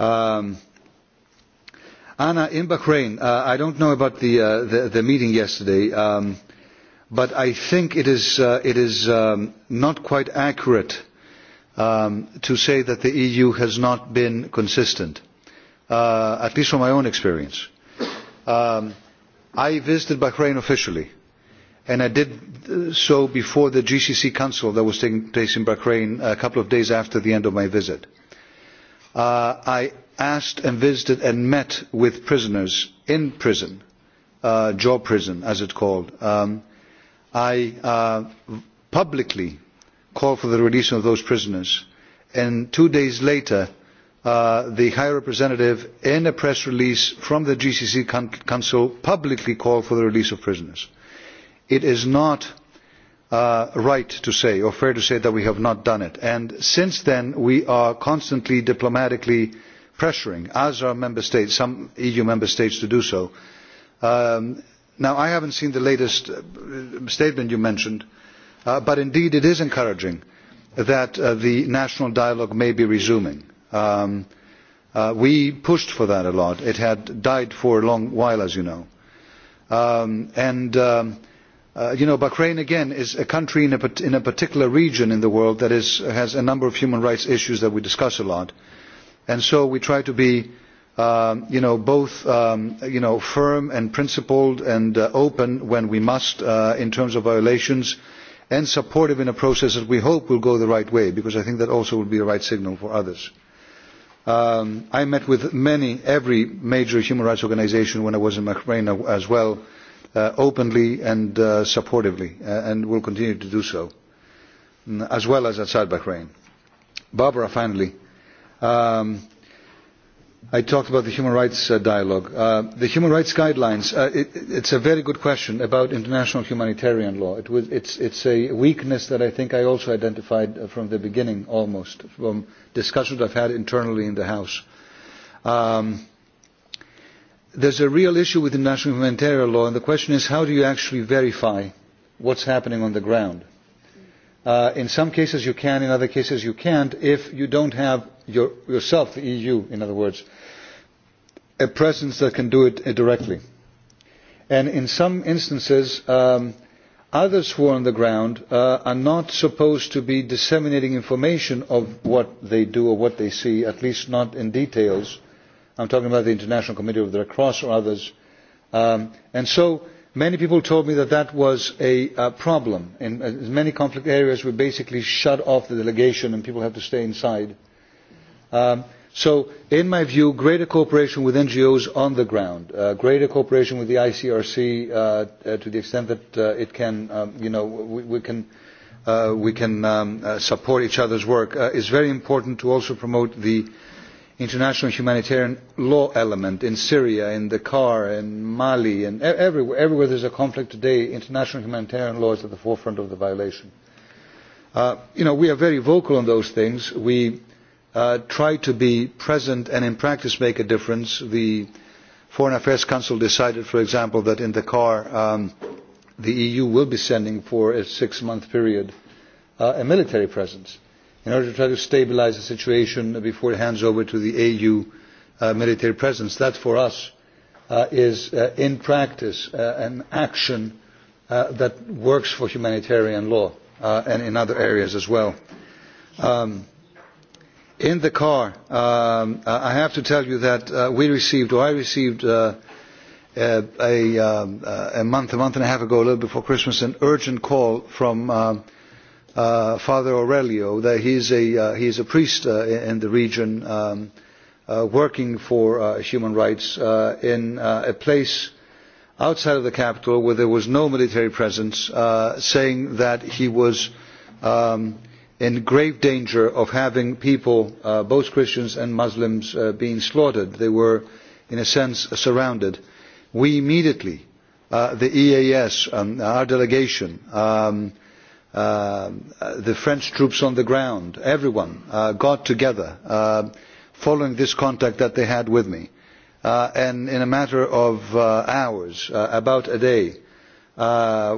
Um, Anna, in Bahrain, uh, I don't know about the, uh, the, the meeting yesterday, um, but I think it is, uh, it is um, not quite accurate um, to say that the EU has not been consistent, uh, at least from my own experience. Uh, Um, i visited bahrain officially and i did uh, so before the gcc council that was taking place in bahrain a couple of days after the end of my visit. Uh, i asked and visited and met with prisoners in prison uh, jaw prison as it is called. Um, i publicly called for the release of those prisoners and two days later Uh, the high representative in a press release from the gcc council publicly call for the release of prisoners. it is not uh, right to say or fair to say that we have not done it and since then we are constantly diplomatically pressuring as are member states some eu member states to do so. Um, now i have not seen the latest uh, statement you mentioned but indeed it is encouraging that the national dialogue may be resuming. Um, uh, we pushed for that a lot. It had died for a long while, as you know. Um, and, um, uh, you know, Bahrain, again, is a country in a, in a particular region in the world that is, has a number of human rights issues that we discuss a lot. And so we try to be, um, you know, both, um, you know, firm and principled and uh, open when we must uh, in terms of violations and supportive in a process that we hope will go the right way, because I think that also will be a right signal for others. Um, i met with every major human rights organisation when i was in bahrain as well uh, openly and uh, supportively uh, and will continue to do so mm, as well as outside bahrain. barbara finally um, I talked about the human rights uh, dialogue. Uh, the human rights guidelines, uh, it, it's a very good question about international humanitarian law. It was, it's, it's a weakness that I think I also identified uh, from the beginning almost, from discussions I've had internally in the House. Um, there's a real issue with international humanitarian law, and the question is how do you actually verify what's happening on the ground? Uh, in some cases you can, in other cases you can't, if you don't have yourself the eu in other words a presence that can do it uh, directly and in some instances um, others who are on the ground uh, are not supposed to be disseminating information of what they do or what they see at least not in details i'm talking about the international committee of the red cross or others um, and so many people told me that that was a, a problem in, uh, in many conflict areas we basically shut off the delegation and people have to stay inside uh, Um, so, in my view, greater cooperation with NGOs on the ground, uh, greater cooperation with the ICRC uh, uh, to the extent that uh, it can, um, you know, we, we can, uh, we can um, uh, support each other's work uh, is very important to also promote the international humanitarian law element in Syria, in Dakar, in Mali, and e everywhere, everywhere there's a conflict today, international humanitarian law is at the forefront of the violation. Uh, you know, we are very vocal on those things. We Uh, try to be present and in practice make a difference. The Foreign Affairs Council decided, for example, that in Dakar um, the EU will be sending for a six month period uh, a military presence in order to try to stabilize the situation before it hands over to the AU uh, military presence. That for us uh, is uh, in practice uh, an action uh, that works for humanitarian law uh, and in other areas as well. Um, in the car, um, uh, I have to tell you that uh, we received, or I received, uh, a, a, um, uh, a month, a month and a half ago, a little before Christmas, an urgent call from uh, uh, Father Aurelio. That he's a uh, he's a priest uh, in, in the region, um, uh, working for uh, human rights uh, in uh, a place outside of the capital where there was no military presence, uh, saying that he was. Um, in grave danger of having people uh, both christians and muslims uh, being slaughtered. they were in a sense surrounded. we immediately uh, the eas um, our delegation um, um, the french troops on the ground everyone got together following this contact that they had with me and in a matter of hours about a day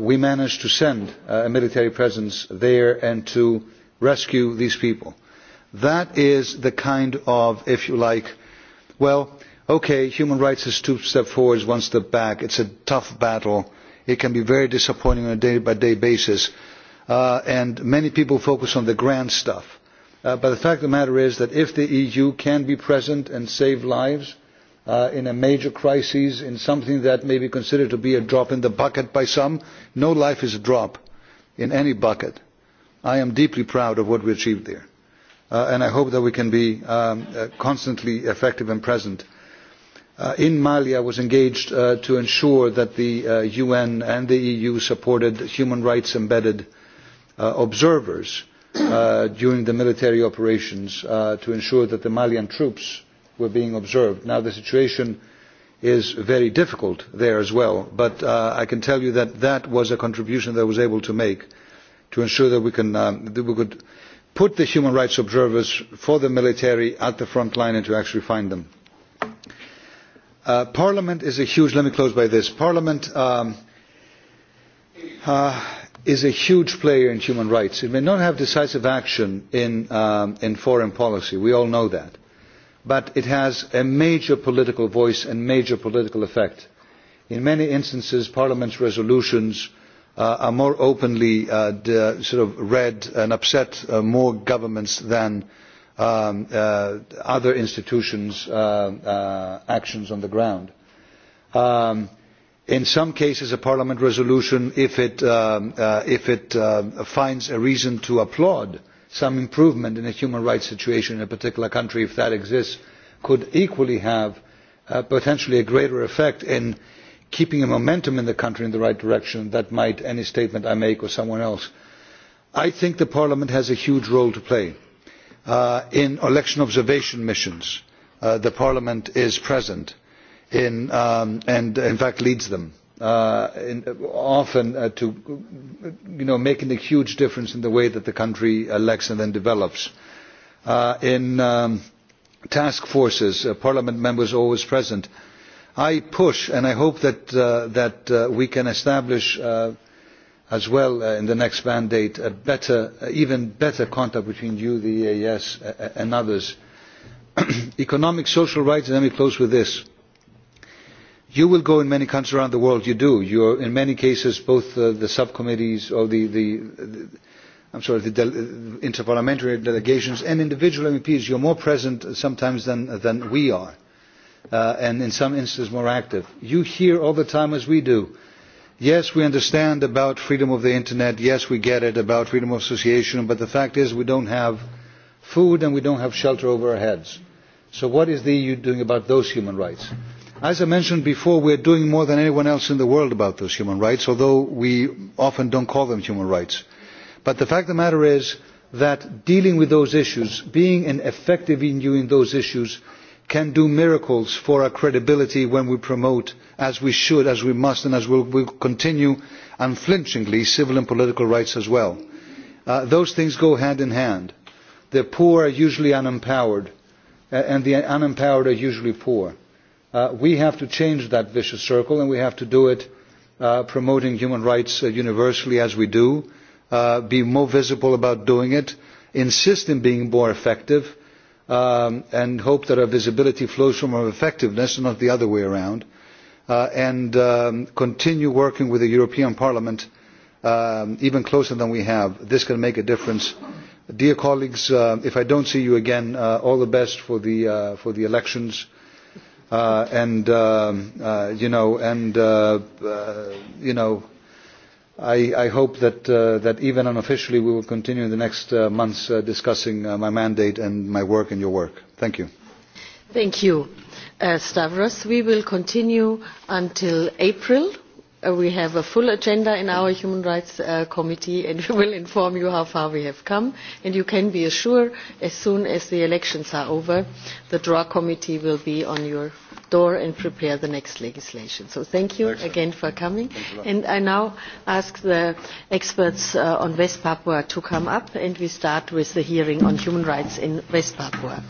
we managed to send a military presence there and rescue these people. That is the kind of, if you like, well, okay, human rights is two steps forward, one step back. It's a tough battle. It can be very disappointing on a day by day basis. Uh, and many people focus on the grand stuff. Uh, but the fact of the matter is that if the EU can be present and save lives uh, in a major crisis, in something that may be considered to be a drop in the bucket by some, no life is a drop in any bucket i am deeply proud of what we achieved there uh, and i hope that we can be um, uh, constantly effective and present. Uh, in mali i was engaged to ensure that the un and the eu supported human rights embedded observers during the military operations to ensure that the malian troops were being observed. now the situation is very difficult there as well but i can tell you that that was a contribution that i was able to make to ensure that we can uh, that we could put the human rights observers for the military at the front line and to actually find them. Uh, Parliament is a huge, let me close by this. Parliament um, uh, is a huge player in human rights. It may not have decisive action in, um, in foreign policy, we all know that. But it has a major political voice and major political effect. In many instances, Parliament's resolutions uh, uh, are more openly uh, uh, sort of read and upset uh, more governments than um, uh, other institutions' uh, uh, actions on the ground. Um, in some cases, a parliament resolution, if it, um, uh, if it uh, finds a reason to applaud some improvement in a human rights situation in a particular country, if that exists, could equally have uh, potentially a greater effect in keeping a momentum in the country in the right direction that might any statement i make or someone else i think parliament has a huge role to play uh, in election observation missions uh, parliament is present um, and uh, in fact leads them often you know making a huge difference in the way that the country elects and then develops in um, task forces parliament members are always present i push and i hope that uh, uh, we can establish uh, as well in the next mandate even better contact between you the eeas and others. [clears throat] economic social rights let me close with this you will go in many countries around the world you do you are in many cases both the subcommittees or the i am sorry the inter parliamentary delegations and individual meps you are more present sometimes than we are uh, and in some instances more active. You hear all the time, as we do, yes, we understand about freedom of the internet, yes, we get it about freedom of association, but the fact is we don't have food and we don't have shelter over our heads. So what is the EU doing about those human rights? As I mentioned before, we're doing more than anyone else in the world about those human rights, although we often don't call them human rights. But the fact of the matter is that dealing with those issues, being an effective EU in those issues, can do miracles for our credibility when we promote as we should as we must and as we will continue unflinchingly civil and political rights as well. Uh, those things go hand in hand. the poor are usually unempowered uh, and the unempowered are usually poor. Uh, we have to change that vicious circle and we have to do it uh, promoting human rights uh, universally as we do, uh, be more visible about doing it, insist in being more effective, uh, Um, and hope that our visibility flows from our effectiveness and not the other way around uh, and um, continue working with the european parliament um, even closer than we have. this can make a difference. dear colleagues uh, if i do not see you again uh, all the best for the elections and I, I hope that, uh, that even unofficially we will continue in the next uh, months uh, discussing uh, my mandate and my work and your work. Thank you. Thank you, uh, Stavros. We will continue until April we have a full agenda in our human rights uh, committee and we will inform you how far we have come and you can be assured as soon as the elections are over the draw committee will be on your door and prepare the next legislation so thank you Excellent. again for coming and i now ask the experts uh, on west papua to come up and we start with the hearing on human rights in west papua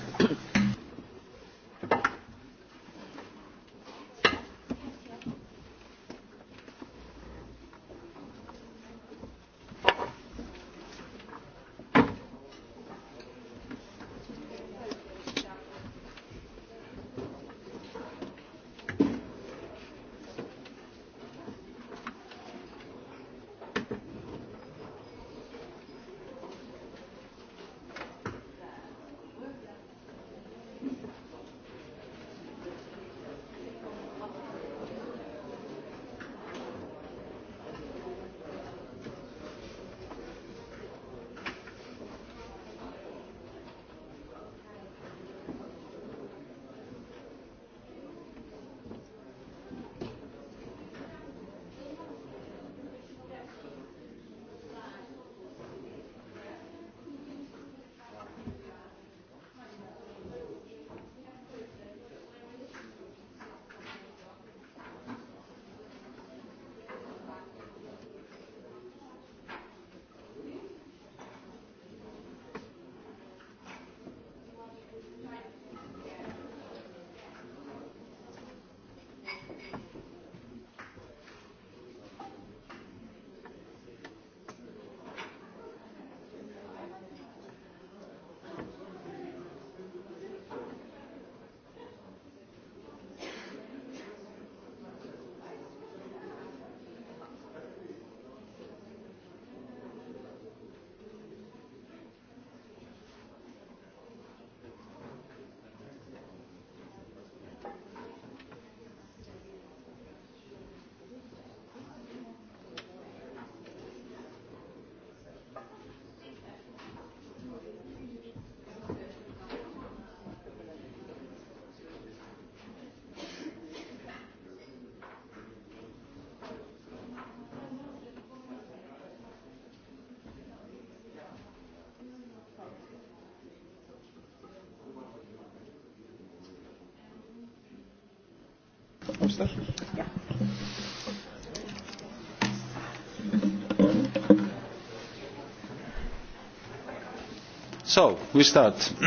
we start. [clears throat]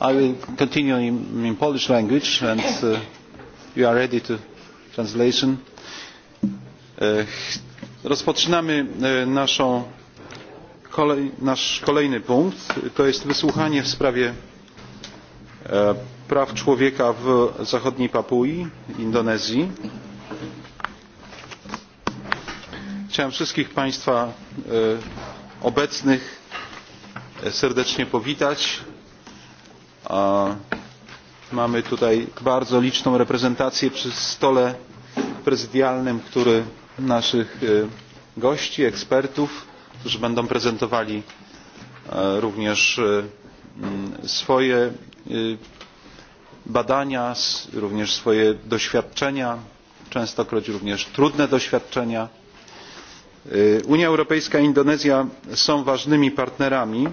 I will continue in, in Polish language and uh, you are ready to translation. Uh, rozpoczynamy uh, naszą kolej, nasz kolejny punkt. To jest wysłuchanie w sprawie uh, praw człowieka w zachodniej Papui, Indonezji. Chciałem wszystkich Państwa uh, obecnych serdecznie powitać. Mamy tutaj bardzo liczną reprezentację przy stole prezydialnym, który naszych e, gości, ekspertów, którzy będą prezentowali e, również e, mm, swoje badania, również swoje doświadczenia, częstokroć również trudne doświadczenia. E, unia europejska i indonezja są ważnymi partnerami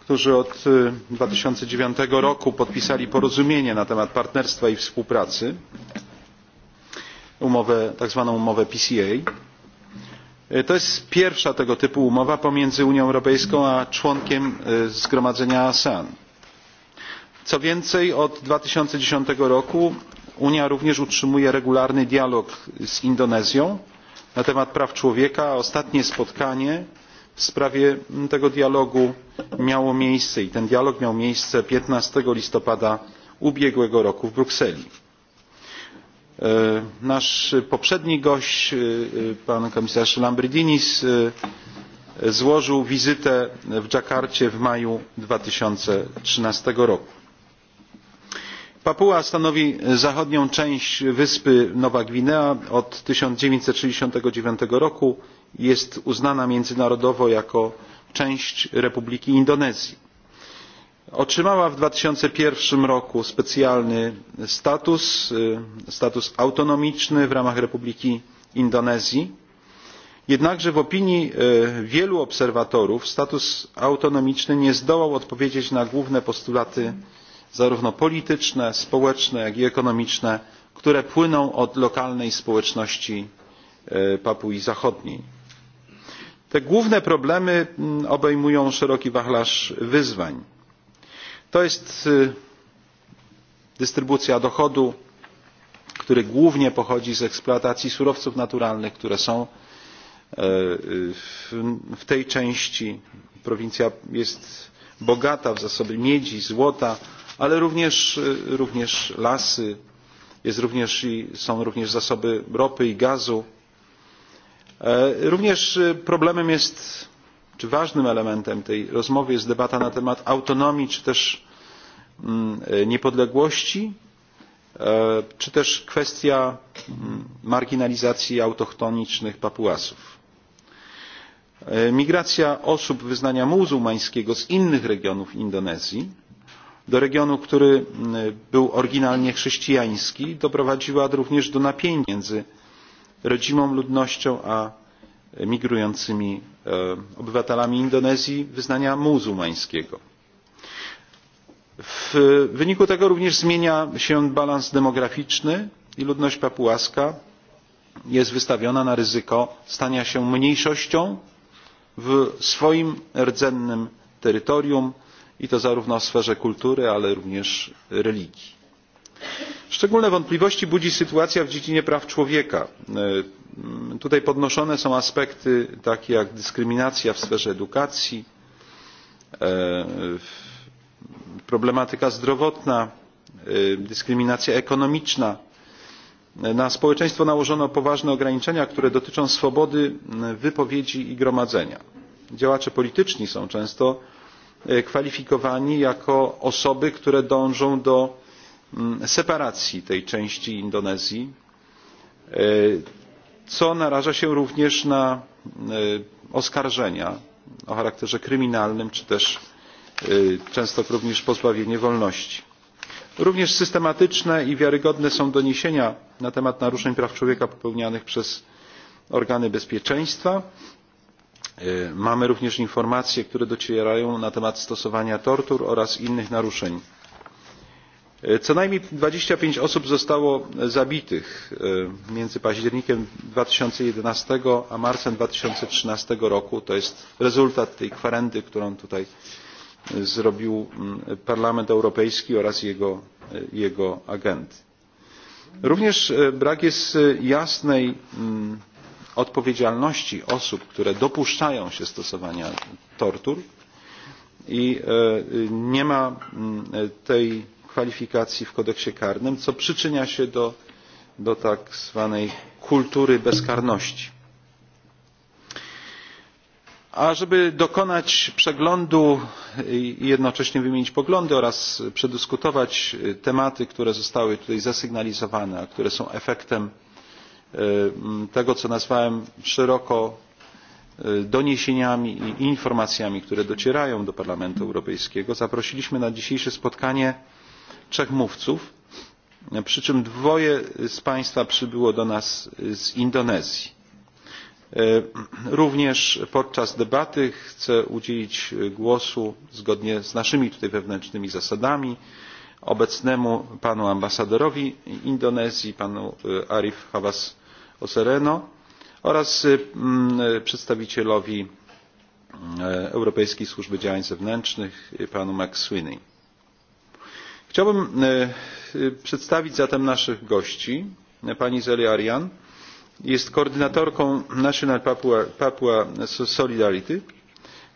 którzy od e, dwa tysiące dziewięć roku podpisali porozumienie na temat partnerstwa i współpracy tak zwaną umowę pca. E, to jest pierwsza tego typu umowa pomiędzy unią europejską a członkiem zgromadzenia asean. co więcej od dwa tysiące dziesięć roku unia również utrzymuje regularny dialog z indonezją na temat praw człowieka a ostatnie spotkanie w sprawie mm, tego dialogu miało miejsce i ten dialog miał miejsce piętnaście listopada ubiegłego roku w brukseli. E, nasz poprzedni gość e, e, pan komisarz lambrinidis złożył wizytę w dżakarcie w maju dwa tysiące trzynaście roku papua stanowi zachodnią część wyspy nowa gwinea od tysiąc dziewięćset sześćdziesiąt dziewięć roku i jest uznana międzynarodowo jako część republiki indonezji. otrzymała w dwa tysiące jeden roku specjalny status status autonomiczny w ramach republiki indonezji jednakże w opinii wielu obserwatorów status autonomiczny nie zdołał odpowiedzieć na główne postulaty zarówno polityczne społeczne jak i ekonomiczne które płyną od lokalnej społeczności e, papui zachodniej. te główne problemy mm, obejmują szeroki wachlarz wyzwań to jest dystrybucja dochodu który głównie pochodzi z eksploatacji surowców naturalnych które są e, w tej części prowincja jest bogata w zasoby miedzi złota ale również lasy są również zasoby ropy i gazu. E, również e, problemem czy ważnym elementem tej rozmowy jest debata na temat autonomii czy też mm, e, niepodległości czy też kwestia mm, marginalizacji autochtonicznych papuasów. migracja osób wyznania muzułmańskiego z innych regionów indonezji do regionu który był oryginalnie chrześcijański doprowadziła również do napięć między rodzimą ludnością a migrującymi obywatelami indonezji wyznania muzułmańskiego. w wyniku tego również zmienia się balans demograficzny i ludność papułaska jest wystawiona na ryzyko stania się mniejszością w swoim rdzennym terytorium i to zarówno w sferze kultury ale również religii. szczególne wątpliwości budzi sytuacja w dziedzinie praw człowieka. E, tutaj podnoszone są aspekty takie jak dyskryminacja w sferze edukacji e, problematyka zdrowotna e, dyskryminacja ekonomiczna. na społeczeństwo nałożono poważne ograniczenia które dotyczą swobody wypowiedzi i gromadzenia. działacze polityczni są często E, kwalifikowani jako osoby które dążą do mm, separacji tej części indonezji e, co naraża się również na e, oskarżenia o charakterze kryminalnym czy też często również pozbawienie wolności. również systematyczne i wiarygodne są doniesienia na temat naruszeń praw człowieka popełnianych przez organy bezpieczeństwa E, mamy również informacje które docierają na temat stosowania tortur oraz innych naruszeń. E, co najmniej dwadzieścia pięć osób zostało zabitych e, między październikiem dwa tysiące jedenaście a marcem dwa tysiące trzynaście roku to jest rezultat tej kwerendy którą tutaj zrobił parlament europejski oraz jego agendy. również brak jest jasnej odpowiedzialności osób które dopuszczają się stosowania tortur i e, nie ma mm, tej kwalifikacji w kodeksie karnym co przyczynia się do tak zwanej kultury bezkarności. ażeby dokonać przeglądu i jednocześnie wymienić poglądy oraz przedyskutować e, tematy które zostały tutaj zasygnalizowane a które są efektem tego co nazwałem szeroko e, doniesieniami i informacjami które docierają do parlamentu europejskiego zaprosiliśmy na dzisiejsze spotkanie trzech mówców przy czym dwoje z państwa przybyło do nas z indonezji. E, również podczas debaty chcę udzielić głosu zgodnie z naszymi tutaj wewnętrznymi zasadami obecnemu panu ambasadorowi indonezji panu e, arief hawazie osereno oraz mm, przedstawicielowi europejskiej służby działań zewnętrznych panu mcsweeney. chciałbym przedstawić zatem naszych gości pani zelia ryan jest koordynatorką national papua solidarity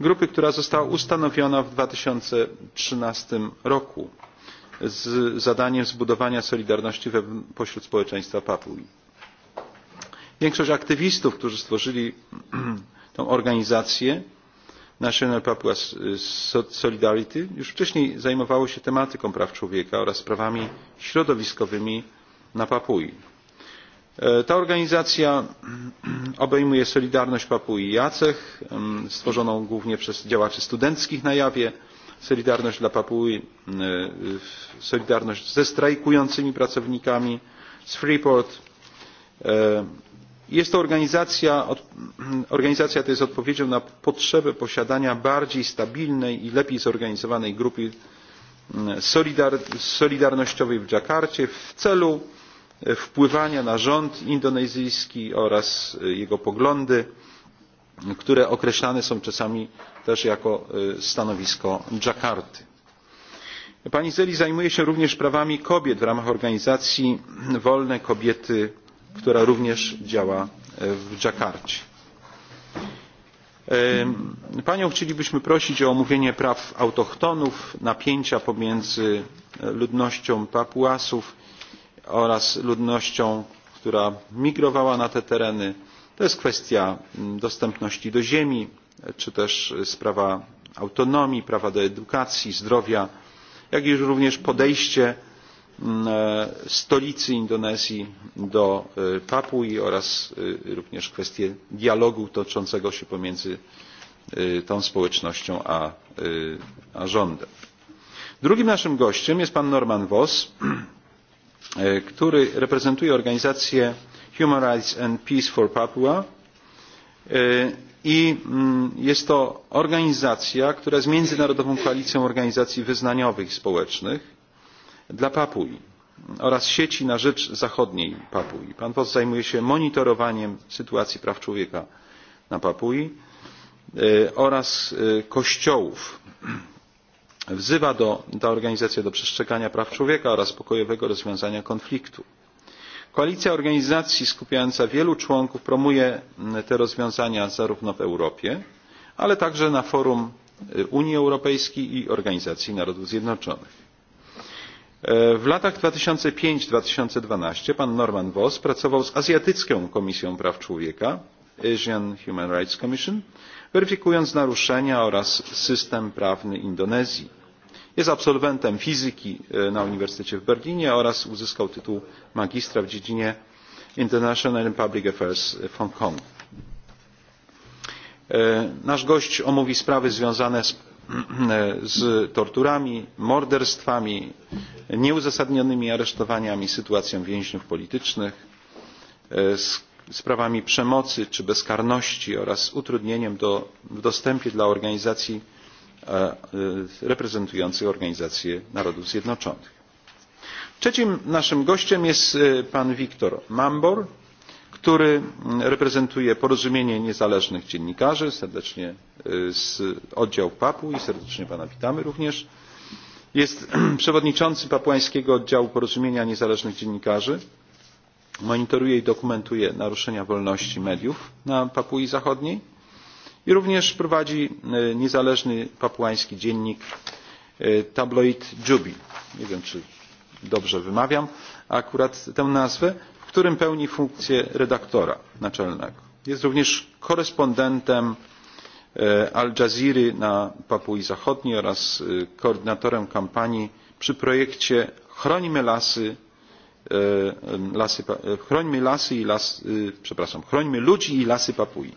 grupy która została ustanowiona w dwa tysiące trzynaście roku z zadaniem zbudowania solidarności pośród społeczeństwa papui większość aktywistów, którzy stworzyli [clears throat] tą organizację National Papua Solidarity, już wcześniej zajmowało się tematyką praw człowieka oraz prawami środowiskowymi na Papui. E, ta organizacja [clears throat] obejmuje Solidarność Papui Jacech, stworzoną głównie przez działaczy studenckich na jawie, Solidarność dla Papui, e, Solidarność ze strajkującymi pracownikami, z Freeport, e, jest to organizacja jest odpowiedzią na potrzebę posiadania bardziej stabilnej i lepiej zorganizowanej grupy mm, solidarnościowej w dżakarcie w celu e, wpływania na rząd indonezyjski oraz e, jego poglądy które określane są czasami też jako e, stanowisko dżakarty. pani zeli zajmuje się również prawami kobiet w ramach organizacji wolne kobiety która również działa e, w Dżakarcie. Panią chcielibyśmy prosić o omówienie praw autochtonów, napięcia pomiędzy e, ludnością Papuasów oraz ludnością, która migrowała na te tereny. To jest kwestia dostępności do ziemi, e, czy też sprawa autonomii, prawa do edukacji, zdrowia, jak i również podejście stolicy indonezji do e, papui oraz e, również kwestie dialogu toczącego się pomiędzy e, tą społecznością a rządem. drugim naszym gościem jest pan norman vos który reprezentuje organizację human rights and peace for papua i mm, jest to organizacja która jest międzynarodową koalicją organizacji wyznaniowych i społecznych dla papui oraz sieci na rzecz zachodniej papui. pan voss zajmuje się monitorowaniem sytuacji praw człowieka na papui e, oraz e, kościołów. wzywa do, ta organizacja do przestrzegania praw człowieka oraz pokojowego rozwiązania konfliktu. koalicja organizacji skupiająca wielu członków promuje te rozwiązania zarówno w europie ale także na forum e, unii europejskiej i organizacji narodów zjednoczonych w latach dwa tysiące pięć dwa tysiące dwanaście pan norman vos pracował z azjatycką komisją praw człowieka asian human rights commission weryfikując naruszenia oraz system prawny indonezji. jest absolwentem fizyki e, na uniwersytecie w berlinie oraz uzyskał tytuł magistra w dziedzinie international and public affairs w hongkongu. E, nasz gość omówi sprawy związane z torturami morderstwami nieuzasadnionymi aresztowaniami sytuacją więźniów politycznych e, sprawami przemocy czy bezkarności oraz utrudnieniem w dostępie dla organizacji e, e, reprezentujących organizację narodów zjednoczonych. trzecim naszym gościem jest pan victor mambour który mm, reprezentuje porozumienie niezależnych dziennikarzy serdecznie oddział papu i serdecznie pana witamy również jest [clears throat] przewodniczącym papuańskiego oddziału porozumienia niezależnych dziennikarzy monitoruje i dokumentuje naruszenia wolności mediów na papui zachodniej i również prowadzi niezależny papuański dziennik tabloid juby nie wiem czy dobrze wymawiam akurat tę nazwę którym pełni funkcję redaktora naczelnego. jest również korespondentem e, al dżaziry na papui zachodniej oraz e, koordynatorem kampanii przy projekcie chronimy lasy, e, lasy, chronimy lasy i lasy, przepraszam, chronimy ludzi i lasy papui.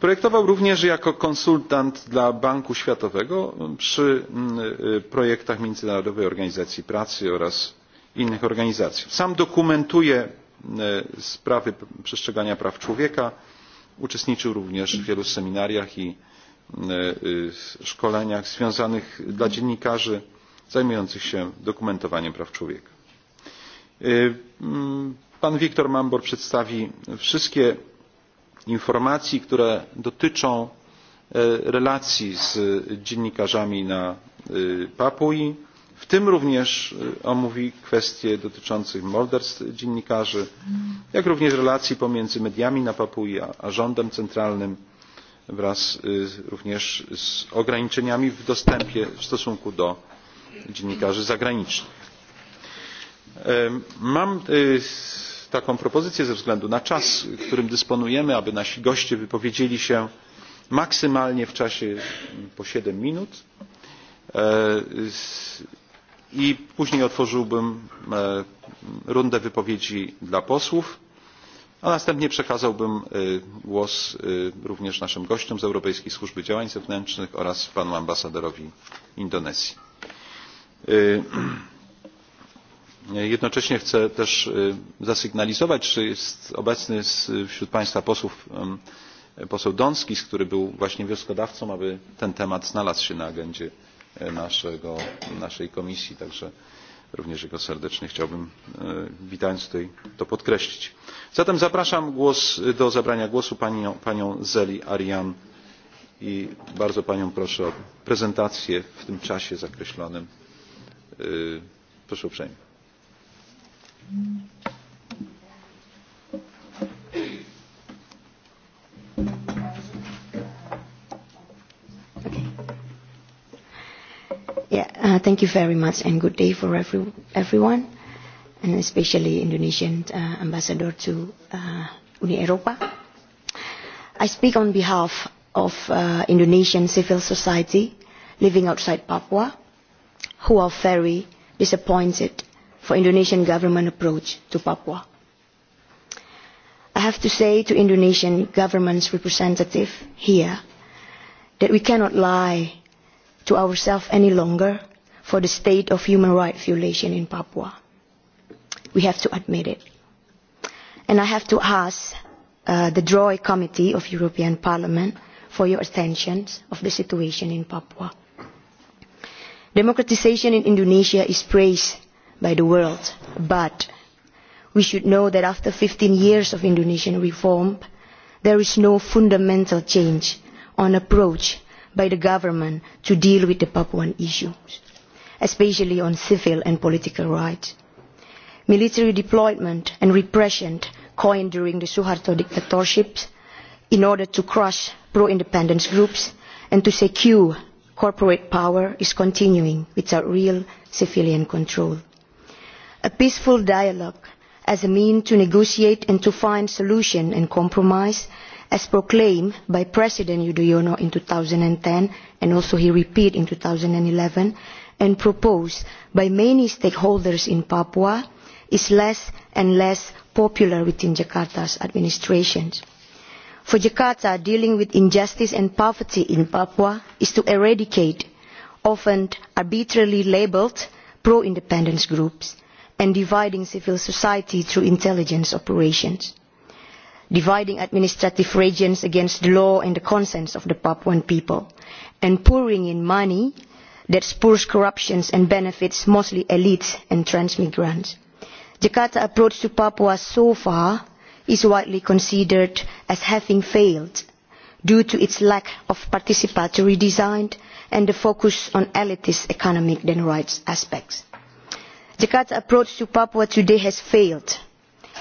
Projektował również jako konsultant dla Banku Światowego przy projektach Międzynarodowej Organizacji Pracy oraz innych organizacji. sam dokumentuję e, sprawy przestrzegania praw człowieka uczestniczył również w wielu seminariach i e, szkoleniach związanych dla dziennikarzy zajmujących się dokumentowaniem praw człowieka. E, pan victor mambour przedstawi wszystkie informacje które dotyczą relacji z dziennikarzami na papui w tym również omówi kwestie dotyczące morderstw dziennikarzy jak również relacji pomiędzy mediami na papui a rządem centralnym wraz również z ograniczeniami w dostępie w stosunku do dziennikarzy zagranicznych. mam taką propozycję ze względu na czas którym dysponujemy aby nasi goście wypowiedzieli się maksymalnie w czasie mm, po siedem minut e, i później otworzyłbym e, rundę wypowiedzi dla posłów a następnie przekazałbym e, głos e, również naszym gościom z europejskiej służby działań zewnętrznych oraz panu ambasadorowi indonezji. jednocześnie chcę też zasygnalizować że jest obecny wśród państwa posłów poseł donskis który był właśnie wnioskodawcą aby ten temat znalazł się na agendzie E, naszego, naszej komisji także również jego serdecznie chciałbym e, witając tutaj to podkreślić. zatem zapraszam głos, do zabrania głosu panią, panią zeli arian i bardzo panią proszę o prezentację w tym czasie zakreślonym e, proszę uprzejmie. Uh, thank you very much and good day for every, everyone, and especially Indonesian uh, ambassador to uh, Uni Eropa. I speak on behalf of uh, Indonesian civil society living outside Papua who are very disappointed for Indonesian government approach to Papua. I have to say to Indonesian government's representative here that we cannot lie to ourselves any longer for the state of human rights violation in Papua. We have to admit it. And I have to ask uh, the Droy Committee of European Parliament for your attention of the situation in Papua. Democratization in Indonesia is praised by the world, but we should know that after 15 years of Indonesian reform, there is no fundamental change on approach by the government to deal with the Papuan issues especially on civil and political rights. Military deployment and repression coined during the Suharto dictatorships in order to crush pro-independence groups and to secure corporate power is continuing without real civilian control. A peaceful dialogue as a mean to negotiate and to find solution and compromise as proclaimed by President Yudhoyono in 2010 and also he repeated in 2011 and proposed by many stakeholders in papua is less and less popular within jakarta's administration. for jakarta dealing with injustice and poverty in papua is to eradicate often arbitrarily labelled pro independence groups and dividing civil society through intelligence operations dividing administrative regions against the law and the consent of the papuan people and pouring in money that spurs corruption and benefits mostly elites and transmigrants. jakarta's approach to papua so far is widely considered as having failed due to its lack of participatory design and the focus on elitist economic than rights aspects. jakarta's approach to papua today has failed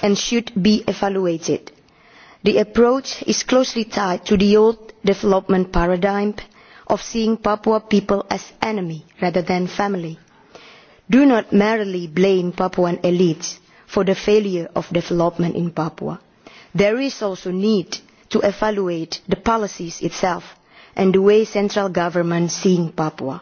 and should be evaluated. the approach is closely tied to the old development paradigm of seeing Papua people as enemy rather than family. Do not merely blame Papuan elites for the failure of development in Papua. There is also need to evaluate the policies itself and the way central government seeing Papua.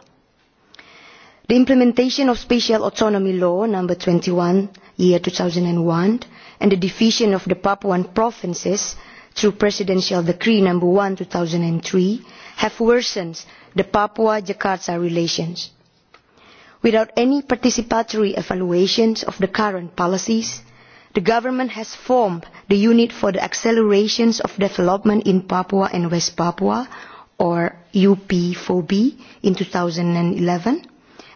The implementation of Special Autonomy Law number 21 year 2001 and the division of the Papuan provinces through Presidential Decree number 1 2003 have worsened the Papua Jakarta relations. Without any participatory evaluations of the current policies, the government has formed the Unit for the Accelerations of Development in Papua and West Papua, or UP4B, in 2011,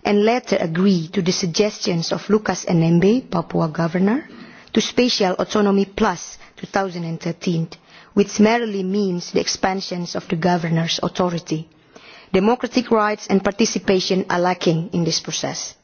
and later agreed to the suggestions of Lucas Enembe, Papua governor, to Spatial Autonomy Plus 2013 which merely means the expansion of the governor's authority. Democratic rights and participation are lacking in this process.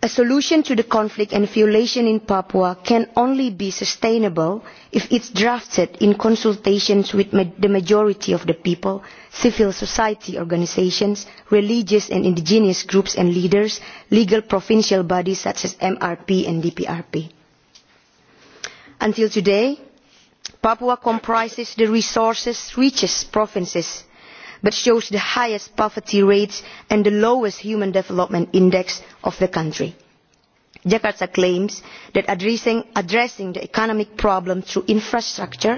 A solution to the conflict and violation in Papua can only be sustainable if it's drafted in consultations with ma the majority of the people, civil society organizations, religious and indigenous groups and leaders, legal provincial bodies such as MRP and DPRP until today papua comprises the resources richest provinces but shows the highest poverty rates and the lowest human development index of the country. jakarta claims that addressing the economic problem through infrastructure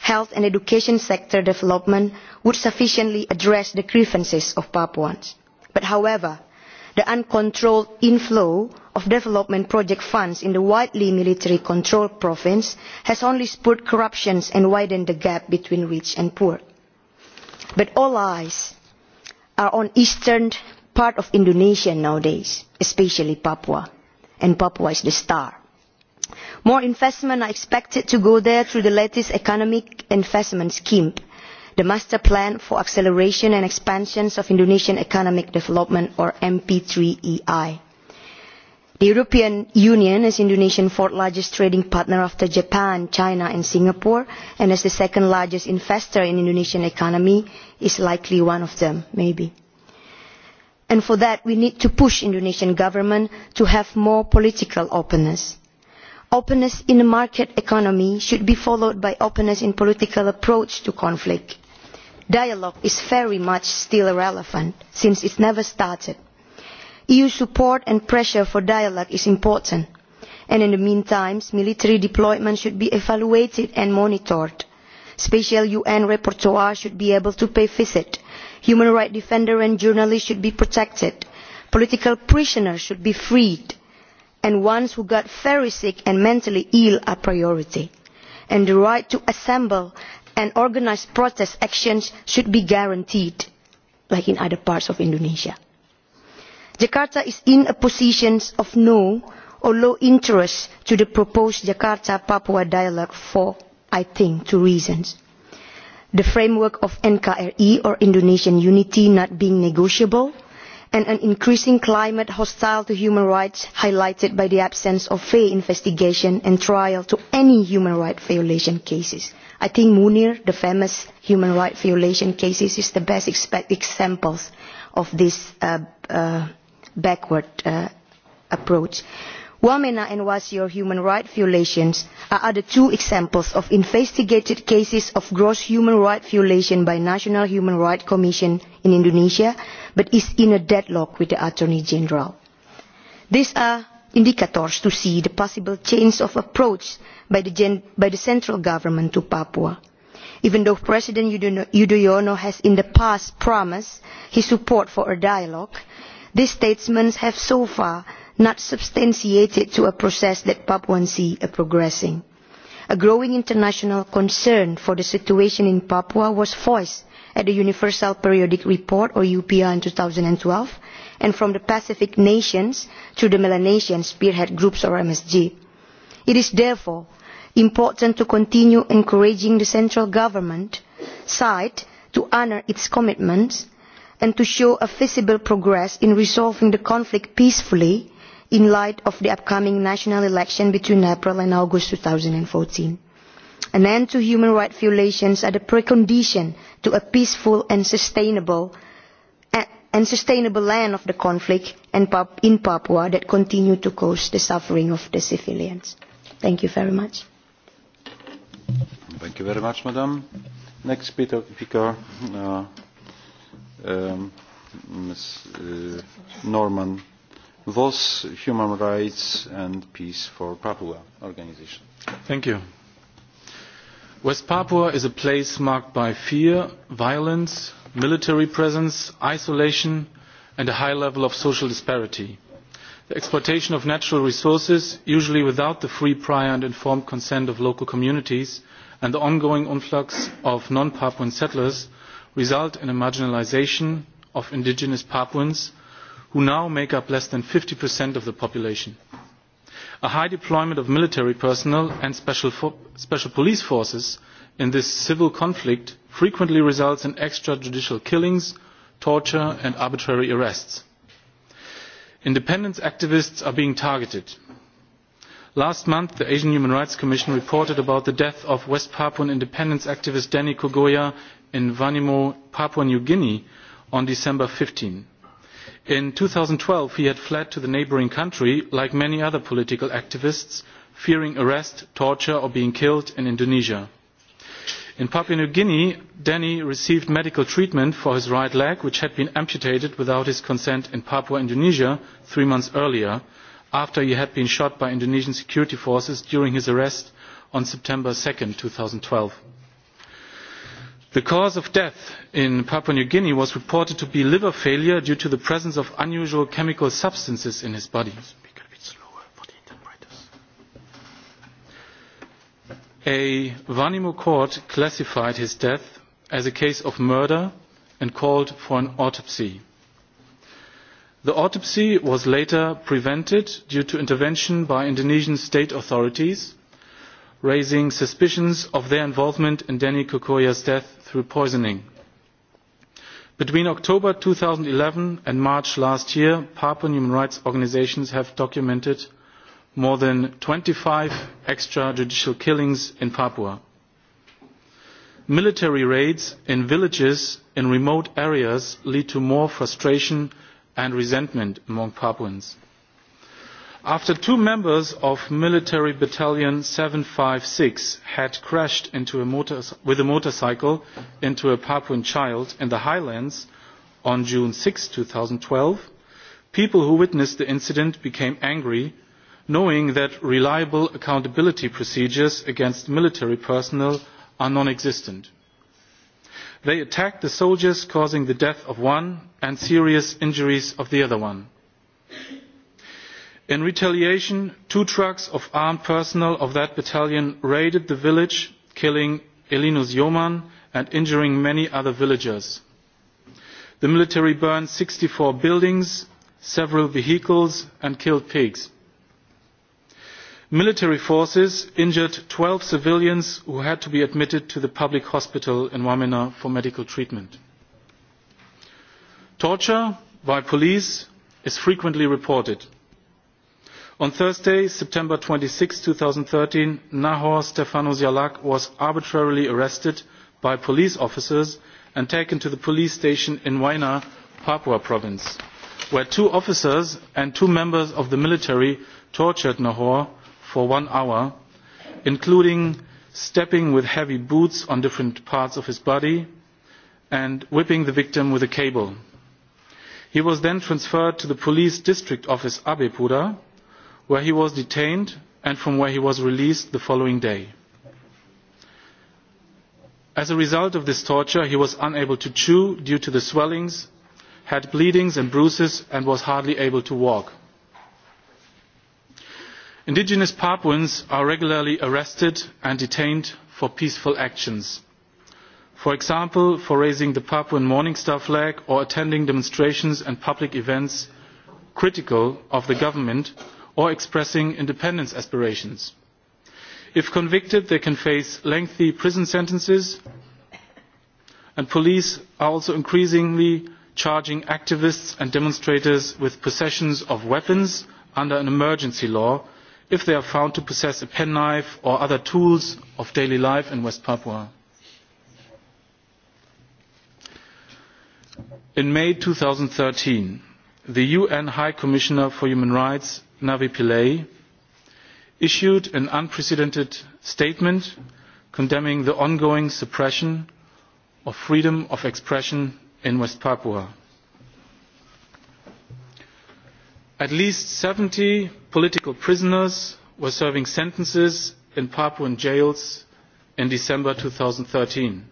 health and education sector development would sufficiently address the grievances of papuans. however the uncontrolled inflow of development project funds in the widely military controlled province has only spurred corruption and widened the gap between rich and poor. but all eyes are on the eastern part of indonesia nowadays especially papua and papua is the star. more investment is expected to go there through the latest economic investment scheme the master plan for acceleration and expansion of indonesian economic development or mp three ei. the european union is indonesia's fourth largest trading partner after japan china and singapore and as the second largest investor in the indonesian economy is likely one of them maybe. and for that we need to push the indonesian government to have more political openness. openness in the market economy should be followed by openness in the political approach to conflict dialogue is very much still relevant since it never started. eu support and pressure for dialogue is important and in the meantime military deployment should be evaluated and monitored. special un rapporteurs should be able to pay visits human rights defenders and journalists should be protected political prisoners should be freed and ones who got very sick and mentally ill are a priority and the right to assemble and organised protest actions should be guaranteed, like in other parts of Indonesia. Jakarta is in a position of no or low interest to the proposed Jakarta Papua dialogue for, I think, two reasons. The framework of NKRE or Indonesian unity not being negotiable and an increasing climate hostile to human rights highlighted by the absence of fair investigation and trial to any human rights violation cases. I think Munir, the famous human rights violation cases, is the best exp- examples of this uh, uh, backward uh, approach. Wamena and Wasior human rights violations are the two examples of investigated cases of gross human rights violation by National Human Rights Commission in Indonesia, but is in a deadlock with the Attorney General. These are indicators to see the possible change of approach by the central government to papua. even though president yudhoyono has in the past promised his support for a dialogue these statements have so far not substantiated to a process that papuans see as progressing. a growing international concern for the situation in papua was voiced at the universal periodic report or upr in two thousand and twelve and from the pacific nations to the melanesian spearhead groups or msg. it is therefore important to continue encouraging the central government side to honour its commitments and to show a feasible progress in resolving the conflict peacefully in light of the upcoming national election between april and august two thousand and fourteen An end to human rights violations are the precondition to a peaceful and sustainable and sustainable land of the conflict and in Papua that continue to cause the suffering of the civilians. Thank you very much. Thank you very much, Madam. Next speaker, uh, um, Ms. Uh, Norman Voss, Human Rights and Peace for Papua Organization. Thank you west papua is a place marked by fear violence military presence isolation and a high level of social disparity. the exploitation of natural resources usually without the free prior and informed consent of local communities and the ongoing influx of non papuan settlers result in the marginalisation of indigenous papuans who now make up less than fifty of the population a high deployment of military personnel and special police forces in this civil conflict frequently results in extrajudicial killings torture and arbitrary arrests. independence activists are being targeted. last month the asian human rights commission reported about the death of west papuan independence activist denis kogoya in vanimo papua new guinea on fifteen december in two thousand and twelve he had fled to the neighbouring country like many other political activists fearing arrest torture or being killed in indonesia. in papua new guinea denis received medical treatment for his right leg which had been amputated without his consent in papua indonesia three months earlier after he had been shot by indonesian security forces during his arrest on two september two thousand and twelve the cause of death in papua new guinea was reported to be liver failure due to the presence of unusual chemical substances in his body. a vanimo court classified his death as a case of murder and called for an autopsy. the autopsy was later prevented due to intervention by indonesian state authorities raising suspicions of their involvement in danny kukoya's death through poisoning. Between October 2011 and March last year, Papuan human rights organizations have documented more than 25 extrajudicial killings in Papua. Military raids in villages in remote areas lead to more frustration and resentment among Papuans after two members of military battalion seven hundred and fifty six had crashed with a motorcycle into a papuan child in the highlands on six june two thousand and twelve people who witnessed the incident became angry knowing that reliable accountability procedures against military personnel are non existent. they attacked the soldiers causing the death of one and serious injuries of the other one in retaliation two trucks of armed personnel of that battalion raided the village killing ilinus joman and injuring many other villagers. the military burned sixty four buildings several vehicles and killed pigs. military forces injured twelve civilians who had to be admitted to the public hospital in wamena for medical treatment. torture by police is frequently reported on thursday twenty six september two thousand and thirteen nahor stefanos jalak was arbitrarily arrested by police officers and taken to the police station in waena papua province where two officers and two members of the military tortured nahor for one hour including stepping with heavy boots on different parts of his body and whipping the victim with a cable. he was then transferred to the police district office abhepura where he was detained and from where he was released the following day. As a result of this torture, he was unable to chew due to the swellings, had bleedings and bruises, and was hardly able to walk. Indigenous Papuans are regularly arrested and detained for peaceful actions. For example, for raising the Papuan Morningstar flag or attending demonstrations and public events critical of the government or expressing independence aspirations. if convicted they can face lengthy prison sentences and police are also increasingly charging activists and demonstrators with possession of weapons under an emergency law if they are found to possess a penknife or other tools of daily life in west papua. in may two thousand and thirteen the un high commissioner for human rights navi pillay issued an unprecedented statement condemning the ongoing suppression of freedom of expression in west papua. at least seventy political prisoners were serving sentences in papuan jails in december. two thousand and thirteen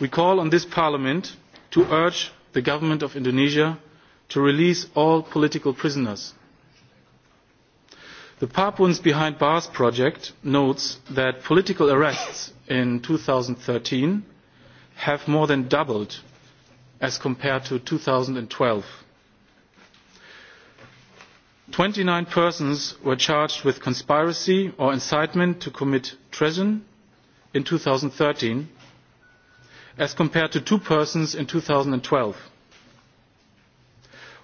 we call on this parliament to urge the government of indonesia to release all political prisoners the papuans behind bars project notes that political arrests in two thousand and thirteen have more than doubled as compared to. two thousand and twelve twenty nine persons were charged with conspiracy or incitement to commit treason in two thousand and thirteen as compared to two persons in. two thousand and twelve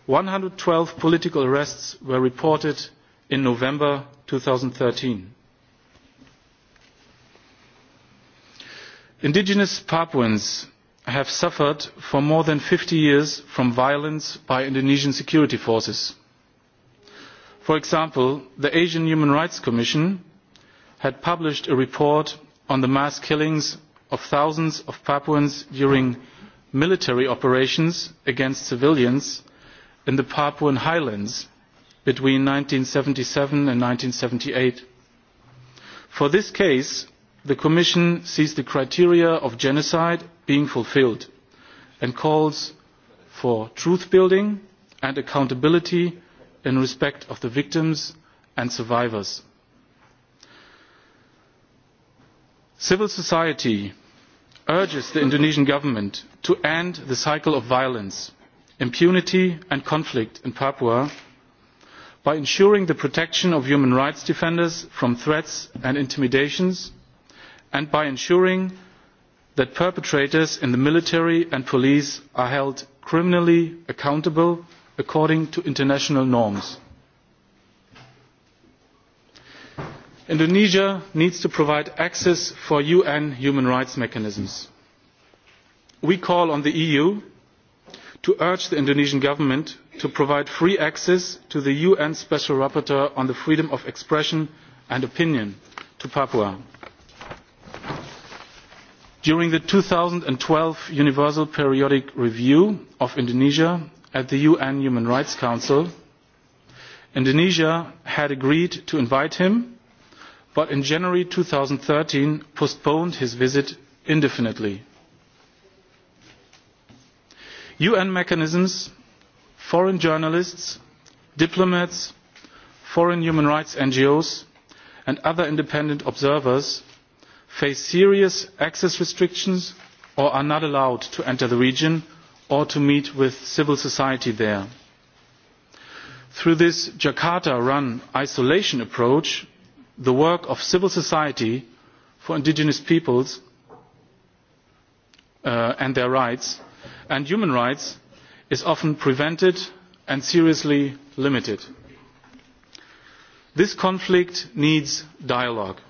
one hundred and twelve political arrests were reported in november. two thousand and thirteen indigenous papuans have suffered for more than fifty years from violence by indonesian security forces. for example the asian human rights commission had published a report on the mass killings of thousands of papuans during military operations against civilians in the papuan highlands between one thousand nine hundred and seventy seven and one thousand nine hundred and seventy eight for this case the commission sees the criteria of genocide being fulfilled and calls for truth building and accountability in respect of the victims and survivors. civil society urges the indonesian government to end the cycle of violence impunity and conflict in papua by ensuring the protection of human rights defenders from threats and intimidation and by ensuring that perpetrators in the military and police are held criminally accountable according to international norms. indonesia needs to provide access for un human rights mechanisms. we call on the eu to urge the indonesian government to provide free access to the un special rapporteur on the freedom of expression and opinion to papua. during the two thousand and twelve universal periodic review of indonesia at the un human rights council indonesia had agreed to invite him but in january two thousand and thirteen postponed his visit indefinitely. un mechanisms foreign journalists diplomats foreign human rights ngos and other independent observers face serious access restrictions or are not allowed to enter the region or to meet with civil society there. through this jakarta run isolation approach the work of civil society for indigenous peoples uh, and their rights and human rights is often prevented and seriously limited. this conflict needs dialogue.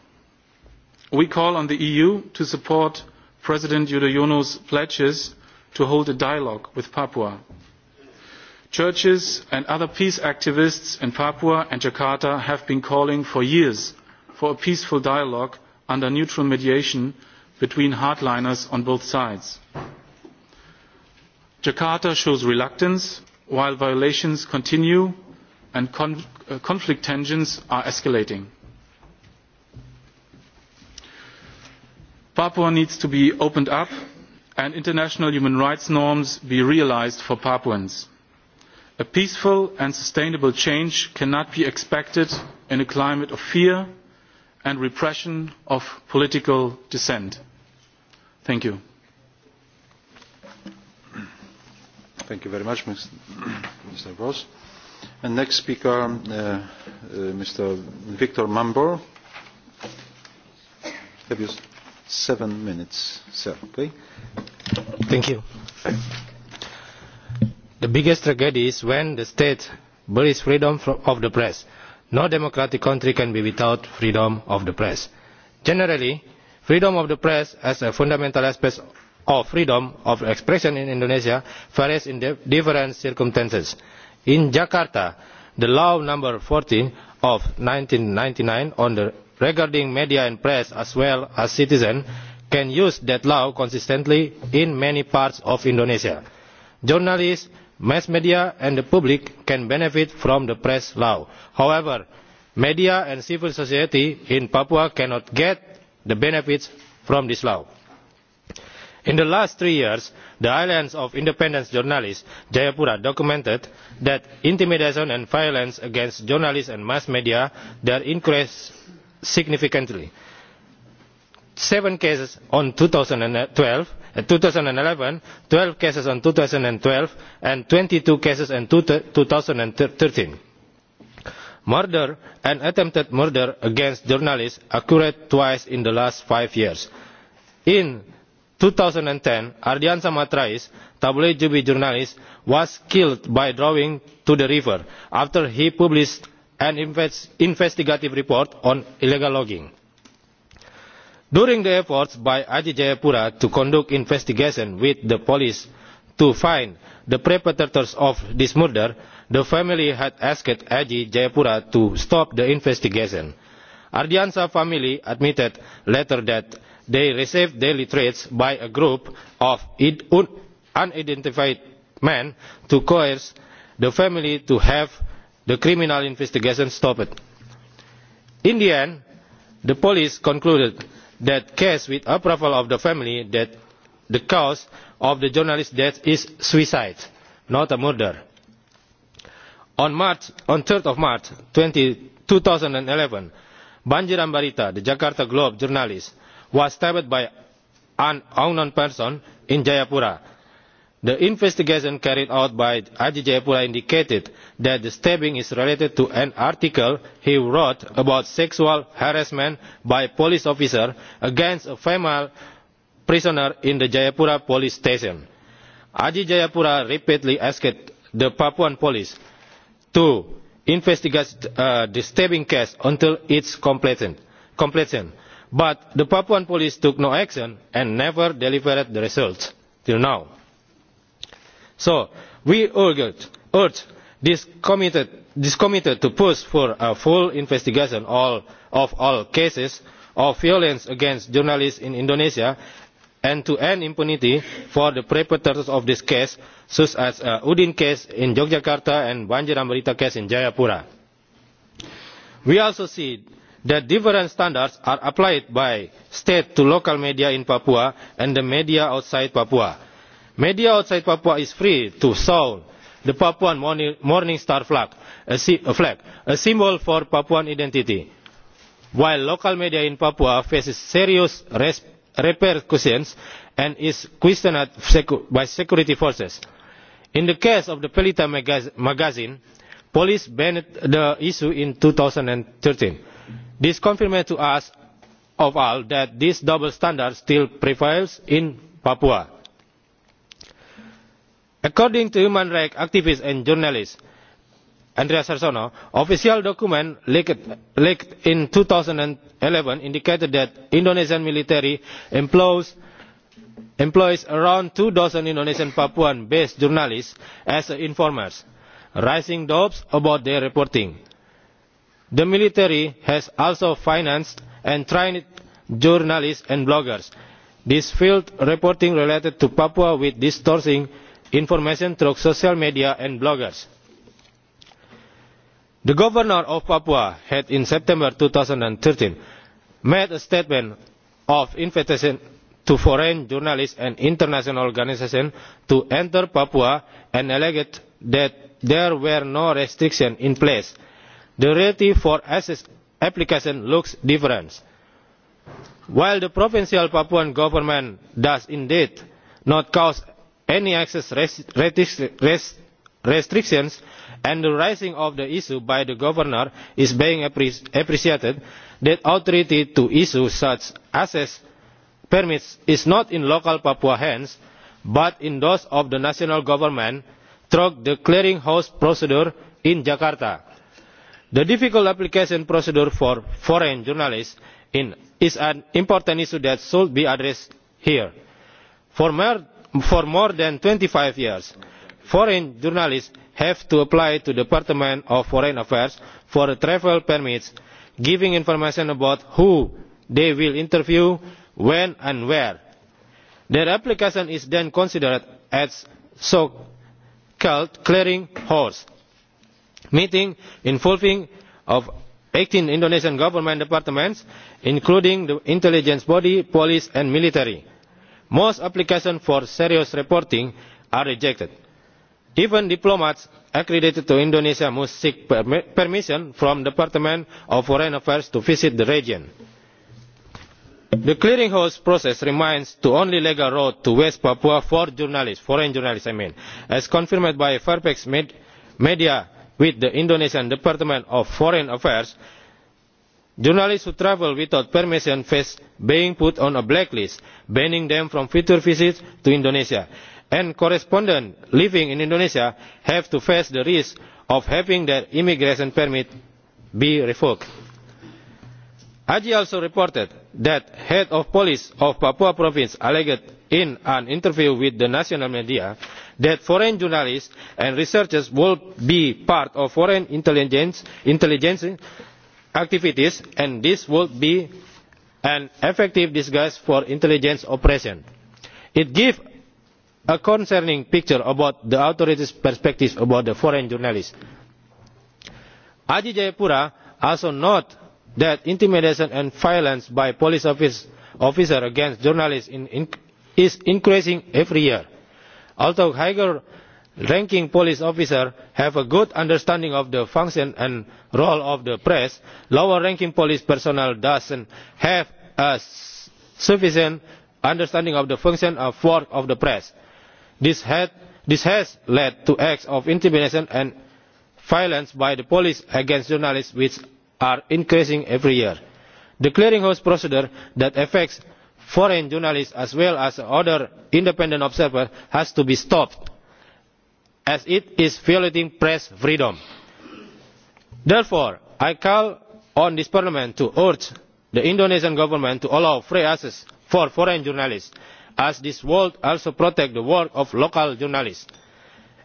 we call on the eu to support president yudhoyono's pledges to hold a dialogue with papua. churches and other peace activists in papua and jakarta have been calling for years for a peaceful dialogue under neutral mediation between hardliners on both sides jakarta shows reluctance while violations continue and uh, conflict tensions are escalating. papua needs to be opened up and international human rights norms be realised for papuans. a peaceful and sustainable change cannot be expected in a climate of fear and repression of political dissent. thank you. Thank you very much, Mr. Gross. And next speaker, uh, uh, Mr. Victor Mambor. Have you seven minutes, sir? Okay. Thank you. The biggest tragedy is when the state buries freedom of the press. No democratic country can be without freedom of the press. Generally, freedom of the press as a fundamental aspect of freedom of expression in indonesia varies in different circumstances. in jakarta the law no fourteen of one thousand nine hundred and ninety nine regarding media and press as well as citizens can use that law consistently in many parts of indonesia. journalists mass media and the public can benefit from the press law. however media and civil society in papua cannot get the benefits from this law in the last three years the islands of independent journalist jayapura documented that intimidation and violence against journalists and mass media there increased significantly seven cases in two thousand and twelve and uh, two thousand and eleven twelve cases in two thousand and twelve and twenty two cases in. two thousand and thirteen murder and attempted murder against journalists occurred twice in the last five years in thousand and ten ardiansa matrays tabloid gp journalist was killed by drowning in the river after he published an investigative report on illegal logging. during the efforts by aji jayapura to conduct an investigation with the police to find the perpetrators of this murder the family had asked aji jayapura to stop the investigation. ardiansa's family admitted later that they received deadly threats by a group of unidentified men to coerce the family to have the criminal investigation stopped. in the end the police concluded that case with approval of the family that the cause of the journalist's death is suicide not a murder. on three march two thousand and eleven banjiran barita the jakarta globe journalist was stabbed by an unknown person in Jayapura. The investigation carried out by Aji Jayapura indicated that the stabbing is related to an article he wrote about sexual harassment by a police officer against a female prisoner in the Jayapura police station. Aji Jayapura repeatedly asked the Papuan police to investigate uh, the stabbing case until its completion. completion but the papuan police took no action and never delivered the results till now. so we urge, urge this, committed, this committee to push for a full investigation all, of all cases of violence against journalists in indonesia and to end impunity for the perpetrators of this case, such as the uh, udin case in yogyakarta and banjir Amrita case in jayapura. we also see that different standards are applied by state to local media in papua and the media outside papua. media outside papua is free to sound the papuan morning star flag a flag a symbol for papuan identity while local media in papua faces serious repercussions and is questioned by security forces. in the case of the pelita magazine police banned the issue in two thousand and thirteen this confirms to us all that this double standard still prevails in papua. according to human rights activist and journalist andreas harsono official documents leaked in two thousand and eleven indicated that indonesian military employs employs around two dozen indonesian papuan based journalists as informers raising doubts about their reporting the military has also financed and trained journalists and bloggers. this field reporting related to papua with distorting information through social media and bloggers. The governor of Papua had in September 2013 made a statement of invitation to foreign journalists and international organizations to enter Papua and alleged that there were no restrictions in place the reality for applications looks different. while the provincial papuan government does indeed not cause any access restrictions and the raising of the issue by the governor is being appreciated the authority to issue such access permits is not in local papuan hands but in those of the national government through the clearinghouse procedure in jakarta the difficult application procedure for foreign journalists is an important issue that should be addressed here. for more than twenty five years foreign journalists have had to apply to the department of foreign affairs for travel permits giving information about who they will interview when and where. their application is then considered as so called clearing horses meeting involving eighteen indonesian government departments including the intelligence body police and military. most applications for serious reporting are rejected. even diplomats accredited to indonesia must seek permission from the department of foreign affairs to visit the region. the clearinghouse process remains the only legal route to west papua for journalists foreign journalists i mean as confirmed by fairfax media with the indonesian department of foreign affairs journalists who travel without permission face being put on a blacklist banning them from future visits to indonesia and correspondents living in indonesia have to face the risk of having their immigration permit revoked. agi also reported that the head of police of papua province alleged in an interview with the national media that foreign journalists and researchers will be part of foreign intelligence activities and this would be an effective disguise for intelligence operations. it gives a concerning picture about the authorities' perspectives about foreign journalists. aji jayapura also notes that intimidation and violence by police officers against journalists is increasing every year although higher ranking police officers have a good understanding of the function and role of the press lower ranking police personnel does not have a sufficient understanding of the function of work of the press. This, had, this has led to acts of intimidation and violence by the police against journalists which are increasing every year. the clearinghouse procedure that affects foreign journalists as well as other independent observers has to be stopped as it is violating press freedom. Therefore, I call on this Parliament to urge the Indonesian government to allow free access for foreign journalists, as this would also protect the work of local journalists.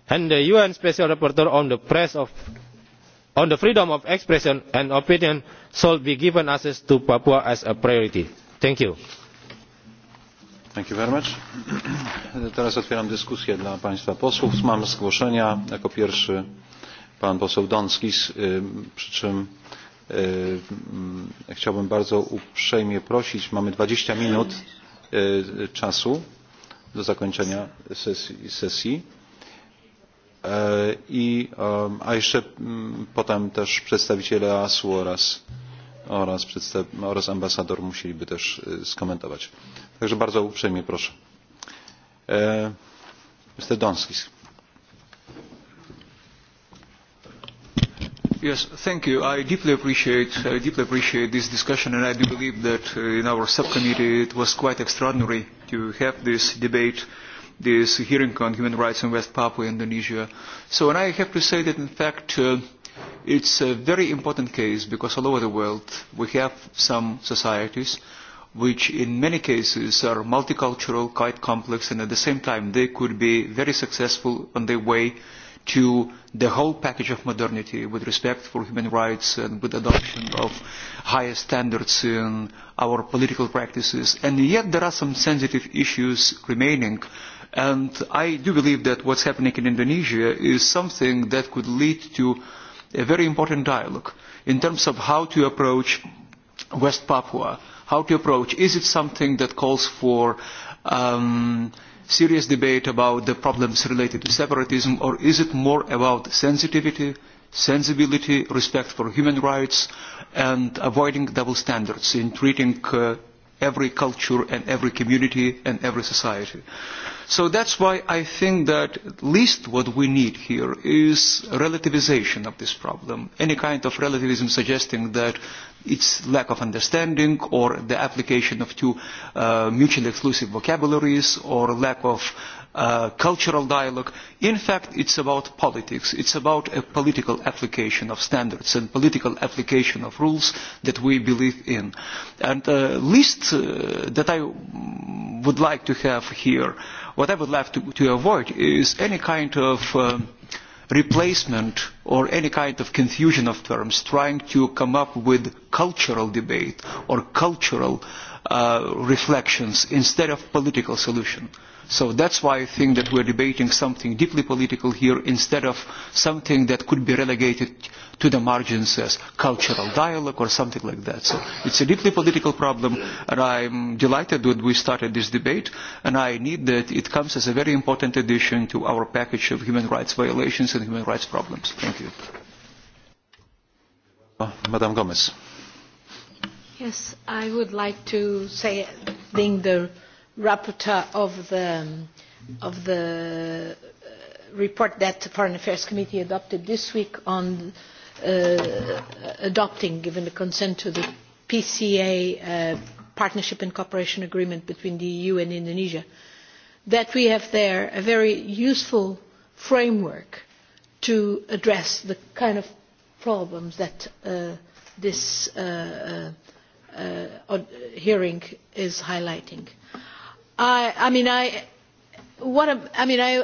And the UN Special Rapporteur on the press of, on the freedom of expression and opinion should be given access to Papua as a priority. Thank you teraz otwieram dyskusję dla państwa posłów mam zgłoszenia jako pierwszy pan poseł donskis przy czym chciałbym bardzo uprzejmie prosić mamy dwadzieścia minut czasu do zakończenia sesji a jeszcze mm, potem też przedstawiciele asu oraz oraz ambasador musieliby też skomentować także bardzo uprzejmie proszę. E, i deeply appreciate this discussion and i do believe that uh, in our subcommittee it was quite extraordinary to have this debate this hearing on human rights in west papua indonesia. so and i have to say that in fact uh, it is a very important case because all over the world we have some societies which in many cases are multicultural, quite complex, and at the same time they could be very successful on their way to the whole package of modernity with respect for human rights and with adoption of higher standards in our political practices. And yet there are some sensitive issues remaining. And I do believe that what's happening in Indonesia is something that could lead to a very important dialogue in terms of how to approach West Papua how to approach. Is it something that calls for um, serious debate about the problems related to separatism, or is it more about sensitivity, sensibility, respect for human rights, and avoiding double standards in treating uh, every culture and every community and every society? So that's why I think that at least what we need here is relativization of this problem. Any kind of relativism suggesting that its lack of understanding or the application of two uh, mutually exclusive vocabularies or lack of uh, cultural dialogue. In fact, it's about politics. It's about a political application of standards and political application of rules that we believe in. And the uh, list uh, that I would like to have here, what I would like to, to avoid is any kind of uh, replacement or any kind of confusion of terms, trying to come up with cultural debate or cultural uh, reflections instead of political solutions. So that's why I think that we're debating something deeply political here instead of something that could be relegated to the margins as cultural dialogue or something like that. So it's a deeply political problem, and I'm delighted that we started this debate, and I need that it comes as a very important addition to our package of human rights violations and human rights problems. Thank you. Uh, Madam Gomez. Yes, I would like to say, I think the rapporteur of the, of the uh, report that the Foreign Affairs Committee adopted this week on uh, adopting, given the consent to the PCA uh, partnership and cooperation agreement between the EU and Indonesia, that we have there a very useful framework to address the kind of problems that uh, this uh, uh, uh, hearing is highlighting. Uh,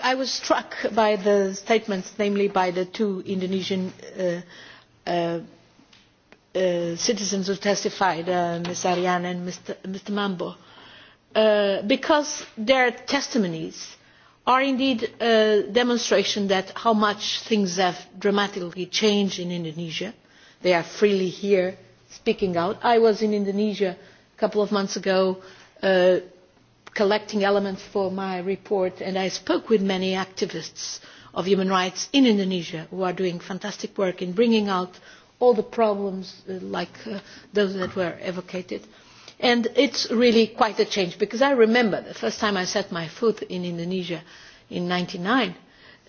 i was struck by the statements namely by the two indonesian uh, uh, uh, citizens who testified ms ariane and mr mambo because their testimonies are indeed a demonstration of how much things have dramatically changed in indonesia. they are freely here speaking out. i was in indonesia a couple of months ago collecting elements for my report and i spoke with many activists of human rights in indonesia who are doing fantastic work in bringing out all the problems uh, like uh, those that were evocated and it is really quite a change because i remember the first time i set my foot in indonesia in ninety nine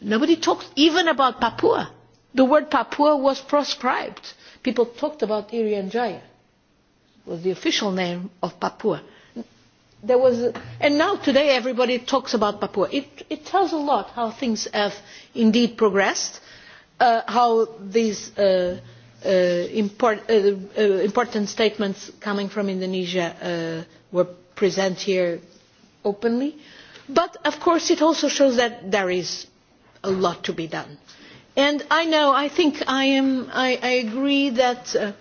nobody talked even about papua the word papua was proscribed people talked about irian jaya was the official name of papua there was and now today everybody talks about papua. it, it tells a lot how things have indeed progressed, uh, how these uh, uh, import, uh, uh, important statements coming from indonesia uh, were present here openly. but of course it also shows that there is a lot to be done. and i know, i think i, am, I, I agree that uh,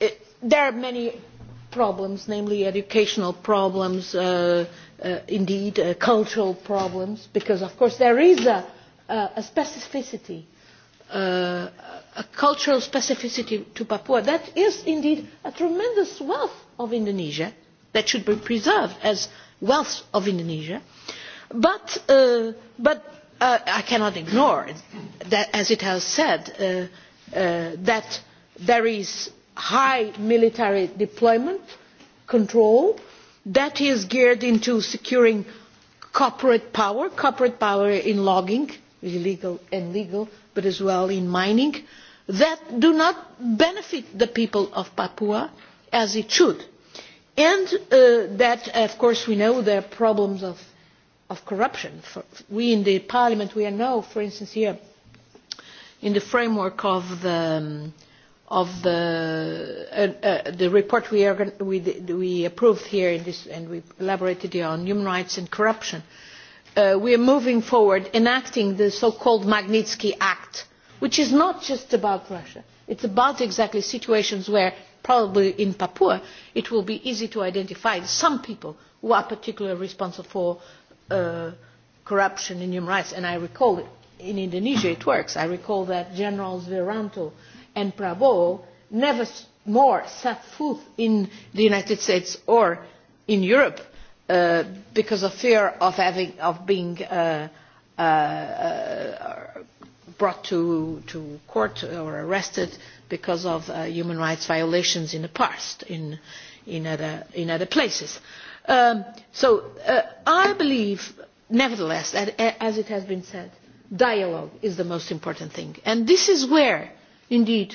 it, there are many problems, namely educational problems, uh, uh, indeed uh, cultural problems, because of course there is a, uh, a specificity, uh, a cultural specificity to Papua that is indeed a tremendous wealth of Indonesia that should be preserved as wealth of Indonesia. But, uh, but uh, I cannot ignore that, as it has said, uh, uh, that there is high military deployment control that is geared into securing corporate power, corporate power in logging, illegal and legal, but as well in mining, that do not benefit the people of Papua as it should. And uh, that, of course, we know there are problems of, of corruption. For, we in the parliament, we know, for instance, here, in the framework of the um, of the, uh, uh, the report we, are, we, we approved here in this, and we elaborated here on human rights and corruption, uh, we are moving forward enacting the so-called Magnitsky Act, which is not just about Russia. It's about exactly situations where, probably in Papua, it will be easy to identify some people who are particularly responsible for uh, corruption in human rights. And I recall, in Indonesia it works, I recall that General Zviranto, uh, and Prabowo never more set foot in the United States or in Europe uh, because of fear of, having, of being uh, uh, uh, brought to, to court or arrested because of uh, human rights violations in the past in, in, other, in other places. Um, so uh, I believe, nevertheless, that, as it has been said, dialogue is the most important thing. And this is where indeed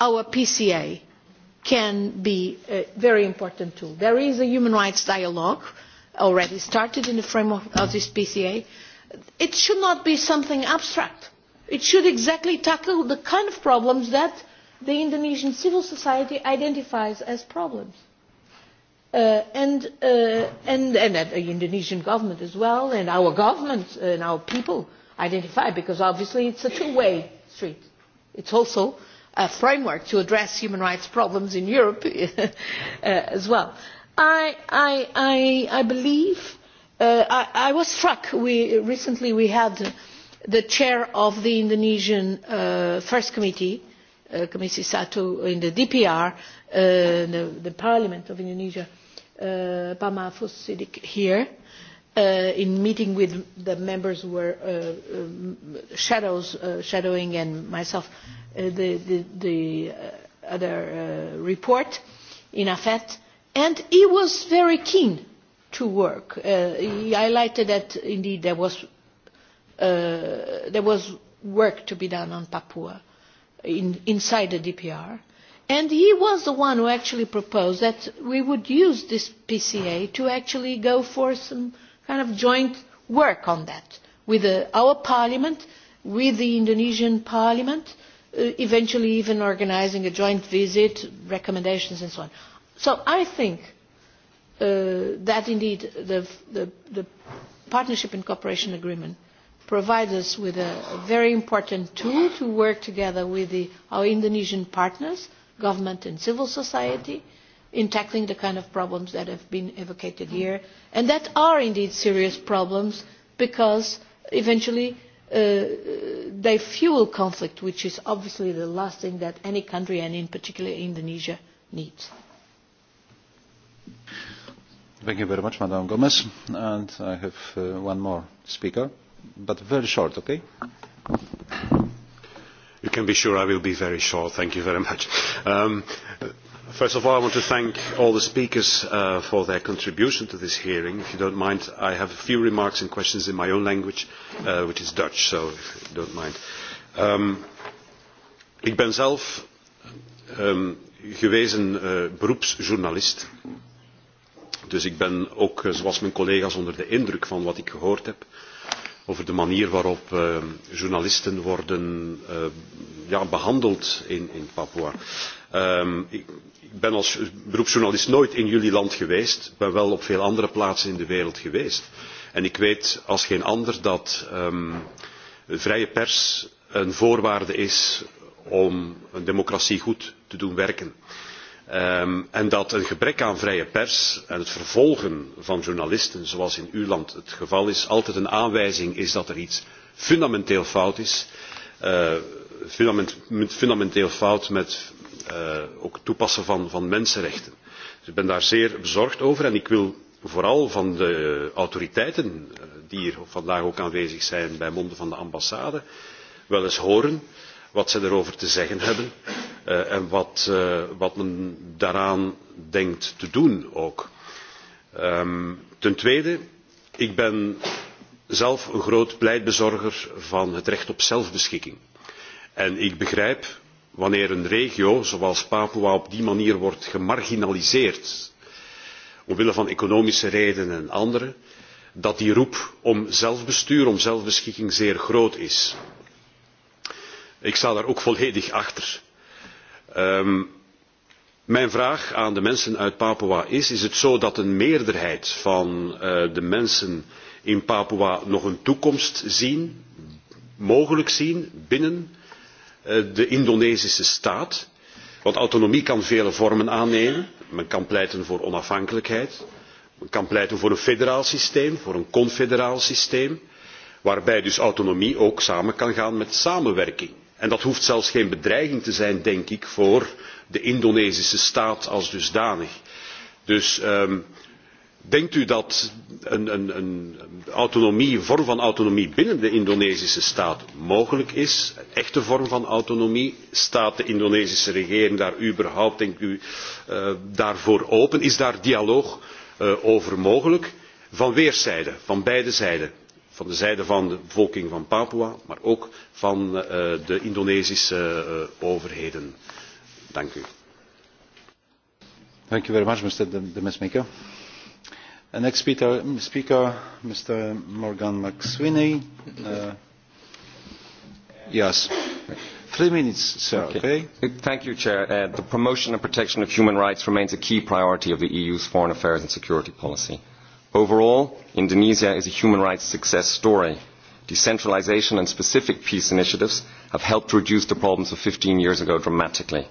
our pca can be a very important tool. there is a human rights dialogue already started in the framework of this pca. it should not be something abstract it should exactly tackle the kind of problems that the indonesian civil society identifies as problems uh, uh, and that the indonesian government as well and our government and our people identify because obviously it is a two way street it is also a framework to address human rights problems in europe [laughs] uh, as well. i uh, was struck recently we had the chair of the indonesian uh, first committee commissioner satu in the dpr the parliament of indonesia pak mahfuz siddiq here Uh, in meeting with the members who were uh, um, uh, shadowing and myself the other report in effect and he was very keen to work. he highlighted that indeed there was there was work to be done on Papua in, inside the DPR. And he was the one who actually proposed that we would use this PCA to actually go for some kind of joint work on that with our parliament with the indonesian parliament uh, eventually even organising a joint visit recommendations and so on. so i think uh, that indeed the, the, the partnership and cooperation agreement provides us with a very important tool to work together with the, our indonesian partners government and civil society uh, in tackling the kind of problems that have been evocated here and that are indeed serious problems because eventually uh, they fuel conflict which is obviously the last thing that any country and in particular indonesia needs. thank you very much ms gomes and i have uh, one more speaker but very short okay? you can be sure i will be very short thank you very much. Um, first of all i want to thank all the speakers uh, for their contribution to this hearing. if you do not mind i have a few remarks and questions in my own language uh, which is dutch so if you do not mind. Um, ik ben zelf um, gewezen uh, beroepsjournalist dus ik ben ook zoals mijn collega's onder de indruk van wat ik gehoord heb over de manier waarop uh, journalisten worden uh, ja, behandeld in, in Papua. Uh, Ehm, ik ben als beroepsjournalist nooit in jullie land geweest maar ik ben wel op veel andere plaatsen in de wereld geweest en ik weet als geen ander dat een ehm, vrije pers een voorwaarde is om een democratie goed te doen werken ehm, en dat een gebrek aan vrije pers en het vervolgen van journalisten zoals in uw land het geval is altijd een aanwijzing is dat er iets fundamenteel fout is eh, fundamenteel fout met uh, ook toepassen van, van mensenrechten. Dus ik ben daar zeer bezorgd over en ik wil vooral van de autoriteiten uh, die hier vandaag ook aanwezig zijn bij monden van de ambassade wel eens horen wat ze erover te zeggen hebben uh, en wat, uh, wat men daaraan denkt te doen ook. Um, ten tweede, ik ben zelf een groot pleitbezorger van het recht op zelfbeschikking. En ik begrijp wanneer een regio zoals papua op die manier wordt gemarginaliseerd omwille van economische redenen en andere dat die roep om zelfbestuur om zelfbeschikking zeer groot is. Ik sta daar ook volledig achter. Um, mijn vraag aan de mensen uit Papua is, is het zo dat een meerderheid van uh, de mensen in Papua nog een toekomst zien, mogelijk zien, binnen Eh, de indonesische staat want autonomie kan vele vormen aannemen men kan pleiten voor onafhankelijkheid men kan pleiten voor een federaal systeem voor een confederaal systeem waarbij dus autonomie ook samen kan gaan met samenwerking en dat hoeft zelfs geen bedreiging te zijn denk ik voor de indonesische staat als dusdanig. dus ehm, denkt u dat een autonomie een vorm van autonomie binnen de indonesische staat mogelijk is een echte vorm van autonomie? staat de indonesische regering daar überhaupt denkt u eh, voor open? is daar dialoog eh, over mogelijk van weerszijden van beide zijden van de zijde van de bevolking van papua maar ook van eh, de indonesische overheden? dank u the promotion and protection of human rights remains a key priority of the eu's foreign affairs and security policy. overall indonesia is a human rights success story. decentralisation and specific peace initiatives have helped reduce the problems of fifteen years ago dramatically.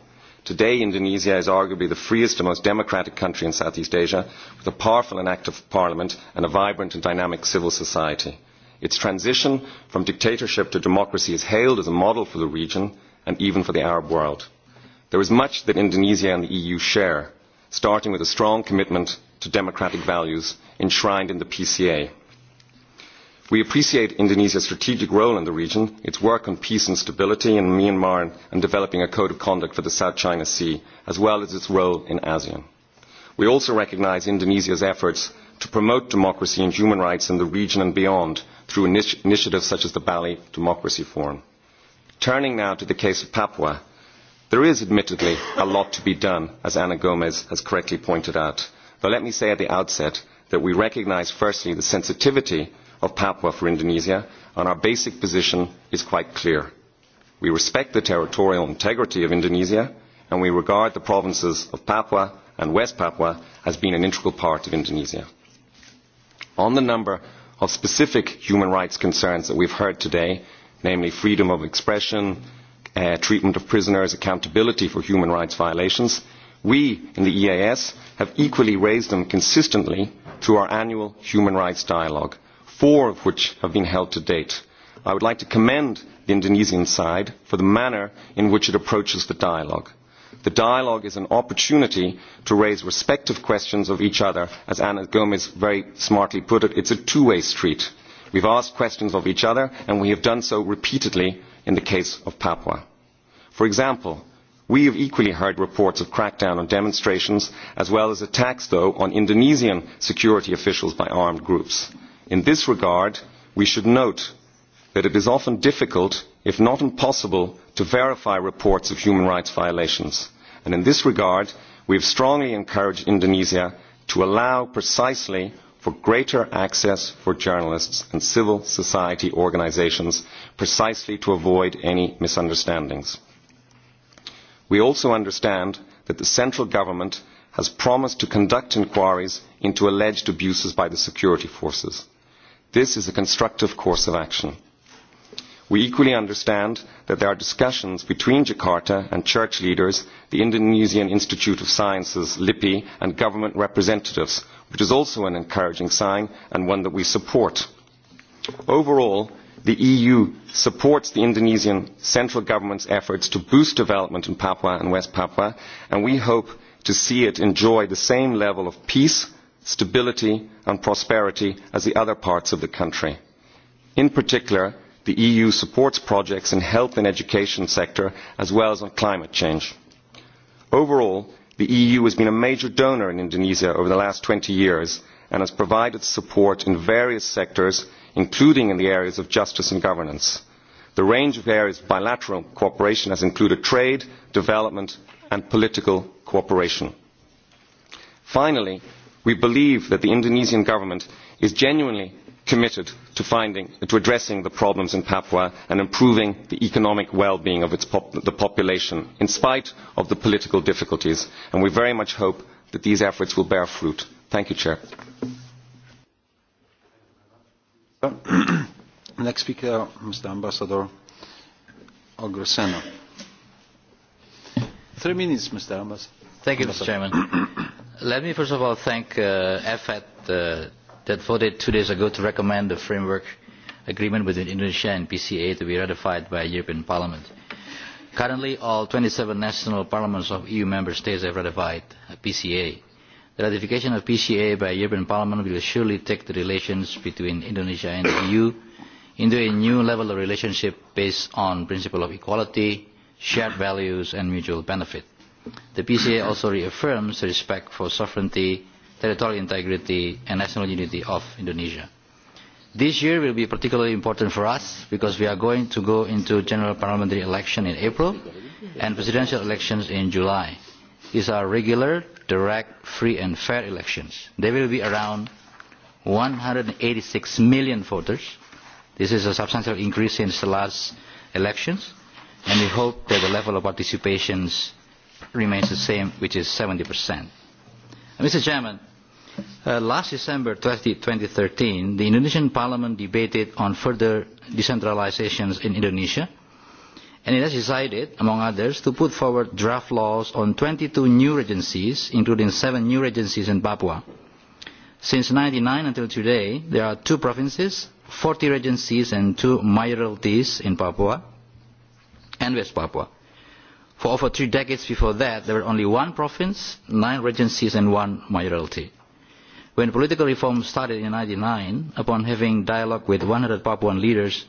Today, Indonesia is arguably the freest and most democratic country in Southeast Asia, with a powerful and active parliament and a vibrant and dynamic civil society. Its transition from dictatorship to democracy is hailed as a model for the region and even for the Arab world. There is much that Indonesia and the EU share, starting with a strong commitment to democratic values enshrined in the PCA we appreciate indonesia's strategic role in the region its work on peace and stability in myanmar and developing a code of conduct for the south china sea as well as its role in asean. we also recognise indonesia's efforts to promote democracy and human rights in the region and beyond through init- initiatives such as the bali democracy forum. turning now to the case of papua, there is admittedly a lot to be done, as anna gomez has correctly pointed out. but let me say at the outset that we recognise firstly the sensitivity of Papua for Indonesia, and our basic position is quite clear. We respect the territorial integrity of Indonesia, and we regard the provinces of Papua and West Papua as being an integral part of Indonesia. On the number of specific human rights concerns that we've heard today, namely freedom of expression, uh, treatment of prisoners, accountability for human rights violations, we in the EAS have equally raised them consistently through our annual human rights dialogue four of which have been held to date. I would like to commend the Indonesian side for the manner in which it approaches the dialogue. The dialogue is an opportunity to raise respective questions of each other. As Anna Gomez very smartly put it, it's a two-way street. We've asked questions of each other, and we have done so repeatedly in the case of Papua. For example, we have equally heard reports of crackdown on demonstrations, as well as attacks, though, on Indonesian security officials by armed groups in this regard we should note that it is often difficult if not impossible to verify reports of human rights violations and in this regard we have strongly encouraged indonesia to allow precisely for greater access for journalists and civil society organisations precisely to avoid any misunderstandings. we also understand that the central government has promised to conduct inquiries into alleged abuses by the security forces this is a constructive course of action. We equally understand that there are discussions between Jakarta and church leaders, the Indonesian Institute of Sciences, LIPI, and government representatives, which is also an encouraging sign and one that we support. Overall, the EU supports the Indonesian central government's efforts to boost development in Papua and West Papua, and we hope to see it enjoy the same level of peace, stability and prosperity as the other parts of the country. In particular, the EU supports projects in health and education sector as well as on climate change. Overall, the EU has been a major donor in Indonesia over the last 20 years and has provided support in various sectors, including in the areas of justice and governance. The range of areas of bilateral cooperation has included trade, development and political cooperation. Finally, we believe that the indonesian government is genuinely committed to, finding, to addressing the problems in papua and improving the economic well-being of its pop- the population in spite of the political difficulties and we very much hope that these efforts will bear fruit thank you chair [clears throat] next speaker mr ambassador ogresena 3 minutes mr ambassador thank you mr chairman [clears throat] let me first of all thank efet uh, uh, that voted two days ago to recommend the framework agreement between indonesia and pca to be ratified by the european parliament. currently all twenty seven national parliaments of eu member states have ratified pca. the ratification of pca by the european parliament will surely take the relations between indonesia and the eu into a new level of relationship based on the principle of equality shared values and mutual benefit. The PCA also reaffirms respect for sovereignty, territorial integrity and national unity of Indonesia. This year will be particularly important for us because we are going to go into general parliamentary election in April and presidential elections in July. These are regular, direct, free and fair elections. There will be around 186 million voters. This is a substantial increase since the last elections and we hope that the level of participation remains the same, which is 70%. Mr. Chairman, uh, last December 20, 2013, the Indonesian Parliament debated on further decentralizations in Indonesia, and it has decided, among others, to put forward draft laws on 22 new regencies, including seven new regencies in Papua. Since 1999 until today, there are two provinces, 40 regencies, and two mayoralties in Papua and West Papua for over three decades before that there was only one province nine regencies and one mayoralty. when political reform started in one thousand nine hundred and ninety nine upon having dialogue with one hundred papuan leaders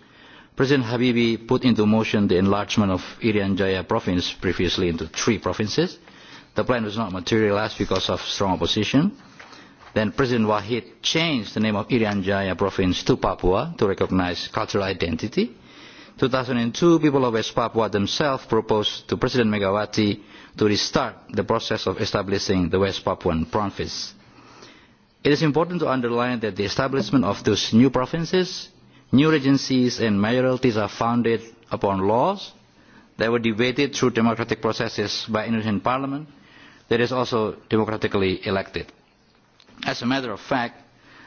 president habibie put into motion the enlargement of irian jaya province previously into three provinces. the plan was not materialised because of strong opposition. then president wahid changed the name of irian jaya province to papua to recognise cultural identity two thousand and two people of west papua themselves proposed to president megawati to restart the process of establishing the west papuan province. it is important to underline that the establishment of those new provinces new regencies and mayoralties are founded upon laws that were debated through democratic processes by indonesian parliament that is also democratically elected. as a matter of fact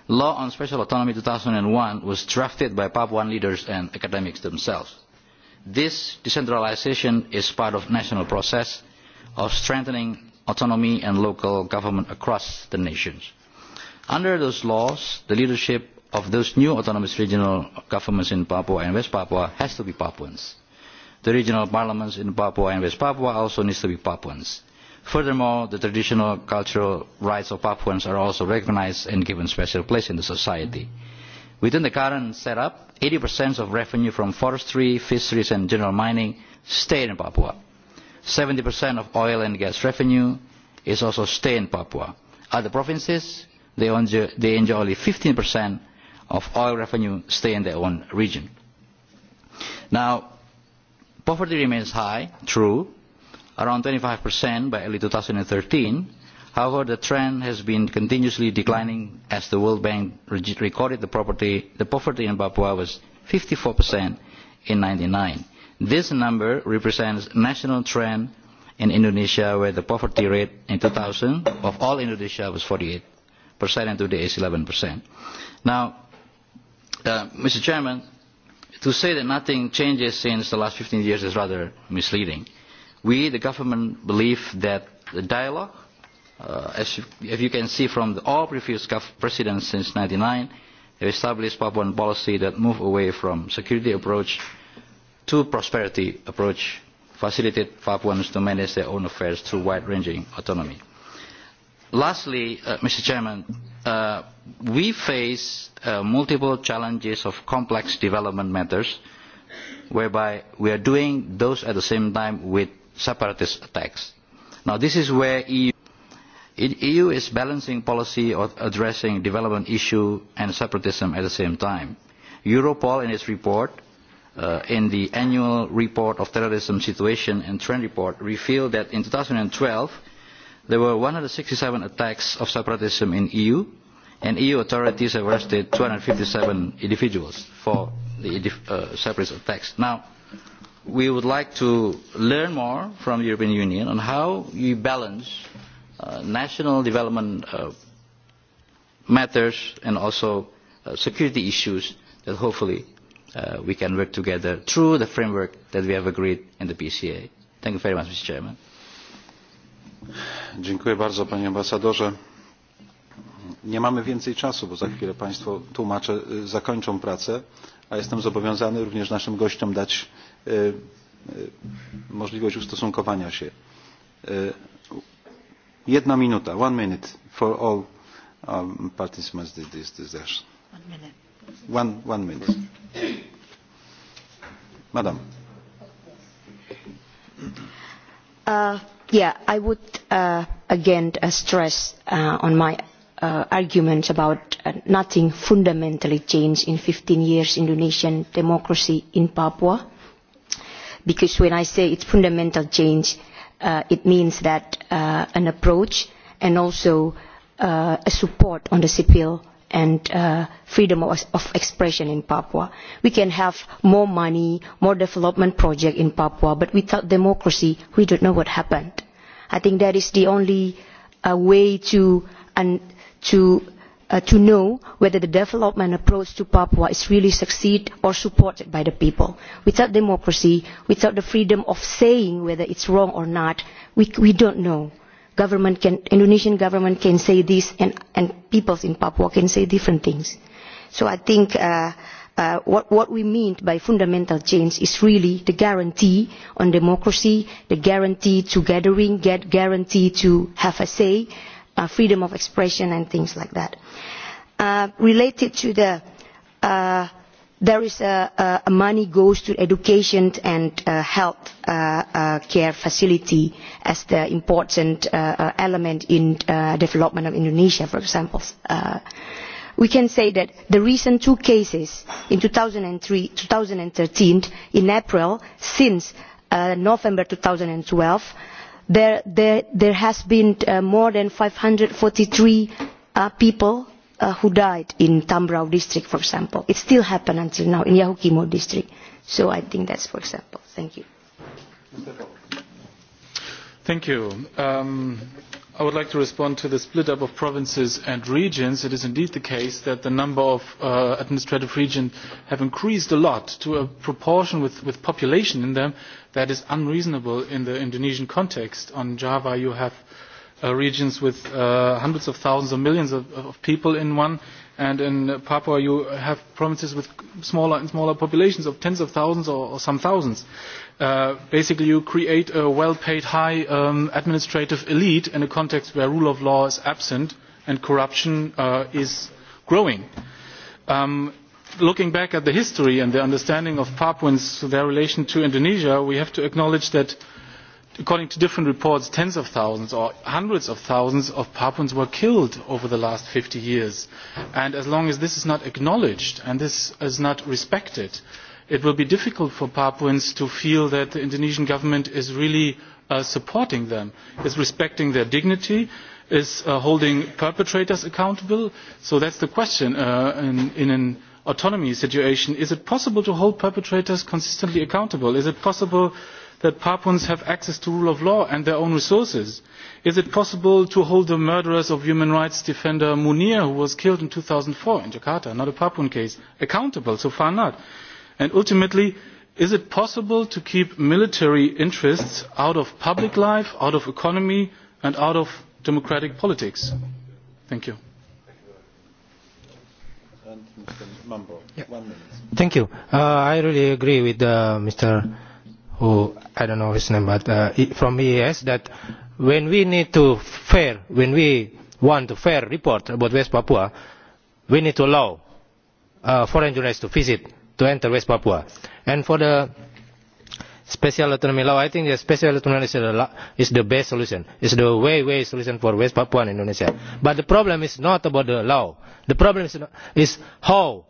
law on special autonomy two thousand and one was drafted by papuan leaders and academics themselves. this decentralisation is part of the national process of strengthening autonomy and local government across the nations. under those laws the leadership of those new autonomous regional governments in papua and west papua has to be papuans. the regional parliaments in papua and west papua also need to be papuans furthermore the traditional cultural rights of papuans are also recognised and given a special place in society. within the current set up eighty of revenue from forestry fisheries and general mining stay in papua seventy of oil and gas revenue also stays in papua. other provinces enjoy only fifteen of oil revenue staying in their own region. now poverty remains high true around 25% by early 2013. However, the trend has been continuously declining as the World Bank recorded the, property, the poverty in Papua was 54% in 1999. This number represents national trend in Indonesia where the poverty rate in 2000 of all Indonesia was 48% and today is 11%. Now, uh, Mr. Chairman, to say that nothing changes since the last 15 years is rather misleading we the government believe that the dialogue uh, as, you, as you can see from the all previous presidents since 1999, have established Papuan policy that move away from security approach to prosperity approach, facilitate Papuans to manage their own affairs through wide-ranging autonomy. Lastly, uh, Mr. Chairman, uh, we face uh, multiple challenges of complex development matters, whereby we are doing those at the same time with separatist attacks. Now this is where EU, EU e is balancing policy of addressing development issue and separatism at the same time. Europol in its report uh, in the annual report of terrorism situation and trend report revealed that in 2012 there were 167 attacks of separatism in EU and EU authorities have arrested 257 individuals for the uh, separatist attacks. Now, we would like to learn more from the European Union on how you balance uh, national development uh, matters and also uh, security issues that hopefully uh, we can work together through the framework that we have agreed in the PCA. Thank you very much, Mr. Chairman. Dziękuję bardzo, panie ambasadorze. Nie mamy więcej czasu, bo za chwilę państwo tłumacze zakończą pracę, a jestem zobowiązany również naszym gościom dać E, e, możliwość ustosunkowania się. E, jedna minuta. One minute for all um, participants this discussion. One minute. One, one minute. Madam. Uh, yeah, I would uh, again uh, stress uh, on my uh, arguments about uh, nothing fundamentally changed in 15 years Indonesian democracy in Papua because when I say it's fundamental change, uh, it means that uh, an approach and also uh, a support on the civil and uh, freedom of, of expression in Papua. We can have more money, more development project in Papua, but without democracy, we don't know what happened. I think that is the only uh, way to, and to Uh, to know whether the development approach to papua is really succeeding or supported by the people. without democracy without the freedom of saying whether it is wrong or not we do not know. the indonesian government can say this and people in papua can say different things. so i think uh, uh, what we mean by fundamental change is really the guarantee on democracy the guarantee to gathering the guarantee to have a say uh, freedom of expression and things like that. Uh, related to the, uh, there is a, a money goes to education and uh, health uh, uh, care facility as the important uh, uh, element in uh, development of Indonesia, for example. Uh, we can say that the recent two cases in 2003, 2013, in April, since uh, November 2012, there, there, there has been uh, more than 543 uh, people uh, who died in Tambrau district, for example. It still happened until now in Yahukimo district. So I think that's for example. Thank you. Thank you. Um, I would like to respond to the split up of provinces and regions. It is indeed the case that the number of uh, administrative regions have increased a lot to a proportion with, with population in them that is unreasonable in the Indonesian context. On Java, you have uh, regions with uh, hundreds of thousands or millions of, of people in one, and in Papua, you have provinces with smaller and smaller populations of tens of thousands or, or some thousands. Uh, basically, you create a well-paid, high um, administrative elite in a context where rule of law is absent and corruption uh, is growing. Um, looking back at the history and the understanding of papuans through their relation to indonesia we have to acknowledge that according to different reports tens of thousands or hundreds of thousands of papuans were killed over the last fifty years and as long as this is not acknowledged and this is not respected it will be difficult for papuans to feel that the indonesian government is really uh, supporting them is respecting their dignity is uh, holding perpetrators accountable so that's the question uh, in, in an autonomy situation is it possible to hold perpetrators consistently accountable is it possible that papuans have access to the rule of law and their own resources is it possible to hold the murderers of human rights defender munir who was killed in two thousand and four in jakarta not a papuan case accountable so far not and ultimately is it possible to keep military interests out of public life out of economy and out of democratic politics? thank you. Thank you. Uh, I really agree with uh, Mr. Who I don't know his name, but uh, from EES that when we need to fair, when we want to fair report about West Papua, we need to allow uh, foreign journalists to visit to enter West Papua, and for the special autonomy law, I think the special autonomy is the, is the best solution. It's the way, way solution for West Papuan Indonesia. But the problem is not about the law. The problem is, is how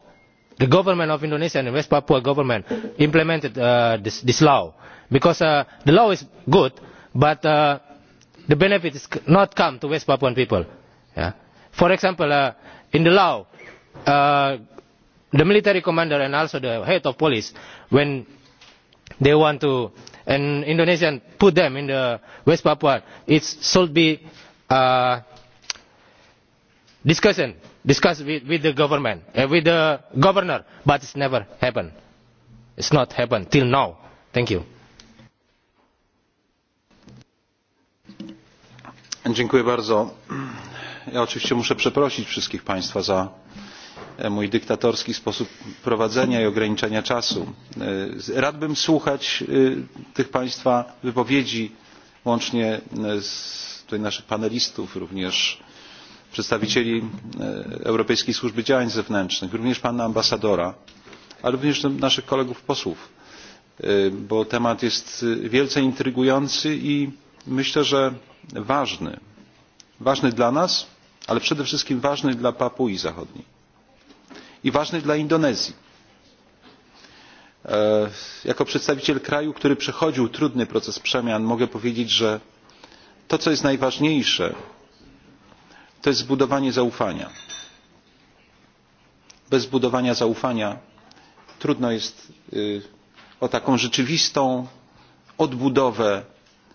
the government of Indonesia and the West Papua government implemented uh, this, this law. Because uh, the law is good, but uh, the benefit is not come to West Papuan people. Yeah. For example, uh, in the law, uh, the military commander and also the head of police, when they want to an indonesian put them in the west papua it should be uh discussion discussed with, with the government uh, with the governor but it's never happened it's not happened till now thank you Dziękuję bardzo. Ja oczywiście muszę przeprosić wszystkich Państwa za E, mój dyktatorski sposób prowadzenia i ograniczania czasu. E, radbym słuchać e, tych państwa wypowiedzi łącznie z tutaj naszych panelistów również przedstawicieli europejskiej służby działań zewnętrznych również pana ambasadora ale również naszych kolegów posłów bo temat jest wielce intrygujący i myślę że ważny ważny dla nas ale przede wszystkim ważny dla papui zachodniej i ważnych dla indonezji. E, jako przedstawiciel kraju który przechodził trudny proces przemian mogę powiedzieć że to co jest najważniejsze to jest zbudowanie zaufania. bez budowania zaufania trudno jest o taką rzeczywistą odbudowę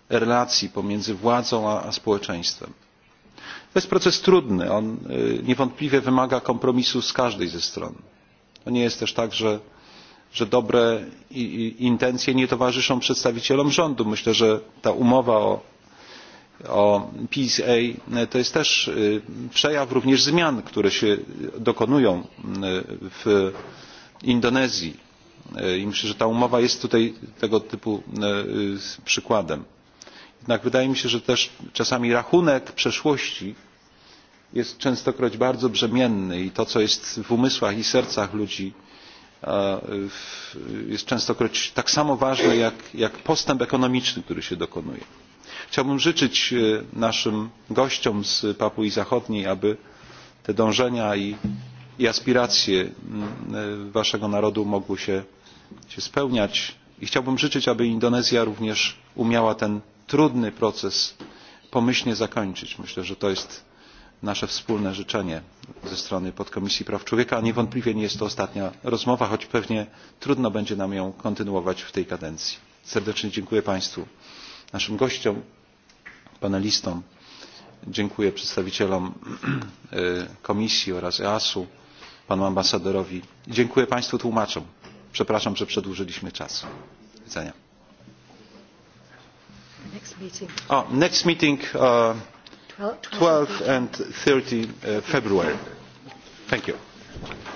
relacji pomiędzy władzą a społeczeństwem jest proces trudny on e, niewątpliwie wymaga kompromisu z każdej ze stron to nie jest też tak że dobre intencje nie towarzyszą przedstawicielom rządu myślę że ta umowa o psa e, to jest też e, przejaw również zmian które się dokonują w indonezji i myślę że ta umowa jest tutaj tego typu przykładem jednak wydaje mi się że też czasami rachunek przeszłości jest częstokroć bardzo brzemienny i to co jest w umysłach i sercach ludzi e, jest częstokroć tak samo ważne jak, jak postęp ekonomiczny który się dokonuje. chciałbym życzyć e, naszym gościom z papui zachodniej aby te dążenia i, i aspiracje e, waszego narodu mogły się, się spełniać i chciałbym życzyć aby indonezja również umiała ten trudny proces pomyślnie zakończyć. myślę że to jest nasze wspólne życzenie ze strony podkomisji praw człowieka a niewątpliwie nie jest to ostatnia rozmowa choć pewnie trudno będzie nam ją kontynuować w tej kadencji. serdecznie dziękuję państwu naszym gościom panelistom dziękuję przedstawicielom e, komisji oraz easu panu ambasadorowi dziękuję państwu tłumaczom przepraszam że przedłużyliśmy czas. do widzenia next meeting. Ah, next meeting, uh, 12, 12, 12 and 30 uh, February. Thank you.